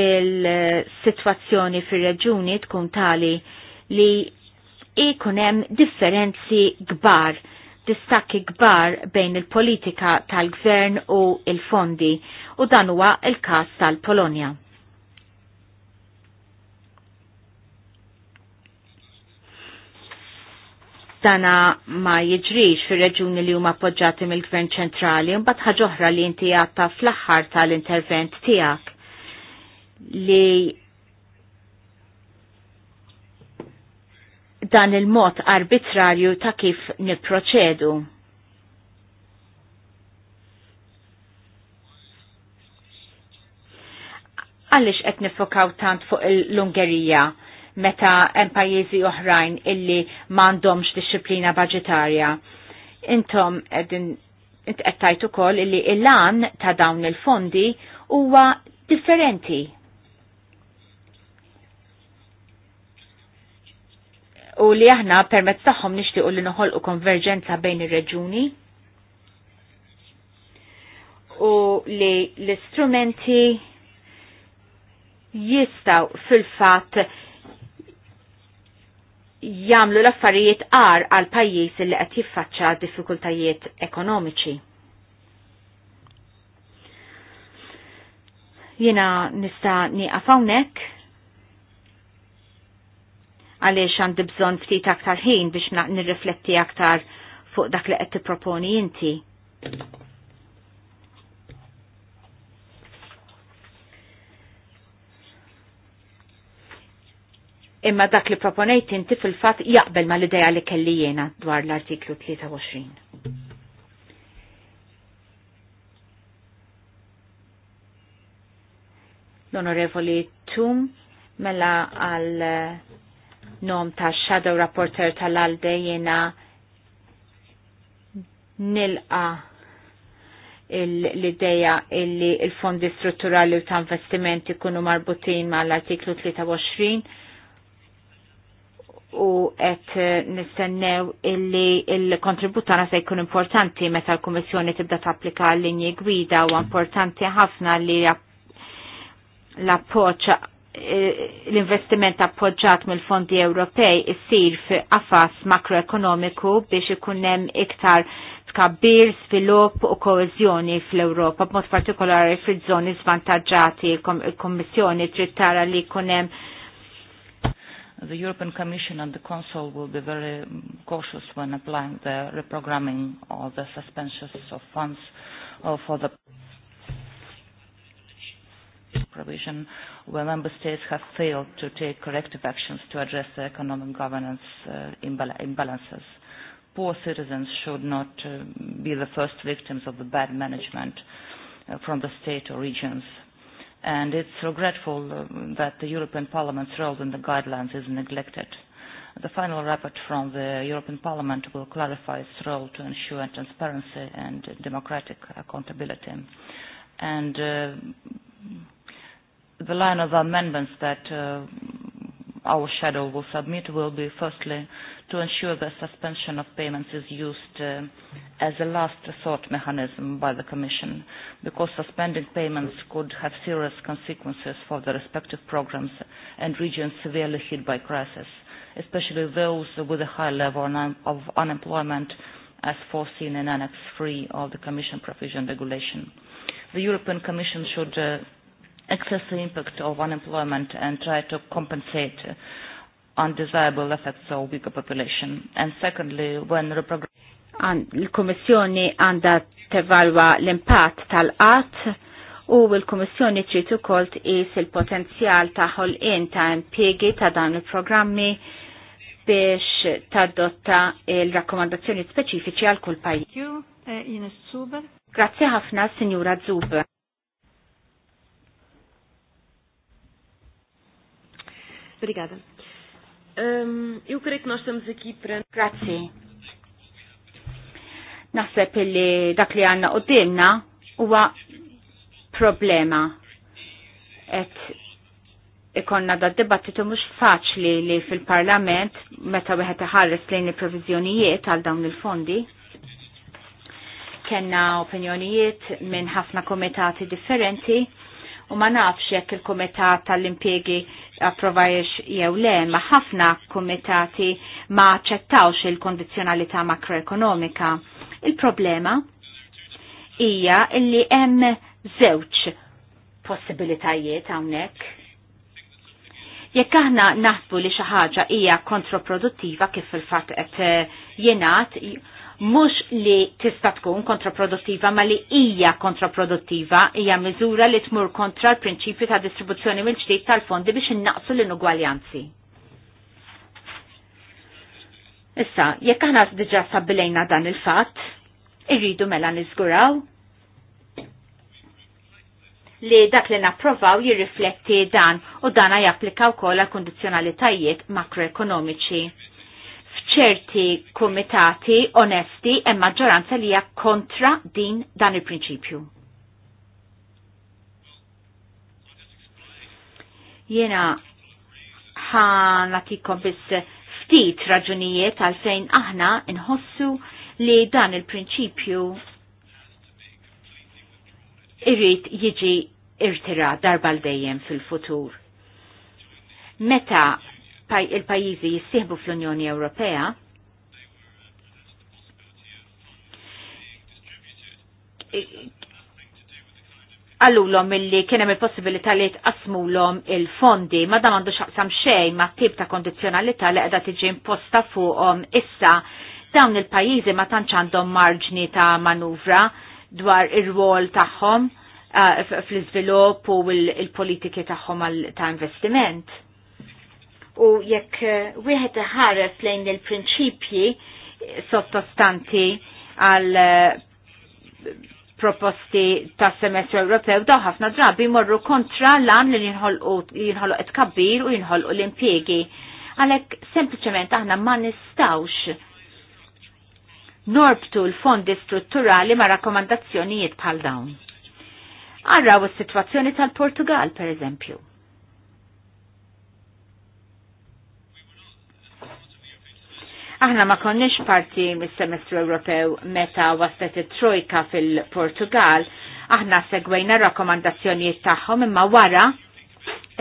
il-sitwazzjoni fir-reġuni tkun tali li ikun hemm differenzi kbar distakki kbar bejn il-politika tal-gvern u il-fondi u dan huwa il-każ tal-Polonja. dana ma jiġrix fir reġuni li huma appoġġati mill-Gvern ċentrali mbagħad ħaġa oħra li inti għatta fl-aħħar tal-intervent tiegħek li dan il-mod arbitrarju ta' kif niproċedu. Għalix qed nifokaw tant fuq l-Ungerija meta hemm pajjiżi oħrajn illi m'għandhomx disċiplina baġitarja? Intom qegħdin intqed tajt ukoll illi il-lan ta' dawn il-fondi huwa differenti u li aħna permezz tagħhom nixtiequ li noħolqu konverġenza bejn ir-reġuni u li l-istrumenti jistaw fil-fatt jamlu l-affarijiet għar għal pajjiż li qed jiffaċċa diffikultajiet ekonomiċi. Jiena nista' nieqaf hawnhekk għaliex għandi bżonn ftit aktar ħin biex nirrifletti aktar fuq dak li qed tipproponi inti. Imma dak li proponejt inti fil-fatt jaqbel ma l-ideja li kelli jiena dwar l-artiklu 23. L-Onorevoli Tum mela għal nom ta' Shadow Rapporteur tal-Alde jena nilqa l-ideja illi il-fondi strutturali u ta' investimenti kunu marbutin ma' l-artiklu 23 u et nistennew illi il tagħna se jkun importanti meta l kummissjoni tibda tapplika l-linji gwida u importanti ħafna li l-appoċ Eh, l-investiment appoġġat mill-fondi Ewropej issir f'qafas makroekonomiku biex ikun hemm iktar tkabbir, svilupp u koezjoni fl-Ewropa, b'mod partikolari fil-żoni svantaġġati, il-Kommissjoni trid tara li jkun hemm The European Commission and the Council will be very cautious when applying the reprogramming or the suspensions of funds uh, for the supervision, where member states have failed to take corrective actions to address the economic governance uh, imbal imbalances. Poor citizens should not uh, be the first victims of the bad management uh, from the state or regions. And it's regretful uh, that the European Parliament's role in the guidelines is neglected. The final report from the European Parliament will clarify its role to ensure transparency and democratic accountability. And uh, the line of amendments that uh, our shadow will submit will be firstly to ensure the suspension of payments is used uh, as a last resort mechanism by the Commission because suspending payments could have serious consequences for the respective programs and regions severely hit by crisis, especially those with a high level of unemployment as foreseen in Annex 3 of the Commission Provision Regulation. The European Commission should uh, excess the impact of unemployment and try to compensate uh, undesirable effects of bigger population. And secondly, when reprogramming... Il-Kommissjoni għanda tevalwa l-impatt tal-qatt u l-Kommissjoni trid ukoll tqis il-potenzjal ta' ħolqien ta' impjiegi ta' dan il-programmi biex tadotta il-rakkomandazzjoni speċifiċi għal kull pajjiż. Uh, Grazie ħafna, Sinjura Zuber. Obrigada. Um, eu creio que nós estamos aqui para. Grazie. Naħseb li dak li o u dimna huwa problema. Et ikonna da dibattitu mux faċli li fil-parlament meta wieħed iħares lejn il-provizjonijiet għal dawn il-fondi. Kenna opinjonijiet minn ħafna komitati differenti u ma nafx jekk il-Kumitat tal-Impjegi approvajx jew le, ma ħafna kumitati ma ċettawx il-kondizjonalità makroekonomika. Il-problema hija illi hemm żewġ possibilitajiet hawnhekk. Jekk aħna naħsbu li xi ħaġa hija kontraproduttiva kif il-fatt qed jingħad, mhux li tista' tkun kontraproduttiva ma li hija kontraproduttiva hija miżura li tmur kontra l-prinċipju ta' distribuzzjoni mill-ġdid tal-fondi biex innaqsu l-inugwaljanzi. Issa, jekk aħna diġà sabbilejna dan il-fatt, irridu mela niżguraw li dak li napprovaw jirrifletti dan u dana japplika wkoll għal kondizzjonalitajiet makroekonomiċi ċerti komitati onesti hemm maġġoranza li hija kontra din dan il-prinċipju. Jena ħanatikom biss ftit raġunijiet għalfejn aħna nħossu li dan il-prinċipju irrit jiġi irtira darba l-dejjem fil-futur. Meta il-pajizi jissieħbu fl-Unjoni Ewropea, għallulom illi kienem il-possibilità li l-om il-fondi, ma dam għandu xaqsam xej ma tip ta' kondizjonalita li għedha tiġi imposta fuqhom issa dawn il-pajjiżi ma tantx għandhom marġni ta' manuvra dwar ir-rwol tagħhom uh, fl-iżvilupp u l-politiki tagħhom ta' investiment u jekk eh, wieħed iħares lejn il-prinċipji sottostanti għal eh, proposti ta' semestru Ewropew daw ħafna drabi morru kontra lan li jinħolqu tkabbir u jinħolqu l-impjegi. Għalek sempliciment aħna ma nistawx norbtu l-fondi strutturali ma' rakkomandazzjonijiet bħal dawn. Arraw is-sitwazzjoni tal-Portugal, per eżempju Aħna ma konniex parti mis-semestru Ewropew meta waslet it-Trojka fil-Portugal, aħna segwejna rakkomandazzjonijiet tagħhom imma wara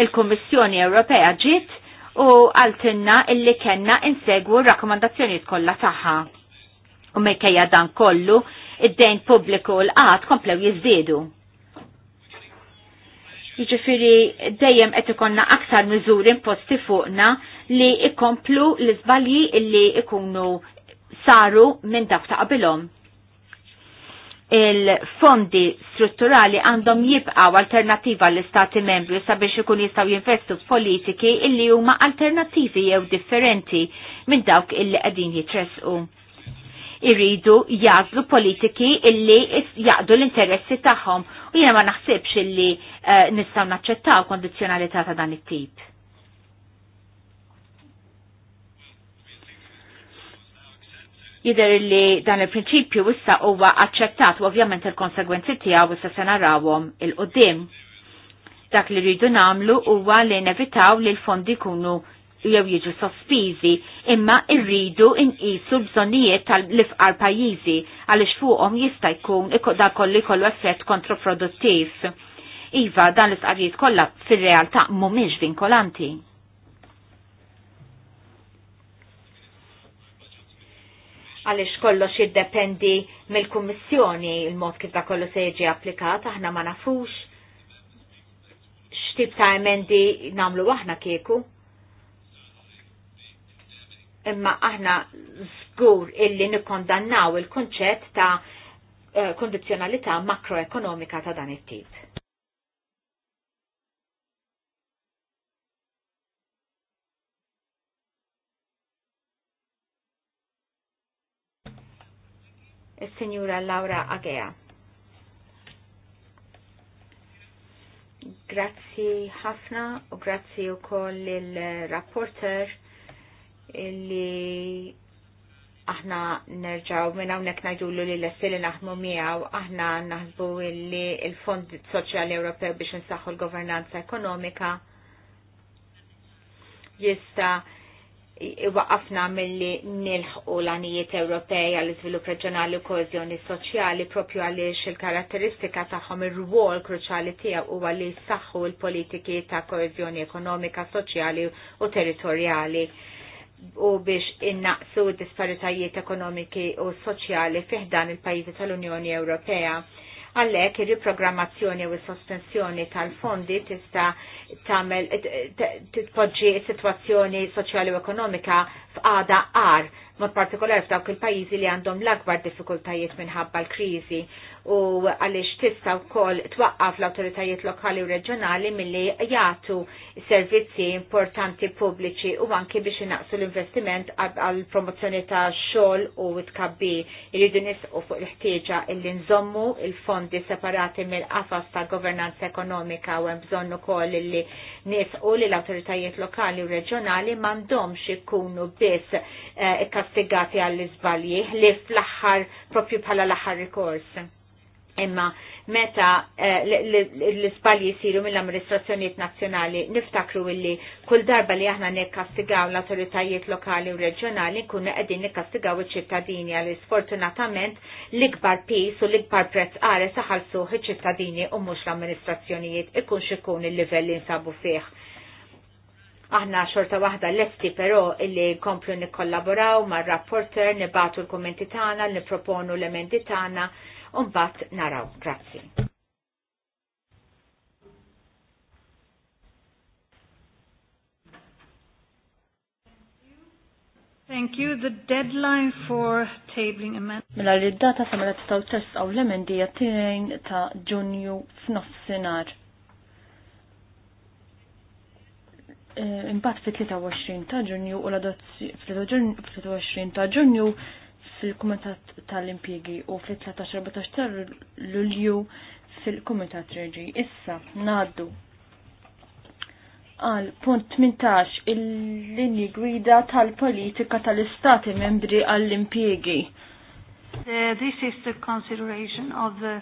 il-Kummissjoni Ewropea ġiet u għaltinna illi kenna insegwu rakkomandazzjonijiet kollha tagħha. U mejkejja dan kollu, id-dejn pubbliku l-qat komplew jiżdiedu. Jiġifieri dejjem qed ikonna aktar miżuri imposti fuqna li ikomplu l-izbalji li ikunu saru minn dak ta' qabilhom il-fondi strutturali għandhom jibqaw alternativa l-istati membri sabiex ikun jistaw jinvestu f'politiki illi huma alternativi jew differenti minn dawk illi qegħdin jitresqu. Iridu jazlu politiki illi jaqdu l-interessi tagħhom u jiena ma naħsibx illi uh, nistgħu naċċettaw kondizzjonalità ta' dan it-tip. Jider li dan il-prinċipju issa huwa aċċettat u ovvjament il-konsegwenzi tiegħu wissa se narawhom il-qudiem. Dak li rridu nagħmlu huwa li nevitaw li l-fondi jkunu jew jiġu sospiżi, imma rridu inqisu l-bżonnijiet tal lifqar pajjiżi għaliex fuqhom jista' jkun da kollu jkollu effett kontroproduttiv. Iva, dan l-istqarrijiet kollha fir-realtà mhumiex vinkolanti. għaliex kollox jiddependi mill-Kummissjoni il-mod kif da kollu se jiġi applikat, aħna ma nafux x'tip ta' emendi namlu aħna kieku. Imma aħna żgur illi nikkondannaw il-konċett ta' eh, kondizjonalità makroekonomika ta' dan it-tip. il senjura Laura Agea. Grazzi ħafna u grazzi u koll il-rapporter illi aħna nerġaw minn hawnhekk ngħidulu li l-essil naħmu miegħu aħna naħsbu li l-Fond Soċjali Ewropew biex insaħħu l-governanza ekonomika jista' waqafna mill-li nilħu l-anijiet Ewropej għall-izvilup reġjonali u koezjoni soċjali propju għaliex il-karatteristika tagħhom ir-rwol kruċjali tiegħu huwa li saħħu l-politiki ta' koezjoni ekonomika, soċjali u territorjali u biex innaqsu d disparitajiet ekonomiki u soċjali fiħdan il-pajjiżi tal-Unjoni Ewropea Għallek ir-riprogrammazzjoni u s-sospensjoni tal-fondi tista' tagħmel titpoġġi s-sitwazzjoni soċjali u ekonomika f'għada għar, mod partikolari f'dawk il-pajjiżi li għandhom l-akbar diffikultajiet minħabba l-kriżi u għaliex tista' kol twaqqaf l-awtoritajiet lokali u reġjonali milli jagħtu servizzi importanti pubbliċi u anki biex inaqsu l-investiment għal promozzjoni ta' xogħol u tkabbi jridu nisqu fuq il-ħtieġa illi nżommu il-fondi separati mill-qafas ta' governanza ekonomika u hemm bżonn ukoll illi nisqu li l-awtoritajiet lokali u reġjonali m'għandhomx ikunu biss eh, ikkastigati għall-iżbalji li fl-aħħar propju bħala l-aħħar rikors imma meta eh, l-ispalji jisiru mill-amministrazzjoniet nazzjonali niftakru illi kull darba li aħna nikkastigaw l-autoritajiet lokali u reġjonali kun qegħdin nikkastigaw iċ-ċittadini għal sfortunatament l-ikbar pis u l-ikbar prezz qare saħalsu iċ-ċittadini u mhux l-amministrazzjonijiet ikun xikun il-livell li nsabu fih. Aħna xorta waħda lesti però illi komplu nikkollaboraw mar rapporter nibatu l-kommenti tagħna, niproponu l-emendi tagħna un bat naraw. Grazie. Thank you. The deadline for tabling amendments. Mela li data data samra mela tistaw testaw l-emendi jattijin ta' ġunju senar. Imbat fit-23 ta' ġunju u l-23 ta' ġunju fil-Kumitat tal-Impjegi u fil-13-14 ta' Lulju fil-Kumitat Reġi. Issa ngħaddu għal punt 18 il-linji gwida tal-politika tal-Istati membri għall-impjegi. Uh, this is the consideration of the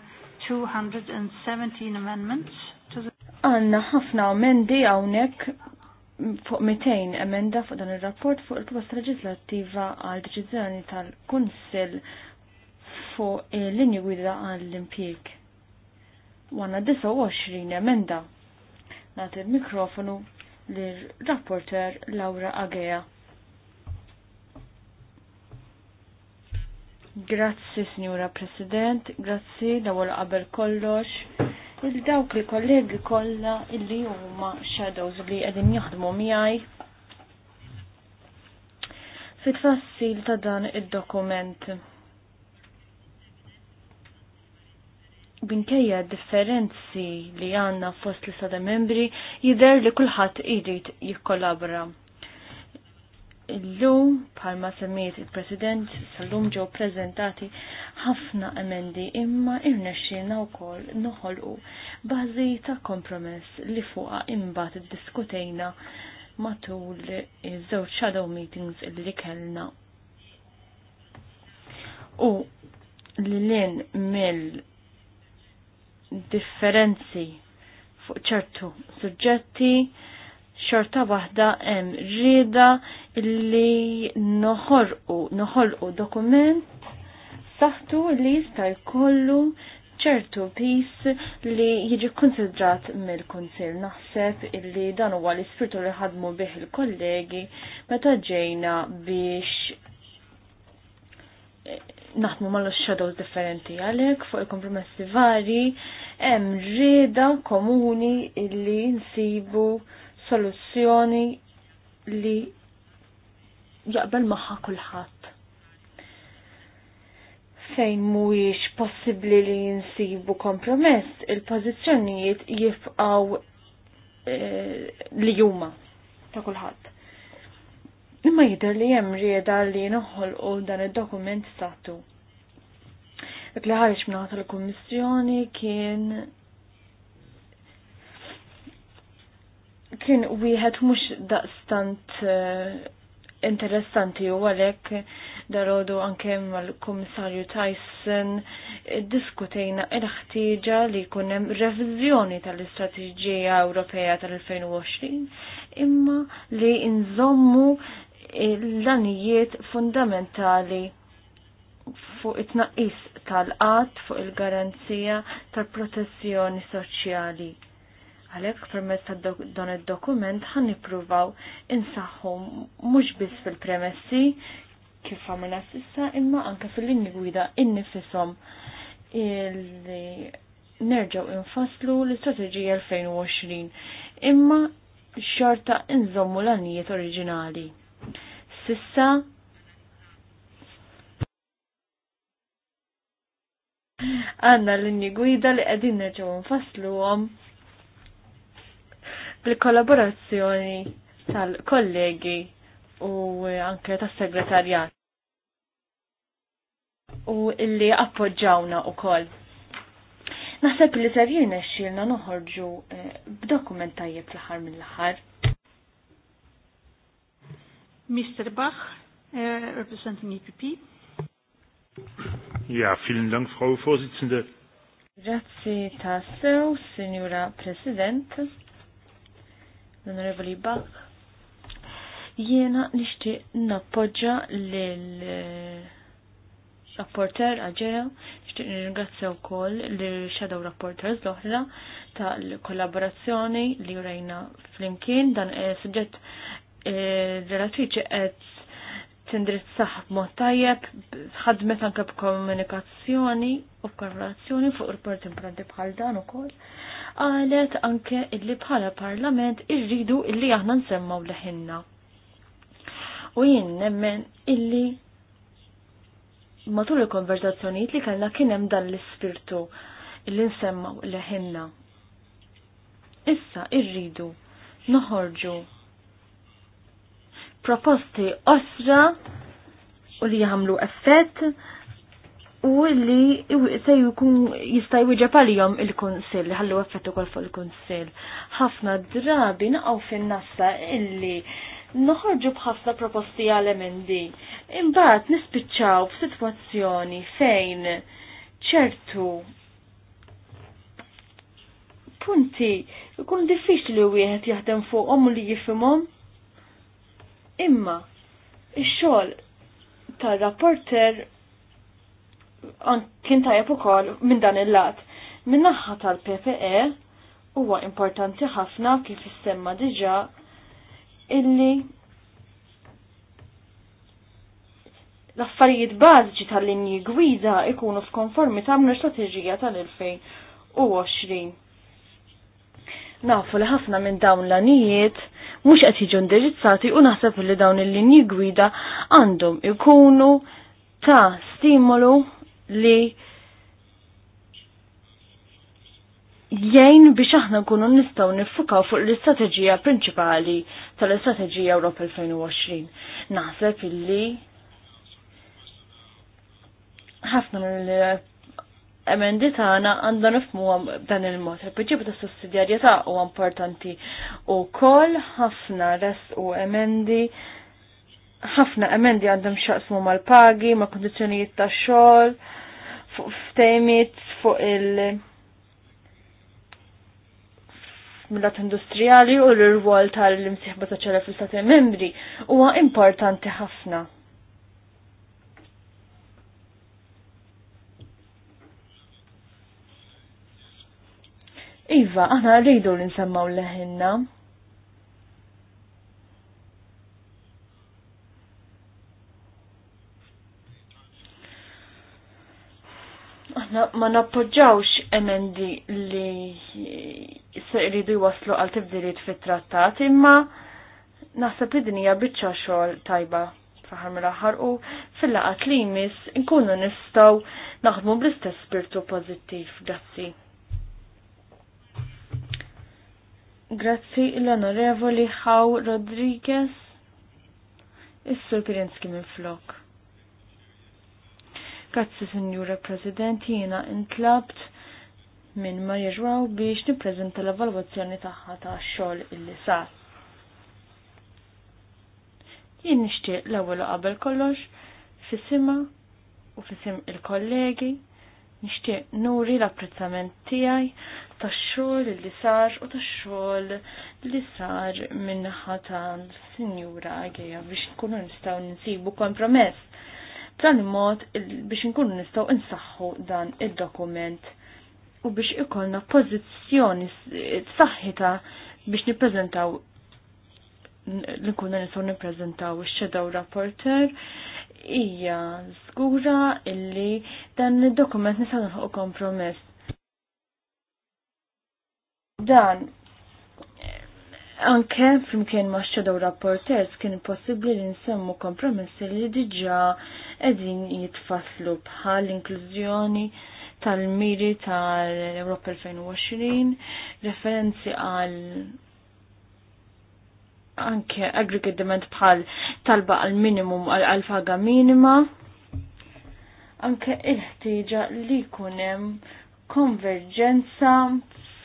217 amendments to the... Għanna ħafna amendi għawnek fuq 200 emenda fuq dan il-rapport fuq il-proposta leġislattiva għal deċiżjoni tal-Kunsill fuq il-linju gwida għall-impjeg. Għanna 29 emenda. Nagħti il-mikrofonu l rapporter Laura Agea. Grazzi, Signora President, grazzi l-ewwel qabel kollox il dawk li kollegi kollha illi huma shadows li qegħdin jaħdmu miħaj. fit-tfassil ta' dan id-dokument. Binkejja differenzi li għanna fost li sada membri jider li kulħadd idit jikkolabra Illum, palma semmiet il-President, sal-lum ġew prezentati ħafna emendi imma irnexxina wkoll noħolqu bażi ta' kompromess li fuqha imbagħad diskutejna matul iż-żewġ shadow meetings li kellna. U lilin mill differenzi fuq ċertu suġġetti xorta waħda hemm rida li noħorqu noħolqu dokument saħtu li jista' jkollu ċertu pis li jiġi konsidrat mill kunsil naħseb illi dan huwa l-ispirtu li ħadmu bih il-kollegi meta ġejna biex eh, naħdmu mal-shadows differenti għalhekk fuq il-kompromessi vari hemm rieda komuni illi nsibu soluzzjoni li jaqbel maħħa kulħadd. Fejn mhuwiex possibbli li jinsibu kompromess, il-pożizzjonijiet jibqgħu eh, li huma ta' kulħadd. Imma jidher li hemm rieda li noħolqu dan id-dokument statu. Dak li ħareġ minn tal-Kummissjoni kien kien wieħed mhux daqstant eh, interessanti u għalhekk darodu anke mal-Kummissarju Tyson diskutejna l-ħtieġa li jkun hemm reviżjoni tal-Istrateġija Ewropea tal-2020 imma li nżommu l-anijiet fundamentali fuq it-tnaqqis tal-qatt, fuq il-garanzija tal-protezzjoni soċjali Għalhekk permezz ta' dan id-dokument ħan nippruvaw insaħħu mhux biss fil-premessi kif għamilna sissa imma anke fil-linji gwida innifisom nerġaw infaslu l-istrateġija 2020 imma xorta inżommu l għanijiet oriġinali. Sissa għanna l-inni gwida li għedin nerġaw infaslu għom bil-kollaborazzjoni tal-kollegi u anke tas-segretarjat. U illi appoġġawna koll. Naħseb li ser jirna xilna noħorġu eh, b'dokument tajjeb fl-ħar mill-ħar. Mr. Bach, eh, representing EPP. Ja, vielen Dank, Frau Vorsitzende. Grazie tassew, Signora President l-Onorevoli Bach. Jiena nixtieq nappoġġa l eh, rapporter għagġeja, nixtieq nirringrazzja wkoll l shadow rapporters l-oħra tal-kollaborazzjoni li rajna flimkien dan eh, suġġett eh, relatriċi qed tindrizzaħ mod tajjeb, ħadmet anke b'komunikazzjoni u korrelazzjoni fuq il il-port Imprandi bħal dan ukoll. Qalet anke illi bħala parlament irridu illi aħna nsemmaw leħinna. U jien nemmen illi matul il-konverzazzjonijiet li kellna kien hemm dan l-ispirtu illi nsemmaw leħinna. Issa irridu noħorġu proposti osra u li jgħamlu effett u li se jkun jista' jwieġeb għalihom il-kunsill, ħallu effett ukoll fuq il-kunsill. Ħafna drabi naqgħu fin-nassa illi noħorġu bħafna proposti għal emendi. Imbagħad nispiċċaw f'sitwazzjoni fejn ċertu punti jkun diffiċli wieħed jaħdem fuqhom u li jifhimhom Imma il xogħol tar-rapporter kien tajjeb ukoll minn dan il-lat. min naħħa tal-PPE huwa importanti ħafna kif issemma diġà illi l-affarijiet bażiċi tal-linji gwida ikunu f'konformità mal strateġija tal-2020. Nafu li ħafna minn dawn l-anijiet mhux qed jiġu indirizzati u naħseb li dawn il-linji gwida għandhom ikunu ta' stimolu li jgħin biex aħna nkunu nistgħu niffukaw fuq l-istrateġija prinċipali tal-Istrateġija Europa 2020. Naħseb illi ħafna mill emendi tagħna għandna nifmuhom dan il-mod. il pġibu ta' sussidjarjetà huwa importanti wkoll ħafna res u emendi ħafna emendi għandhom xaqsmu mal-pagi, ma' kondizzjonijiet ta' xogħol, fuq ftejmiet, fuq il- mill-lat industrijali u l-rwol tal-imsieħba ta' ċara fil-stati membri huwa importanti ħafna. Iva, aħna rridu li nsemmaw leħinna. Aħna ma nappoġġawx emendi li se jridu jwaslu għal tibdiliet fit-trattat, imma naħseb li dinija biċċa xogħol tajba fl-ħar mill-aħħar u fil-laqat li jmiss nkunu nistgħu naħdmu bl-istess spirtu pożittiv. Grazzi. Grazzi l-Onorevoli Hau Rodriguez, is-Sur Pirinski minn flok. Grazzi Sinjura Presidenti. jiena intlabt minn Maria Joao biex nippreżenta l-evalwazzjoni tagħha ta' xogħol illi sar. Jien nixtieq l-ewwel qabel kollox fisima u fisim il-kollegi Nixtieq nuri l-apprezzament tiegħi tax-xogħol li sar u tax-xogħol li sar minnaħa tal-Sinjura għeja biex nkunu nistgħu ninsibu kompromess. B'dan mod biex nkunu nistgħu insaħħu dan id-dokument u biex ikollna pożizzjoni saħħita biex nippreżentaw l-kunna nisaw nippreżentaw ix rapporter hija żgura illi dan id-dokument nisa' nħuq kompromess. Dan anke flimkien ma' daw rapporters kien possibbli li nsemmu kompromess li diġà qegħdin jitfasslu bħal inklużjoni tal-miri tal-Europa 2020, referenzi għal anke aggregatement bħal talba għal minimum għal alfaga minima. Anke il-ħtieġa li kunem konverġenza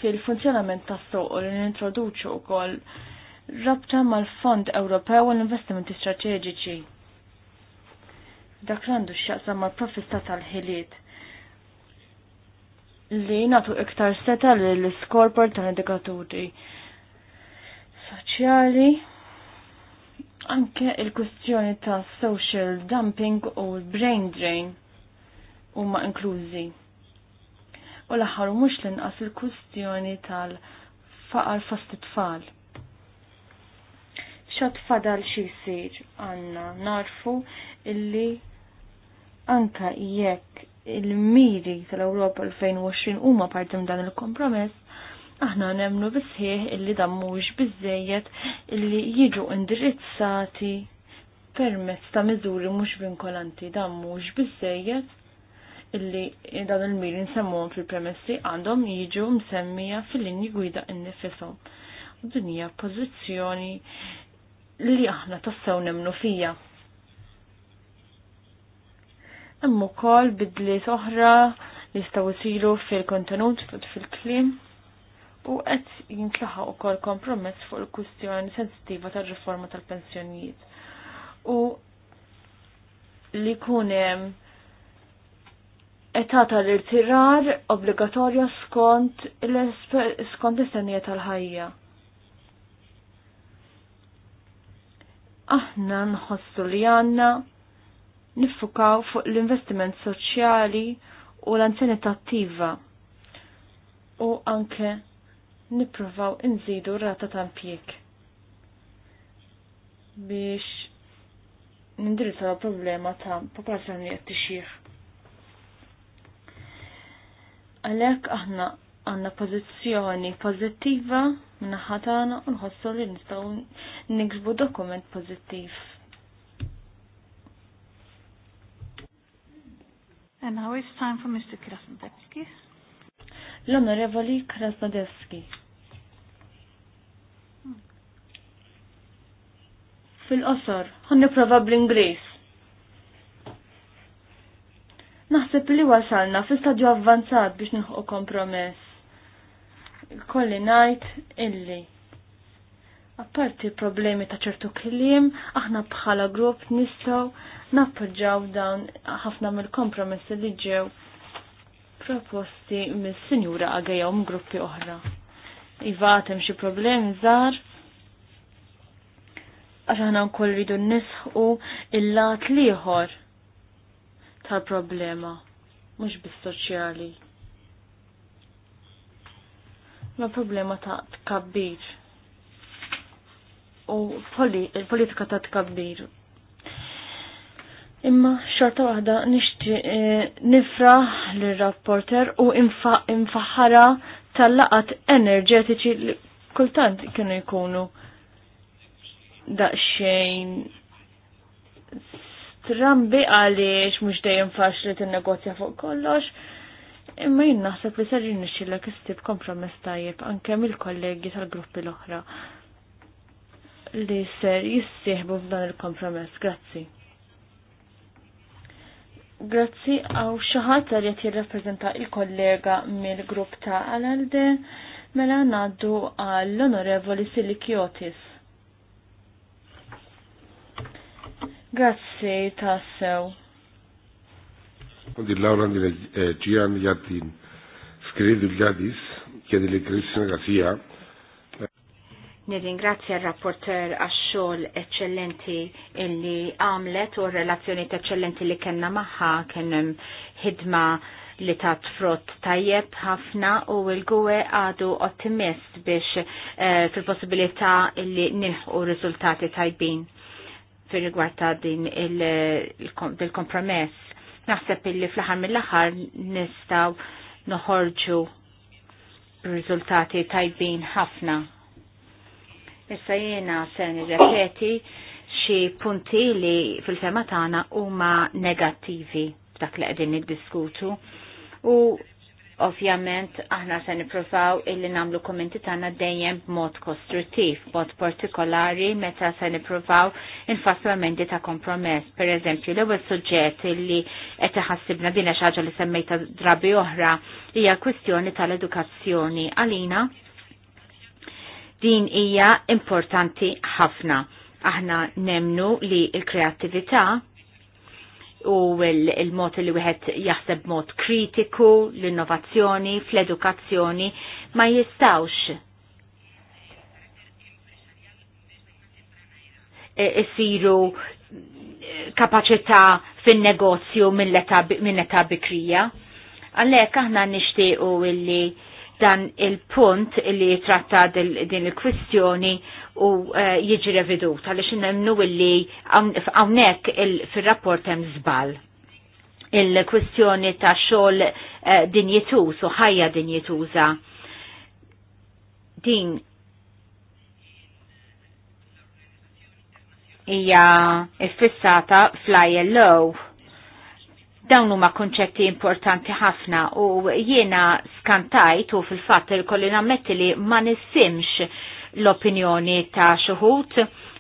fil-funzjonament tas soq li nintroduċu wkoll rabta mal-Fond Ewropew għall investimenti Strateġiċi. Dak għandu x'jaqsam mal-profista tal-ħiliet li natu iktar seta l skorpor tal-indikaturi soċjali anke il-kustjoni ta' social dumping u brain drain huma inklużi. U l-aħħar mhux l-inqas il-kustjoni tal-faqar fost it-tfal. Xat fadal xi jsir għandna narfu illi anka jekk il-miri tal-Ewropa 2020 huma parti dan il-kompromess, aħna nemnu bisħieħ illi dammuġ bizzejiet illi jiġu indirizzati permezz ta' miżuri mhux vinkolanti dammuġ mhux biżejjed illi dan il-miri nsemmuhom fil-premessi għandhom jiġu msemmija fil-linji gwida innifisom. U din hija pożizzjoni li aħna tassew nemnu fija. Hemm ukoll bidli oħra li jistgħu jsiru fil-kontenut fil-kliem. fil kontenut fil klim fil fil kliem u qed u ukoll kompromess fuq il-kwistjoni sensittiva tar-riforma tal-pensjonijiet. U li kunem hemm etata l-irtirar obbligatorja skont skont is-senija tal-ħajja. Aħna nħossu li għanna niffukaw fuq l-investiment soċjali u l-anzjanità attiva u anke nippruvaw inżidu r-rata ta' impjieg biex nindirizzaw problema ta' popolazzjoni qed tixjih. Għalhekk aħna għandna pożizzjoni pożittiva min-naħa tagħna u nħossu li nistgħu niksbu dokument pożittiv. And now it's time for Mr. Krasnodebski. L-Onorevoli fil-qosor, għan niprofa bl-Inglis. Naħseb li wasalna fi stadju avvanzat biex nħuq kompromess. Kolli najt illi. Apparti problemi ta' ċertu kliem, aħna bħala grupp nistgħu nappoġġaw dawn ħafna mill kompromess li ġew proposti mis-sinjura għagħajom gruppi oħra. Iva, hemm xi problemi żgħar għax aħna nkoll rridu nisħu il-lat liħor tal-problema, mhux bis-soċjali. Ma problema ta' tkabbir. U il-politika ta' tkabbir. Imma xorta waħda nishti e, nifra l-rapporter u infaħara tal-laqat enerġetiċi li kultant kienu jkunu daqsxejn strambi għaliex mhux dejjem faċli tinnegozja fuq kollox. Imma jien naħseb li ser nixxilek istib kompromess tajjeb anke mill-kollegi tal-gruppi l-oħra li ser jissieħbu f'dan il-kompromess. Grazzi. Grazzi għaw xaħat li jett jirrapprezenta il-kollega mill-grupp ta' għal-alde mela naddu għall-onorevoli Silikiotis. Grazzi tassew. Di Laura eh, Gian Jattin skrivi l-ġadis kien li Kristina Gazija. Nirringrazzja r-rapporter għax-xogħol eċċellenti illi għamlet u r-relazzjoni eċċellenti li kellna magħha kien hemm ħidma li ta' frott tajjeb ħafna u l-gwe għadu ottimist biex eh, fil-possibilità li nilħu riżultati tajbin fir rigward ta' din il-kompromess. Naħseb illi fl-aħħar mill-aħħar nistgħu noħorġu riżultati tajbin ħafna. Issa jiena se nirrepeti xi punti li fil-fema tagħna huma negattivi f'dak li qegħdin niddiskutu u Ovvjament aħna se niprofaw illi namlu kommenti tagħna dejjem b'mod kostruttiv, b'mod partikolari meta se niprofaw infasslu emendi ta' kompromess. Per eżempju, l-ewwel suġġett illi qed iħassibna din xi ħaġa li semmejta drabi oħra hija kwistjoni tal-edukazzjoni. Alina, din hija importanti ħafna. Aħna nemnu li l-kreattività u il-mod li wieħed jaħseb mod kritiku, l-innovazzjoni, fl-edukazzjoni ma jistawx e, isiru kapacità fin-negozju mill-età bikrija. Għallek aħna nixtiequ illi dan il-punt illi jitratta din il-kwistjoni u eh, jiġi revedut għaliex nemnu illi hawnhekk fir-rapport hemm żball il-kwestjoni ta' xogħol eh, dinjetuż u ħajja dinjetuża. Din hija iffissata fly low. dawn huma konċetti importanti ħafna u jiena skantajt u fil-fatt il-kolli nammetti li ma nissimx l-opinjoni ta' xuħut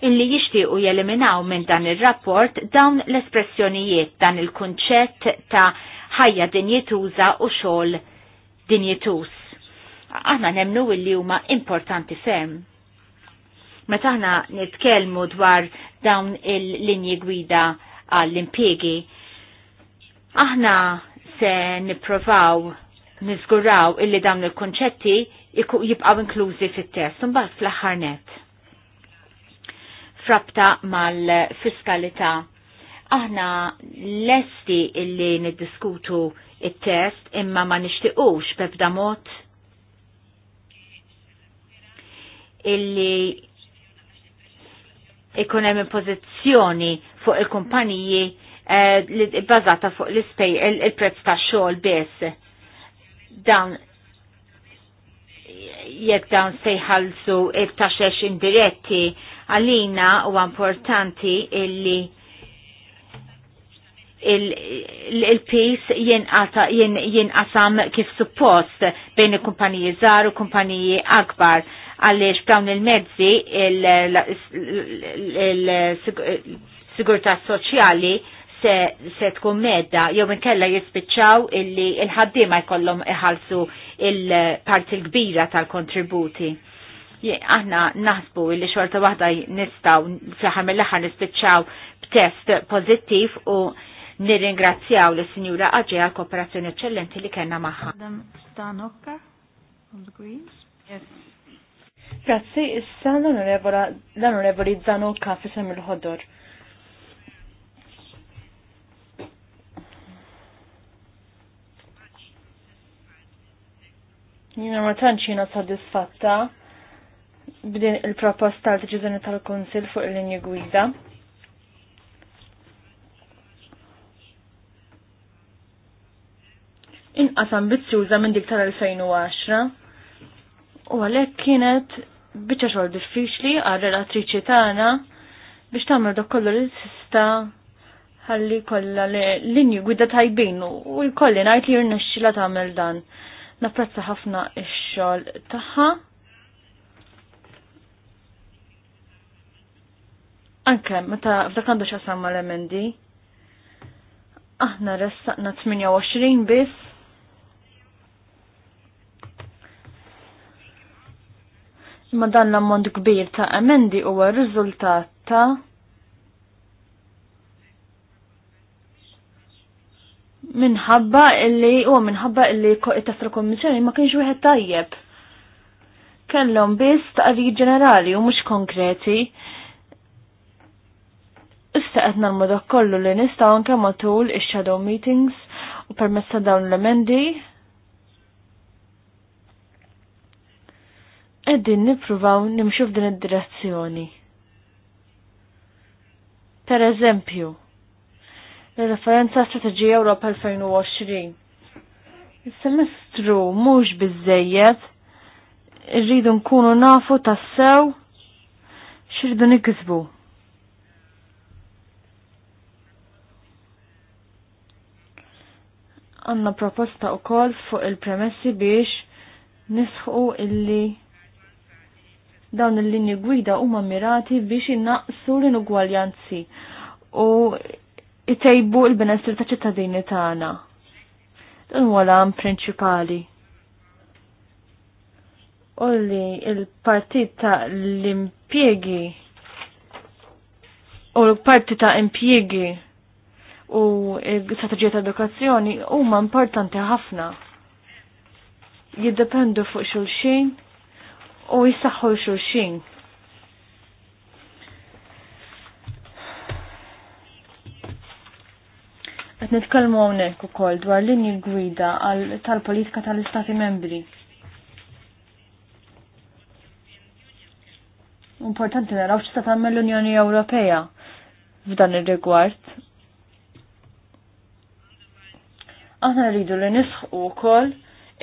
illi jixtiequ jeliminaw minn dan ir-rapport dawn l-espressjonijiet dan il-kunċett ta' ħajja dinjetuża u xogħol dinjetuż. Aħna nemnu illi huma importanti ferm. Meta aħna nitkellmu dwar dawn il-linji gwida għall-impjegi, aħna se nipprovaw nizguraw illi dawn il kunċetti jibqaw inklużi fit-test, mbagħad fl-aħħar net. Frabta mal-fiskalità. Aħna lesti illi niddiskutu it-test imma ma nixtiqux bebda mod illi ikun hemm pożizzjoni fuq il-kumpaniji eh, bbażata fuq l-ispej il-prezz tax xogħol biss. Dan jekk dawn se jħallsu il indiretti għalina u importanti illi il-pis jinqasam kif suppost bejn il-kumpaniji żgħar u kumpaniji akbar għaliex dawn il-mezzi il-sigurtà soċjali se, se tkun medda jew inkella jispiċċaw illi il-ħaddiema jkollhom iħalsu il-parti l-kbira tal-kontributi. Aħna naħsbu illi xorta waħda nistaw fl-aħħar mill-aħħar nispiċċaw b'test pożittiv u nirringrazzjaw lis-Sinjura Aġi għal kooperazzjoni eċċellenti li kellna magħha. Adam Stanokka the Greens. Yes. Grazzi, issa l-onorevoli Zanokka fisem il-ħodor. Jina ma tantx jiena b'din il-proposta tal deċiżjoni tal kunsil fuq il-linji gwida. Inqas ambizzjuża minn dik tal-2010 u għalhekk kienet biċċa xogħol diffiċli għal relatriċi tagħna biex tagħmel dak kollu li tista' ħalli kollha linji gwida tajbin u jkolli ngħid li la tagħmel dan. Napprezza ħafna ix-xogħol tagħha. Anke, meta f'dak għandu x'asam mal-emendi. Aħna ressaqna 28 biss. Imma dan l-ammont kbir ta' emendi huwa r-riżultat ta' minħabba illi u minħabba illi it-tasra kommissjoni ma kienx wieħed tajjeb. Kellhom biss taqri ġenerali u mhux konkreti. Issa qed nagħmlu dak kollu li nistgħu anke matul ix-shadow meetings u permezz ta' dawn l-emendi. Qegħdin nippruvaw nimxu f'din id-direzzjoni. Per eżempju, l-referenza strategija Ewropa 2020. Il-semestru mhux biżejjed irridu nkunu nafu tassew xirridu nikisbu. Għanna proposta u koll fuq il-premessi biex nisħu illi dawn il-linji gwida huma mirati biex innaqsu l-inugwaljanzi u Itejbu il-benessir ta' ċittadini tagħna. Dan huwa l-għam prinċipali. U li il-partit ta' l-impjegi u l-parti ta' impjegi u strategija ta' edukazzjoni huma importanti ħafna. Jiddependu fuq xulxin u jisaxħu xulxin. Qed nitkellmu hawnhekk ukoll dwar linji gwida tal-politika tal-Istati membri. Importanti naraw x'sta tagħmel l-Unjoni Ewropea f'dan ir-rigward. Aħna rridu li nisħu wkoll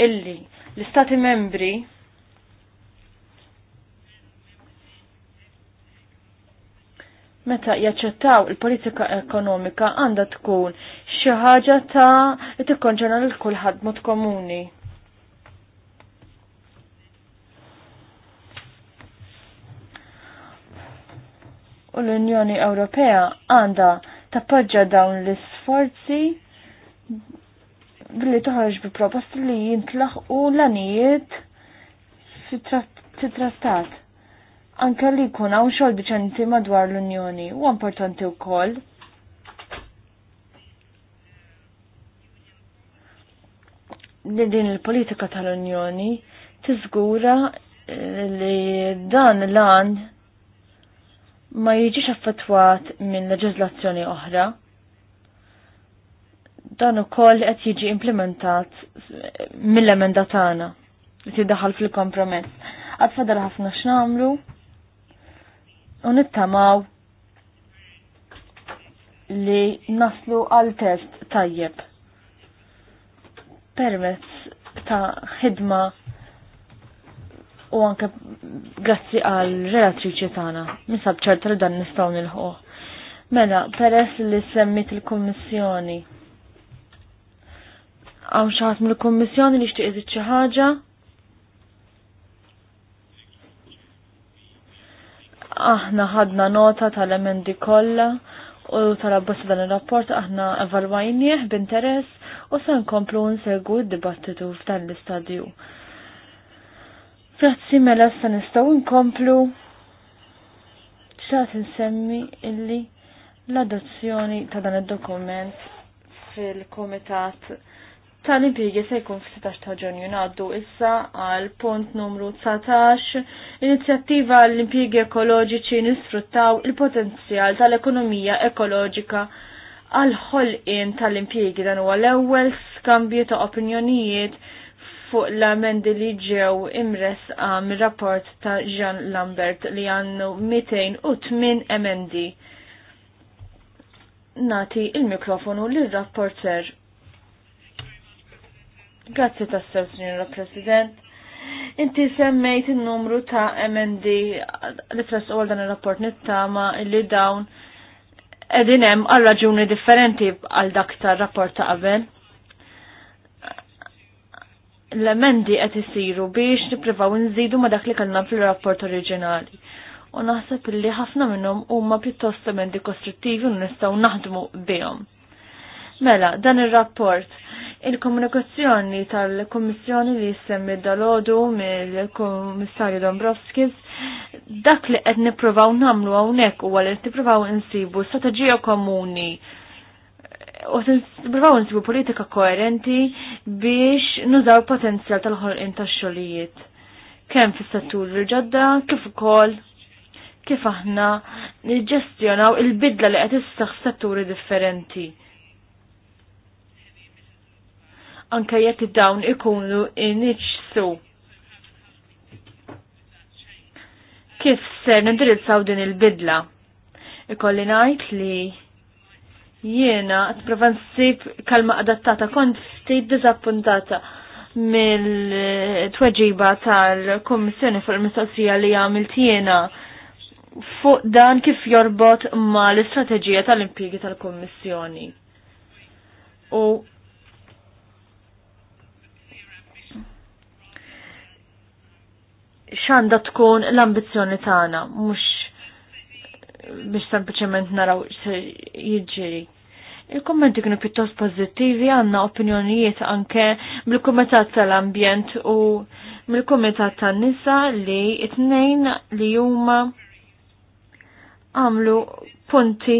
illi l-Istati membri meta jaċċettaw il-politika ekonomika għandha tkun xi ħaġa ta' tikkonċerna lil kulħadd mod komuni. U l-Unjoni Ewropea għandha tappoġġa dawn l-isforzi billi toħroġ bi proposti li jintlaħqu l-anijiet fit-trattat anke li jkun hawn xogħol diċenti madwar l-Unjoni huwa importanti wkoll. Li din il-politika tal-Unjoni tiżgura eh, li dan l-għan ma jiġix affatwat minn leġiżlazzjoni oħra. Dan ukoll qed jiġi implementat eh, mill-emenda tagħna li tiddaħħal fil-kompromess. Għad fadal ħafna x'namlu u nittamaw li naslu għal test tajjeb permezz ta' ħidma u anke grazzi għal relatriċi tagħna. Nisab ċerta li dan nistgħu nilħu. Mela, peress li semmit il-Kummissjoni. Għaw xaħat mill-Kummissjoni li xtieq xi ħaġa? aħna ħadna nota tal-emendi kollha u tal-abbozz dan ir-rapport aħna evalwajnieh b'interess u se nkomplu nsegwu d-dibattitu f'dan l-istadju. Grazzi mela se nistgħu nkomplu x'għad insemmi illi l-adozzjoni ta' dan id-dokument fil-Komitat tal-impjegi se jkun f-16 ta' ġunju naddu issa għal punt numru 19 inizjattiva l-impjegi ekoloġiċi nisfruttaw il-potenzjal tal-ekonomija ekoloġika għal ħolqien tal-impjegi dan huwa l-ewwel skambju ta' opinjonijiet fuq l-amendi li ġew imres mir rapport ta' Jean Lambert li għannu 208 emendi. Nati il-mikrofonu l-rapporter Grazzi tassew, signora President. Inti semmejt il-numru ta' emendi li tras u dan il-rapport nittama illi dawn edin hemm għal raġuni differenti għal dak ta' rapport ta' qabel. L-emendi qed isiru biex nipprivaw nżidu ma' dak li kellna fil-rapport oriġinali. U naħseb illi ħafna minnhom huma pjuttost emendi kostruttivi u nistgħu naħdmu bihom. Mela, dan ir-rapport Il-komunikazzjoni tal-Kommissjoni li jissemmi dal-ħodu mill-Kommissarju Dombrovskis, dak li qed nippruvaw namlu hawnhekk huwa li nippruvaw insibu strateġija komuni u nipprovaw insibu politika koerenti biex nużaw potenzjal tal-ħolqien tax-xogħlijiet. Kemm fis-settur il-ġodda kif ukoll kif aħna niġġestjonaw il-bidla li qed issaħ setturi differenti anka jekk dawn ikunu iniċsu. Kif ser nindirizzaw din il-bidla? Ikolli ngħid li jiena t-prova nsib kalma adattata kont ftit diżappuntata mill-tweġiba tal-Kommissjoni fuq il-mistoqsija li għamilt jiena fuq dan kif jorbot ma l-istrateġija tal-impjegi tal-Kommissjoni. U xanda tkun l-ambizzjoni tagħna, mhux biex sempliċement naraw se jiġri. Il-kommenti kienu pjuttost pożittivi, għandna opinjonijiet anke mill-Kumitat tal-Ambjent u mill-Kumitat tan-Nisa li it-tnejn li huma għamlu punti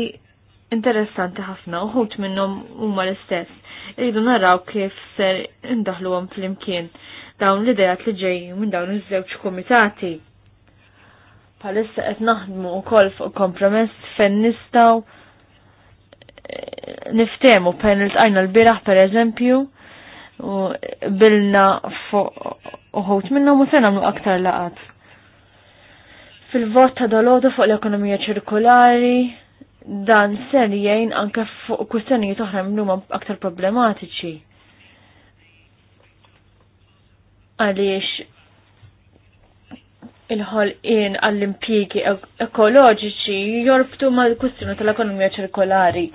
interessanti ħafna uħut minnom huma l-istess. Irridu naraw kif ser indaħluhom fl-imkien dawn l-idejat li ġejjin minn dawn iż-żewġ kumitati. Palissa qed naħdmu wkoll fuq kompromess fejn nistgħu eh, niftemu pen iltqajna tqajna l-biraħ pereżempju, u bilna fuq uħut minnhom u se nagħmlu aktar laqat. Fil-vot ta' dolodu fuq l-ekonomija ċirkolari, dan ser jgħin anke fuq kustenijiet oħra minnhom aktar problematiċi. għaliex il-ħolqien għall-impjiegi e- ekoloġiċi jorbtu ma' l-kustinu tal-ekonomija ċirkolari.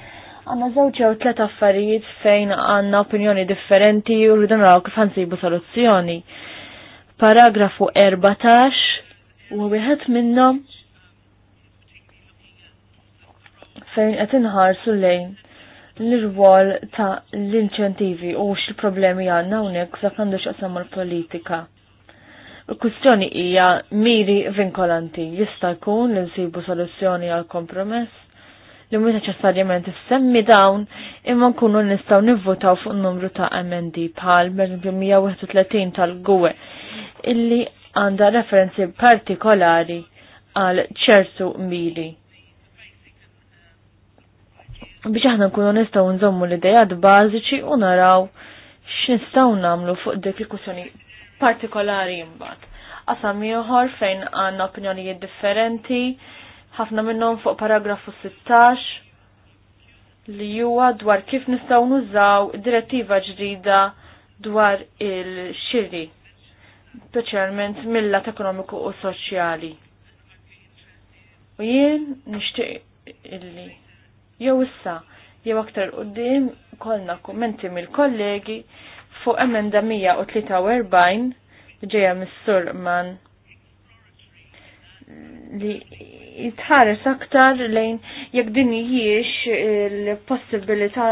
Għanna żewġ għaw tliet affarijiet fejn għandna opinjoni differenti u rridu għaw kif ħansibu soluzzjoni. Paragrafu 14 u wieħed minnom fejn qed inħarsu lejn l-rwol ta' l-inċentivi u x-problemi għanna unek sa' xaqsam l politika Il-kustjoni hija miri vinkolanti jista' jkun li nsibu soluzzjoni għal kompromess li mhux neċessarjament issemmi dawn imma nkunu nistgħu nivvutaw fuq numru ta' MND bħal mill-131 tal-gwe illi għandha referenzi partikolari għal ċertu miri biex aħna nkunu nistgħu nżommu l-idejat bażiċi u naraw x'nistgħu nagħmlu fuq dik il-kwistjoni partikolari mbagħad. Qasam ieħor fejn għandna opinjonijiet differenti, ħafna minnhom fuq paragrafu 16 li huwa dwar kif nistgħu nużaw direttiva ġdida dwar il-xiri, speċjalment mill-lat ekonomiku u soċjali. U jien nixtieq illi jew issa jew aktar qudiem kollna kummenti mill-kollegi fuq emenda 143 li ġejja mis-sur man li jitħares aktar lejn jekk din jiex il-possibilità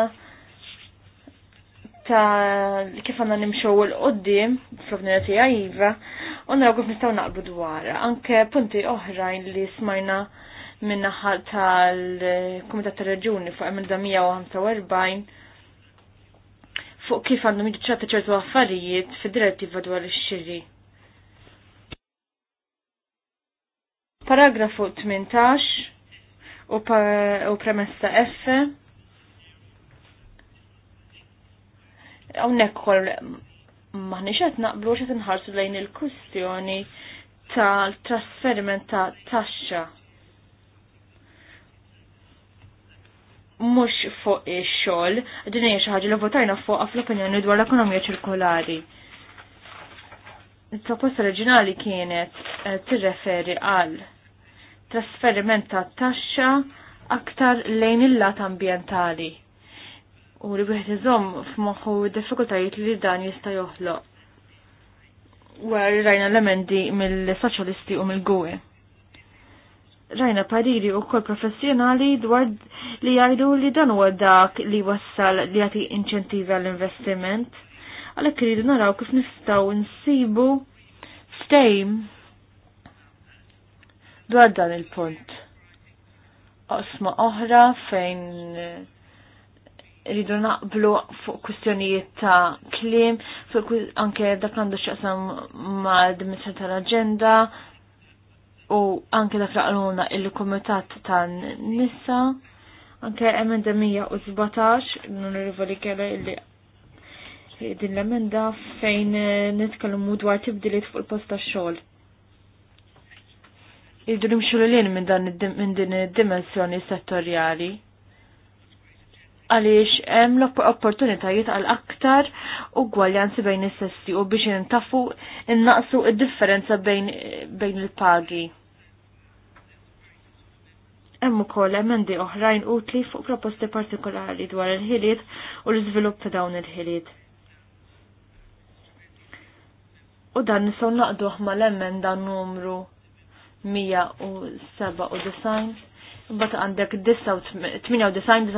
ta' kif għanna nimxow l-qoddim, fl-opinjoni tiegħi iva, għu naraw kif nistgħu naqblu dwarha. Anke punti oħrajn li smajna minnaħa tal-Kumitat tal-Reġuni fuq emil fuq kif għandhom jiġċati ċertu affarijiet fid-direttiva dwar ix-xiri. Paragrafu 18 u, premessa F. Hawnhekk ukoll maħniex qed naqblu x'qed inħarsu lejn il kustjoni tal-trasferiment ta' taxxa. Ta mhux fuq ix-xogħol, din hija xi ħaġa li votajna fuqha fl-opinjoni dwar l-ekonomija ċirkolari. Il-proposta oriġinali kienet eh, tirreferi għal trasferiment ta' taxxa aktar lejn il-lat ambjentali. U li bieħt iżomm f'moħħu diffikultajiet li dan jista' joħloq. Wara rajna l-emendi mill-soċjalisti u mill-gwe rajna pariri u kol professjonali dwar li jgħidu li dan huwa dak li wassal li jagħti inċentivi għall-investiment. Għalhekk rridu naraw kif nistgħu nsibu stejm dwar dan il-punt. Osma oħra fejn rridu naqblu fuq kwistjonijiet ta' klim, fuq anke dak għandu xaqsam ma' missa tal-agenda, u anke dak raqluna il-Kumitat tan Nissa anke emenda 117 l rivoli kella illi din l-emenda fejn nitkellmu dwar tibdiliet fuq il posta tax-xogħol. Irdu nimxu l minn dan minn din id-dimensjoni settorjali. Għaliex hemm l-opportunitajiet għal aktar u gwaljanzi bejn is-sessi u biex intafu innaqsu id-differenza bejn il-pagi hemm ukoll emendi oħrajn utli fuq proposti partikolari dwar il-ħiliet u l-iżvilupp ta' dawn il-ħiliet. U dan nisaw naqduh mal-emenda numru 197, bat għandek 98,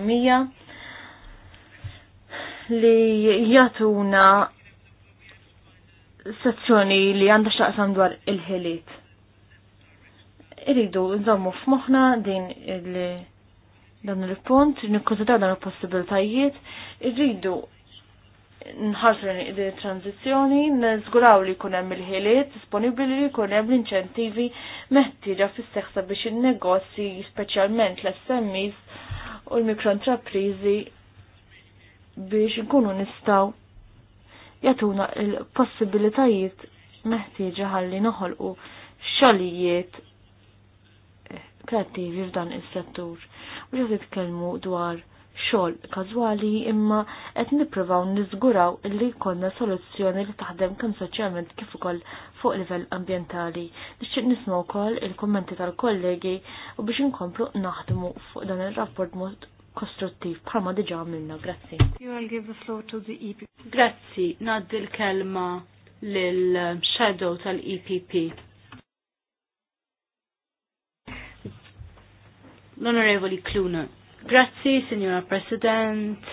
u 100 li jatuna sezzjoni li għandha xaqsam dwar il-ħiliet. Iridu nżommu f'moħħna din il- dan il-punt, nikkonsidraw dan il-possibilitajiet, irridu nħarsu l-tranzizjoni, nżguraw li kunem il-ħiliet disponibili, kunem l-inċentivi meħtieġa fis-seħsa biex il-negozji, speċjalment l smis u l-mikroentreprizi biex nkunu nistaw jatuna il-possibilitajiet meħtieġa ħalli noħolqu xalijiet kreattivi f'dan is-settur. U ġo titkellmu dwar xogħol każwali imma qed nippruvaw niżguraw li jkollna soluzzjoni li taħdem kemm soċjalment kif ukoll fuq livell ambjentali. Nixtieq nisma' wkoll il-kummenti tal-kollegi u biex inkomplu naħdmu fuq dan ir-rapport mod kostruttiv bħalma diġa għamilna. Grazzi. E Grazzi, naddi l-kelma lil shadow tal-EPP. l-Onorevoli Kluna. Grazzi, Signora President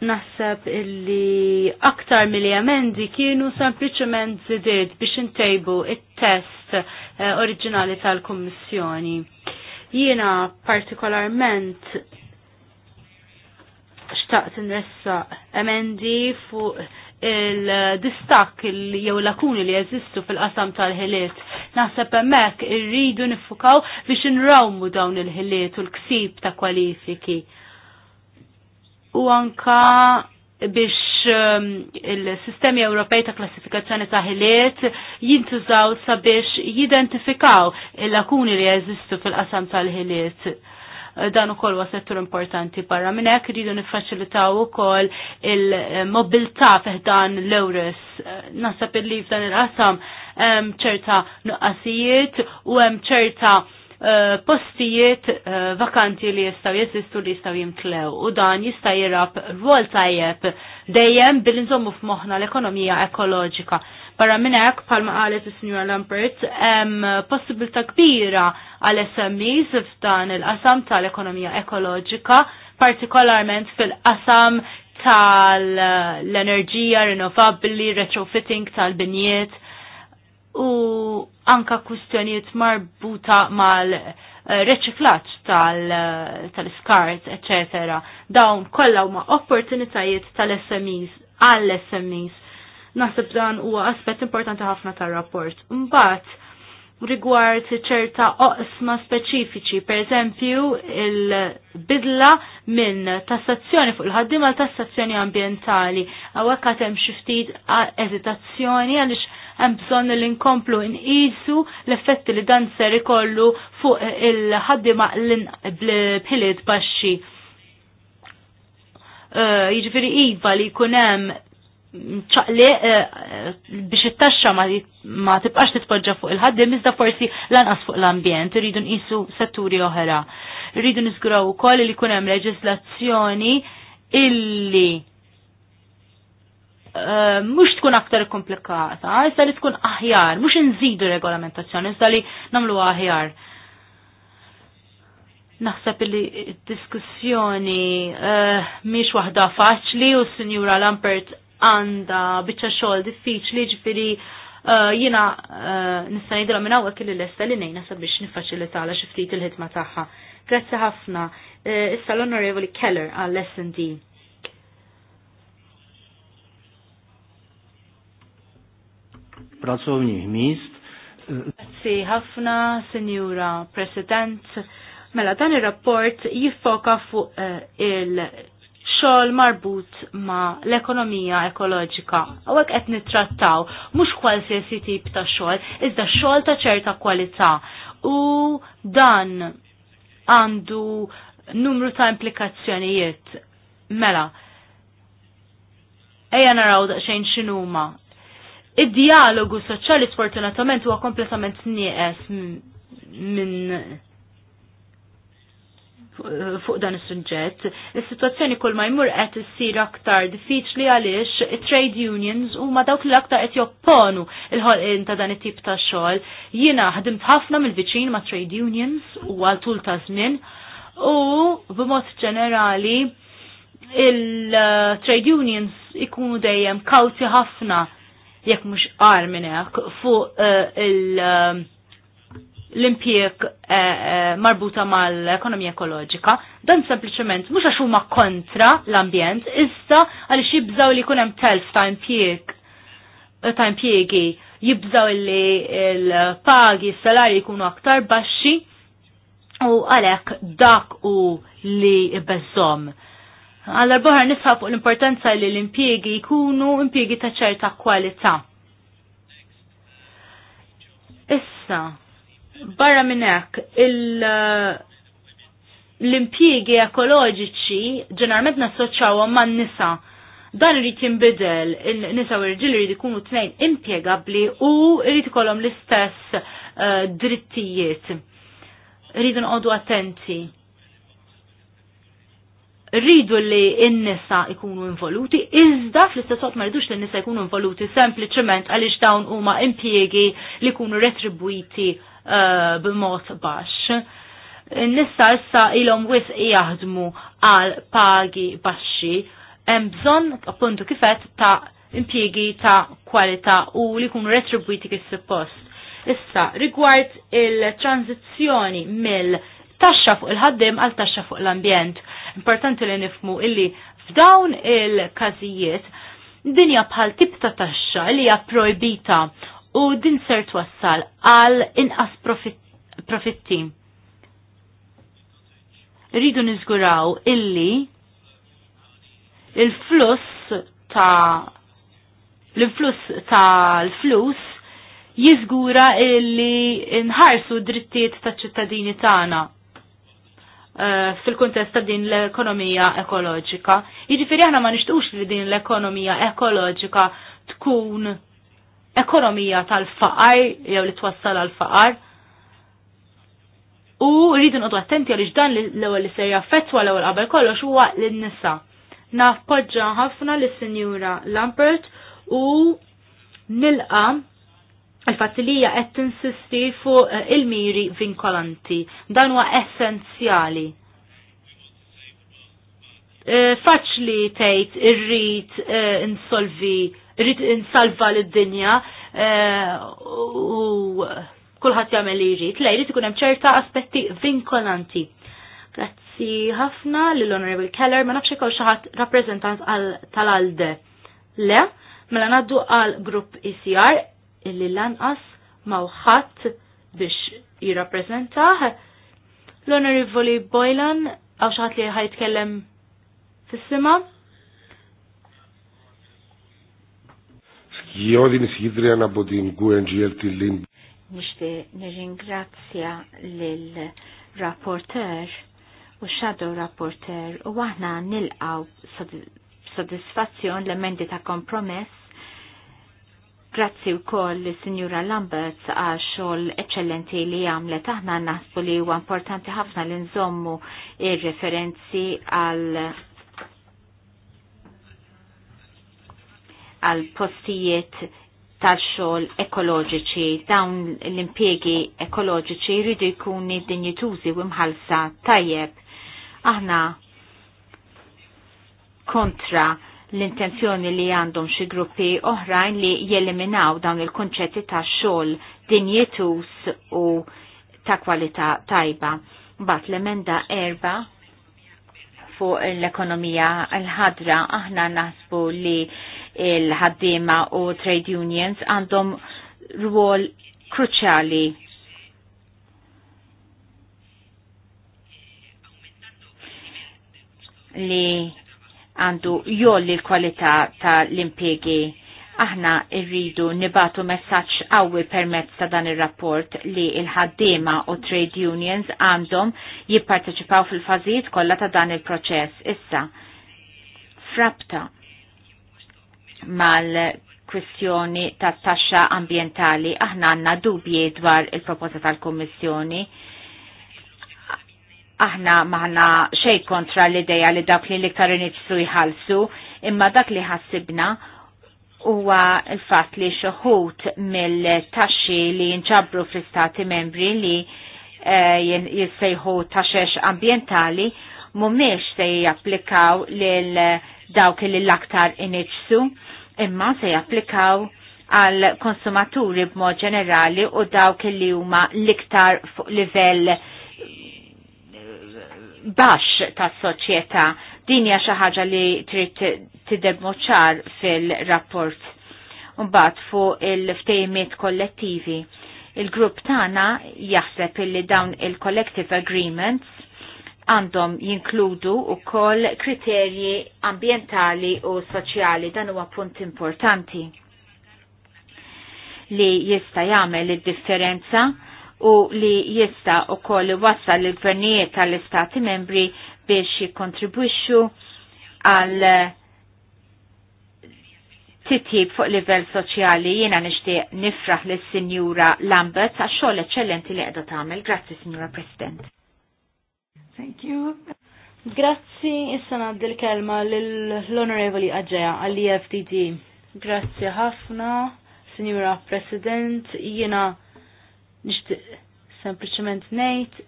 naħseb illi aktar mili emendi kienu sempliciment zidid biex intejbu il test eh, oriġinali tal-Kommissjoni. Jiena partikolarment xtaqt nressa emendi fuq il-distak jew jew lakuni li jeżistu fil-qasam tal-ħiliet. Naħseb hemmhekk irridu nifukaw biex inrawmu dawn il-ħiliet u l-ksib ta' kwalifiki. U anka biex um, il-sistemi Ewropej ta' klassifikazzjoni ta' ħiliet jintużaw sabiex jidentifikaw il-lakuni li jeżistu fil-qasam tal-ħiliet dan ukoll huwa settur importanti barra minn hekk iridu niffaċilitaw ukoll il-mobilità fiħdan l-Ewres. Nasab illi f'dan il-qasam hemm ċerta nuqqasijiet u hemm ċerta eh, postijiet eh, vakanti li jistaw jesistu li jistaw jimtlew u dan jista jirab rwol tajjeb dejjem bil-inżommu f'moħna l-ekonomija ekoloġika Barra minnek, palma bħalma qalet is-Sinjura Lampert, hemm possibilta kbira għal SMEs f'dan il-qasam tal-ekonomija ekoloġika, partikolarment fil-qasam tal-enerġija rinnovabbli, retrofitting tal-binjiet u anka kwistjonijiet marbuta mal reċiklaċ tal-iskart, eccetera. Dawn kollha huma opportunitajiet tal-SMEs għall-SMEs Naħseb dan huwa aspett importanti ħafna tar-rapport. Mbagħad rigward ċerta oqsma speċifiċi, per eżempju il-bidla minn tassazzjoni fuq il-ħaddima tassazzjoni ambientali, hemm għatem xiftit eżitazzjoni għaliex hemm bżonn li nkomplu nqisu l-effetti li dan ser ikollu fuq il-ħaddima bħiliet baxxi. Jiġifieri iva li jkun hemm ċaqli eh, eh, biex it-taxxa ma tibqax titpoġġa fuq il-ħaddim iżda forsi lanqas fuq l-ambjent, iridu nqisu setturi oħra. Irridu niżguraw ukoll li jkun hemm leġislazzjoni illi eh, mhux tkun aktar komplikata, iżda li tkun aħjar, mhux inżidu regolamentazzjoni, iżda li nagħmlu aħjar naħseb li diskussjoni miex waħda faċli u s-Sinjura Lampert għanda bieċa xogħol diffiċli ġifieri uh, jiena uh, nista' ngħidilha minn hawnhekk li lesta li nejna sabiex niffaċilitala xi ftit il-ħidma tagħha. Grazzi ħafna. Uh, issa l-Onorevoli Keller għall S&D. Pracowni mist. Grazzi ħafna, Sinjura President. Mela, dan il-rapport jiffoka fuq il- xogħol marbut ma' l-ekonomija ekoloġika. Għawek qed nittrattaw mhux kwalsiasi tip ta' xogħol, iżda xogħol ta' ċerta kwalità. U dan għandu numru ta' implikazzjonijiet. Mela, ejja naraw xejn x'inhuma. Id-dialogu soċjali sfortunatament huwa kompletament nieqes minn fuq dan is-suġġett. Is-sitwazzjoni kull ma jmur qed issir aktar diffiċli għaliex trade unions huma dawk li aktar qed jopponu il-ħolqien ta' dan it-tip ta' xogħol. Jiena ħdimt ħafna mill-viċin ma' trade unions u għal tul ta' żmien u b'mod ġenerali il-trade unions ikunu dejjem kawti ħafna jekk mhux qar minn hekk fuq eh, il- uh, l-impjeg eh, eh, marbuta mal-ekonomija ekoloġika, dan sempliciment mhux għax huma kontra l-ambjent, issa għaliex jibżaw li jkun hemm telf ta' impjeg eh, ta' impjegi jibżaw li l-pagi, s-salari jkunu aktar baxxi u għalhekk dak u li bezzom. Għal-arbohar nisħab fuq l-importanza li l-impjegi jkunu impjegi ta' ċerta kwalità. Issa, Barra minn hekk l impiegi ekoloġiċi ġeneralment nassoċjawhom man-nisa dan irid jinbidel n nisa u r-ġil irid t-nejn impjegabbli u irid ikollhom l-istess uh, drittijiet. Rridu nqogħdu attenti. Rridu li n-nisa ikunu involuti, iżda fl-istess għot ma rridux li n-nisa ikunu involuti sempliċement għaliex dawn huma impjiegi li jkunu retribwiti Eh, b'mod baxx. Nissa issa ilhom wisq jaħdmu għal pagi baxxi, hemm bżonn appuntu kifet ta' impjiegi ta' kwalità u li jkunu retribwiti kif suppost. Issa, rigward il-tranzizzjoni mill taxxa fuq il-ħaddim għal taxxa fuq l-ambjent. Importanti li nifmu illi f'dawn il-każijiet dinja bħal tip ta' taxxa li hija projbita u din ser twassal għal inqas profitti. Ridu niżguraw illi il-fluss ta' l fluss ta' l fluss jizgura illi nħarsu drittiet ta' ċittadini tagħna eh, fil-kontest ta' din l-ekonomija ekoloġika. Jiġifieri aħna ma nixtuqx li din l-ekonomija ekoloġika tkun ekonomija tal-faqar jew li twassal għal-faqar. U rridu nqodu attenti għaliex dan l-ewwel li ser jaffettwa l-ewwel qabel kollox huwa lin-nisa. Naf poġġa ħafna lis sinjura Lambert u nilqa il-fatt li hija qed tinsisti fuq eh, il-miri vinkolanti. Dan huwa essenzjali. Eh, faċli tgħid irrid eh, insolvi rrit insalva lid-dinja eh, u kulħadd jagħmel li jrid. Le rrit ikun hemm ċerta aspetti vinkolanti. Grazzi ħafna lill-Honorable Keller, ma nafxie ikoll xi ħadd rappreżentant tal-Alde. Le, mela ngħaddu għal grupp ICR e illi lanqas mawħat biex jirrappreżentah. L-Honorable Boylan, għaw xaħat li ħajtkellem fis-sima. Jodin Sidrian από Bodin QNGL tillin. Λίμπ. Nishti nirringrazzja lil-rapporter u shadow rapporter u aħna nilqaw sodisfazzjon l-emendi ta' kompromess. Grazzi wkoll li Sinjura Lambert għaxol eccellenti eċċellenti li għamlet aħna naħsbu li huwa importanti ħafna li nżommu il referenzi għal għal postijiet tal-xol ekoloġiċi, dawn l-impiegi ekoloġiċi jridu jkunu dinjitużi u mħalsa tajjeb. Aħna kontra l-intenzjoni li għandhom xi gruppi oħrajn li jeliminaw dawn il-konċetti ta' xogħol dinjetus u ta' kwalità tajba. Bat l-emenda erba' fuq l-ekonomija l-ħadra aħna naħsbu li il-ħaddima u trade unions għandhom rwol kruċjali li għandu jolli l-kwalità tal-impiegi. Aħna irridu nibatu messaċ għawi permezz ta' dan il-rapport li il-ħaddima u trade unions għandhom jipparteċipaw fil-fazijiet kollha ta' dan il-proċess issa. Frapta mal-kwistjoni ta' taxxa ambientali. Aħna għanna dubji dwar il-proposta tal-Kommissjoni. Aħna maħna xej kontra l-ideja li dak li l-iktar inizzu jħalsu, imma dak li ħassibna huwa l-fatt li xoħut mill-taxxi li jinġabru fl-istati membri li eh, jissejħu taxxex ambientali mumiex se japplikaw lil dawk li l-aktar iniċsu imma se japplikaw għal konsumaturi b'mod ġenerali u dawk li huma l-iktar fuq livell eh, baxx tas-soċjetà. Din hija xi ħaġa li trid ċar fil-rapport. Mbagħad fuq il-ftejmiet kollettivi. Il-grupp tagħna jaħseb illi dawn il-collective agreements għandhom jinkludu u kol kriterji ambientali u soċjali dan huwa punt importanti li jista jagħmel id-differenza u li jista u kol wassal l gvernijiet tal-istati membri biex jikontribwixxu għal titjib fuq livell soċjali jiena nixtieq nifraħ lis sinjura Lambert għax xogħol eċċellenti li qiegħda tagħmel. Grazzi Sinjura President. Thank you. Grazzi, issa naddi l-kelma l honorable Aġeja għall-EFTG. Grazzi ħafna, Signora President, jiena nishtiq sempliciment nejt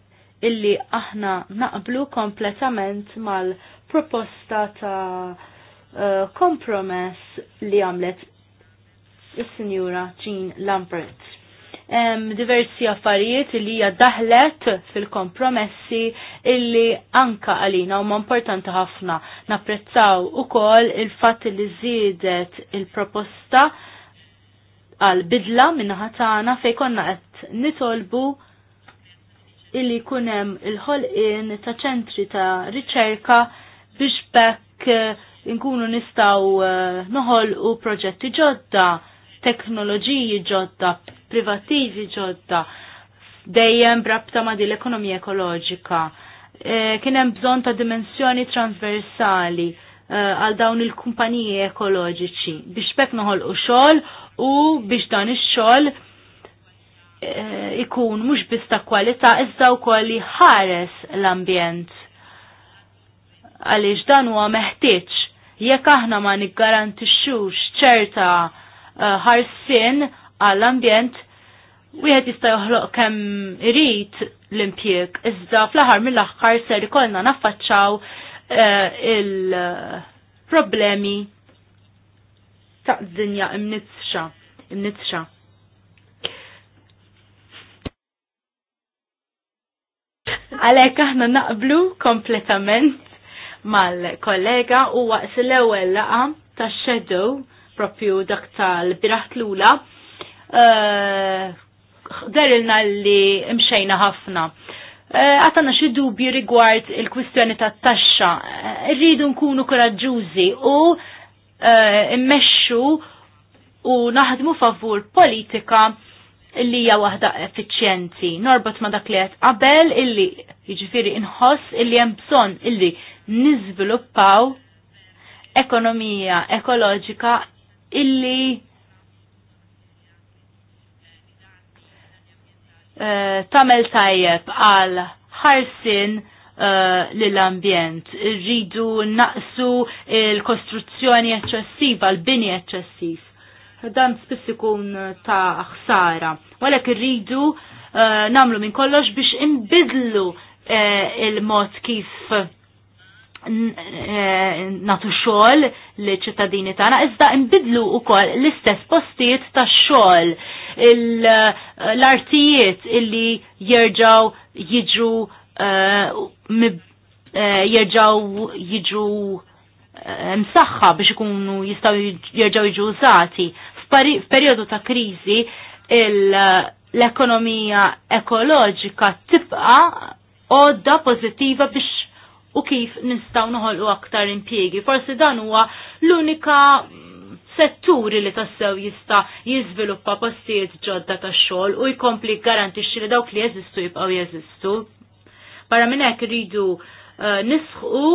illi aħna naqblu kompletament mal-proposta ta' uh, kompromess li għamlet il-Sinjura Jean Lambert diversi affarijiet li hija daħlet fil-kompromessi illi anka għalina huma importanti ħafna. Napprezzaw ukoll il-fatt li żiedet il-proposta għal bidla minna tagħna fejn konna qed nitolbu illi kunem il-ħolqin ta' ċentri ta' riċerka biex bekk nkunu nistaw eh, noħol u proġetti ġodda teknoloġiji ġodda, privatizi ġodda, dejjem brabta ma' di l-ekonomija ekoloġika. E, Kien hemm bżonn ta' dimensjoni transversali e, għal e, dawn il-kumpaniji ekoloġiċi biex bekk noħolqu xogħol u biex dan ix-xogħol e, ikun mhux biss ta' kwalità iżda wkoll ħares l-ambjent. Għaliex dan huwa meħtieġ jekk aħna ma niggarantixxux ċerta Eh, ħarsin għall-ambjent wieħed jista' joħloq kemm irid l-impjieg, iżda fl-aħħar mill-aħħar ser ikollna naffaċċaw eh, il-problemi ta' dinja imnitxa, imnitxa. Għalek aħna naqblu kompletament mal-kollega u waqs l-ewwel laqa ta' shadow propju dak tal biraħ lula, eh, darilna li mxejna ħafna. Eh, Għatana xi dubju rigward il-kwistjoni ta' taxxa. Eh, rridu nkunu koraġġużi u immexxu u naħdmu favur politika li hija waħda effiċjenti. Norbot ma dak li qed qabel illi jiġifieri inħoss illi hemm bżonn illi niżviluppaw ekonomija ekoloġika illi eh, tamel tajjeb għal ħarsin eh, l-ambjent. Rridu naqsu il-kostruzzjoni eċċessiva, l-bini eċċessiv. Dan spiss ikun ta' ħsara. Walek rridu eh, namlu minn kollox biex imbidlu il-mod kif natu xogħol li ċittadini tagħna iżda u wkoll l-istess postijiet tax-xogħol l-artijiet illi jirġaw jiġu eh, eh, jirġaw jidru eh, msaħħa biex ikunu jistgħu jerġgħu jiġu użati. F'perjodu ta' kriżi l-ekonomija ekoloġika tibqa' odda pozittiva biex u kif nistaw noħolqu aktar impjiegi. Forsi dan huwa l-unika setturi li tassew jista jizviluppa postijiet ġodda ta' xogħol u jkompli garantixxi li dawk li jeżistu jibqgħu jeżistu. Barra minn hekk iridu eh, nisħu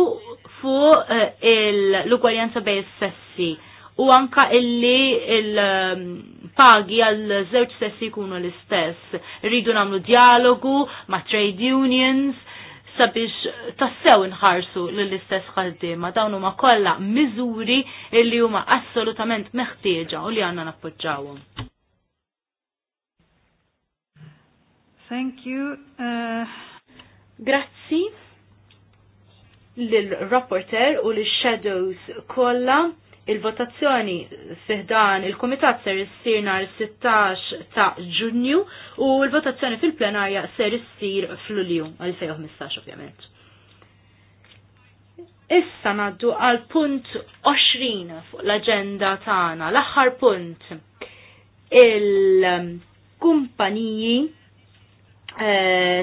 fuq eh, l-ugwaljanza bej sessi u anka illi il-pagi għal żewġ sessi jkunu l-istess. Rridu namlu dialogu ma' trade unions, sabiex tassew nħarsu l-istess ħaddiema dawn huma kollha miżuri li huma assolutament meħtieġa u li għandna nappoġġawhom. Thank you. Uh, Grazzi lill-rapporter u l-shadows kollha. Il-votazzjoni fiħdan il-Komitat ser issir nar 16 ta' Ġunju u l-votazzjoni fil-plenarja ser issir fl-Ulju għal-2015 ovvjament. Issa naddu għal punt 20 fuq l-agenda tagħna, l-aħħar punt il-kumpaniji eh,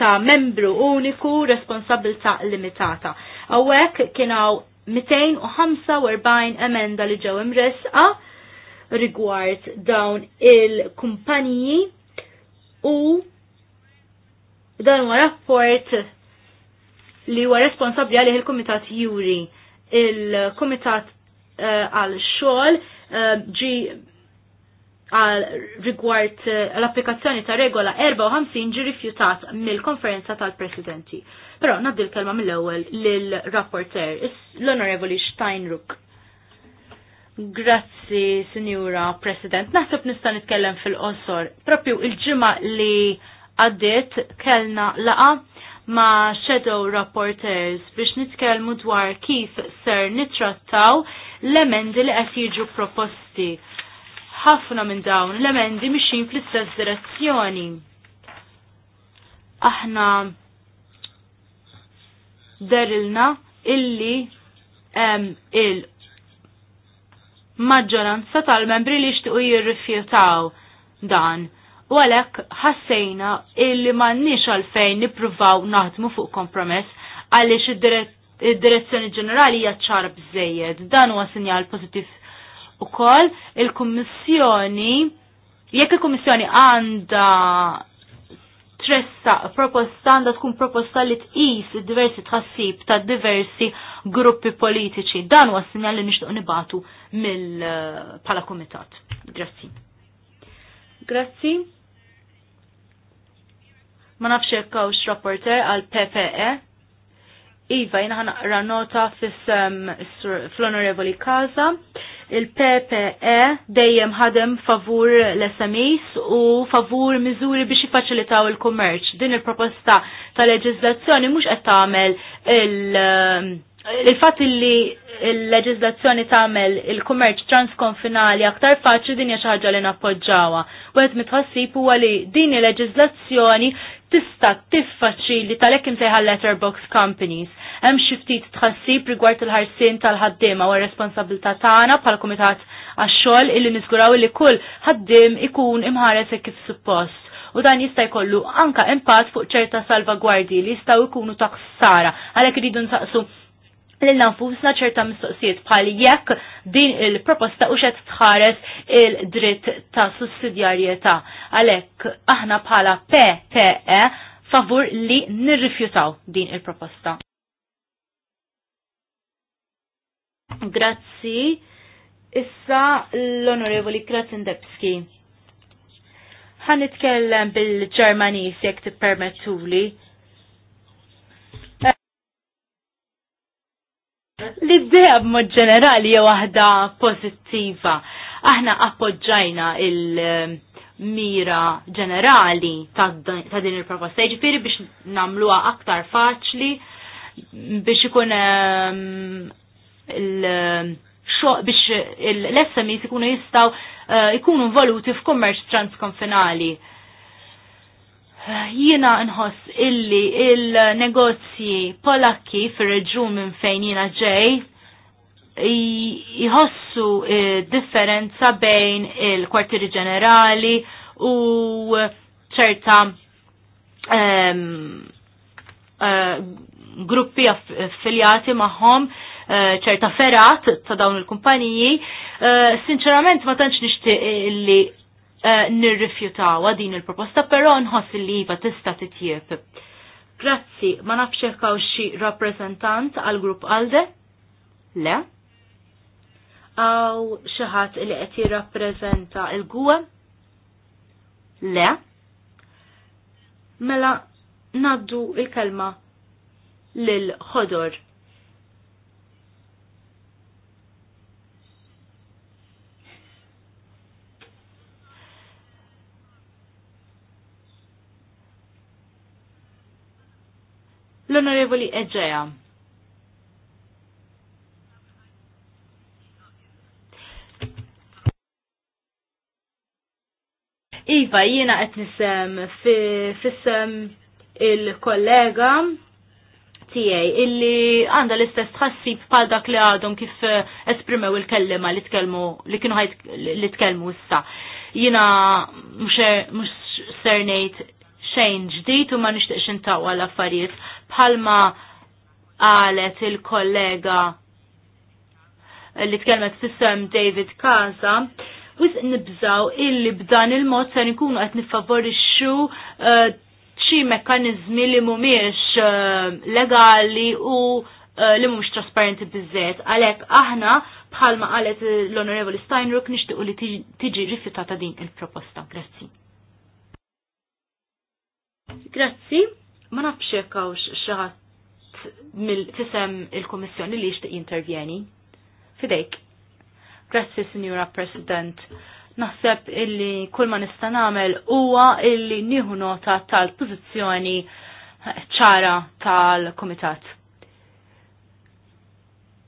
ta' membru uniku responsabilta' limitata. Awek kienaw 245 emenda li ġew imresqa rigward dawn il-kumpaniji u dan huwa rapport li huwa responsabbli għalih il-Kumitat Juri. Il-Kumitat eh, għal uh, xogħol uh, ġi għal rigward uh, l-applikazzjoni ta' regola 54 ġi rifjutat mill-konferenza tal-presidenti. Però naddi l-kelma mill-ewwel lill-rapporter, l-Onorevoli Steinruck. Grazzi, Sinjura President. Naħseb nista' nitkellem fil-qosor. Propju il-ġimgħa li għaddiet kellna laqa ma' Shadow Rapporters biex nitkellmu dwar kif ser nitrattaw l-emendi li qed jiġu proposti. Ħafna minn dawn l-emendi mixin fl-istess direzzjoni. Aħna derilna illi hemm il-maġġoranza tal-membri li jixtiequ jirrifjutaw dan. U għalhekk ħassejna illi m'għandniex għalfejn nippruvaw naħdmu fuq kompromess għaliex id-direzzjoni ġenerali hija bżejed. bżejjed. Dan huwa sinjal u ukoll il-Kummissjoni jekk il-Kummissjoni għandha tressa proposta għandha tkun proposta li tqis diversi tħassib ta' diversi gruppi politiċi. Dan huwa sinjal li nixtieq nibatu mill eh, pala kumitat. Grazzi. Grazzi. Ma nafx jekk hawnx rapporter għal PPE. Iva, jina naqra nota ehm, fl-Onorevoli Kaza il-PPE dejjem ħadem favur l-SMEs u favur miżuri biex jifaċilitaw il-kummerċ. Din il-proposta ta' leġizlazzjoni mhux qed tagħmel um, il-fatt li il-leġizlazzjoni tagħmel il-kummerċ transkonfinali aktar faċli din hija xi ħaġa li nappoġġawha. Wieħed mitħassib huwa li din il-leġizlazzjoni tista tiffaċili tal-ek imsejħa letterbox companies. Hemm xi ftit tħassib rigward il-ħarsien tal-ħaddiema u r-responsabilità tagħna bħal kumitat għax-xogħol illi niżguraw li kull ħaddiem ikun imħares kif suppost. U dan jista' jkollu anka impatt fuq ċerta salvagwardji li jistgħu jkunu ta' għalhekk iridu nsaqsu li nafusna ċerta mistoqsijiet bħal jekk din il-proposta u xed tħares il-dritt ta' sussidjarjetà. Għalek aħna bħala PPE favur li nirrifjutaw din il-proposta. Grazzi. Issa l-Onorevoli Kratendebski. Ħan nitkellem bil-Ġermanis jekk tippermettuli L-idea b'mod ġenerali hija waħda pożittiva. Aħna appoġġajna il-mira ġenerali ta' din il-proposta, jiġifieri biex nagħmluha aktar faċli biex ikun ehm, biex l-SMEs ikunu jistaw eh, ikunu involuti f'kummerċ transkonfinali Jiena nħoss illi il-negozji polakki fir-reġun minn fejn jina ġej jħossu eh, differenza bejn il-kwartieri ġenerali u ċerta um, uh, gruppi affiljati maħom eh, ċerta uh, ferat ta' dawn il-kumpaniji. Uh, Sinċerament ma tantx nixtieq li Eh, nirrifjutawa din il-proposta, però nħoss li iva tista titjieb. Grazzi, ma nafx għaw xi rappreżentant għal grupp Alde? Le? Għaw xi ħadd li qed jirrappreżenta l-gwe? Le? Mela naddu il-kelma lil ħodor. l-Onorevoli Eġeja. Iva, jiena qed nisem fissem il-kollega tiegħi illi għandha l-istess tħassib bħal dak li għadhom kif eh, esprimew il-kellima li tkellmu li kienu ħajt li tkellmu issa. Jiena mhux ser ngħid xejn ġdid u ma nixtieqx intaqwa l-affarijiet bħalma qalet il-kollega li tkellmet fis-sem David Kaza wis nibżaw illi b'dan il-mod se nkunu qed niffavorixxu eh, xi mekkaniżmi li mhumiex eh, legali u eh, li mhumiex trasparenti biżżejjed. Għalhekk aħna bħalma qalet l-Onorevoli Steinruck nixtiequ li tiġi rifjutata din il-proposta. Grazzi. Grazzi, ma nafx jekk xaħat xi ħadd mill-tisem il-Kummissjoni li jixtieq intervjeni. Fidejk. Grazzi, Sinjura President. Naħseb illi kull ma nista' nagħmel huwa illi nieħu nota tal-pożizzjoni ċara tal-Kumitat.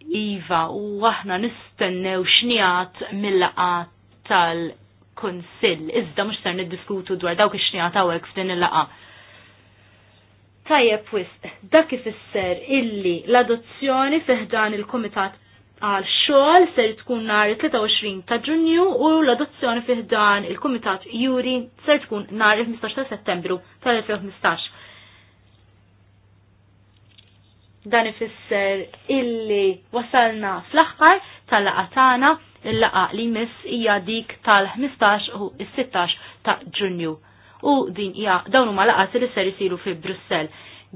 Iva, u aħna nistennew xnijat mill-laqa tal-Konsill, iżda mhux ser niddiskutu dwar dawk ix-xnijat hawnhekk f'din il-laqa. Tajjeb wisq, dak ifisser illi l-adozzjoni fiħdan il-Komitat għal xogħol ser tkun nhar 23 ta' Ġunju u l-adozzjoni fiħdan il-Kumitat Juri ser tkun nhar il-15 ta' Settembru tal-2015. Dan ifisser illi wasalna fl-aħħar tal-laqatana il-laqa li miss hija dik tal-15 u 16 ta' Ġunju u din hija dawn huma laqas li ser isiru fi Brussell.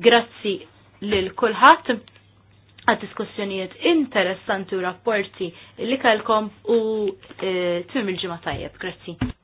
Grazzi lil kulħadd għad diskussjonijiet interessanti u rapporti li kellkom u e, il-ġimgħa tajjeb. Grazzi.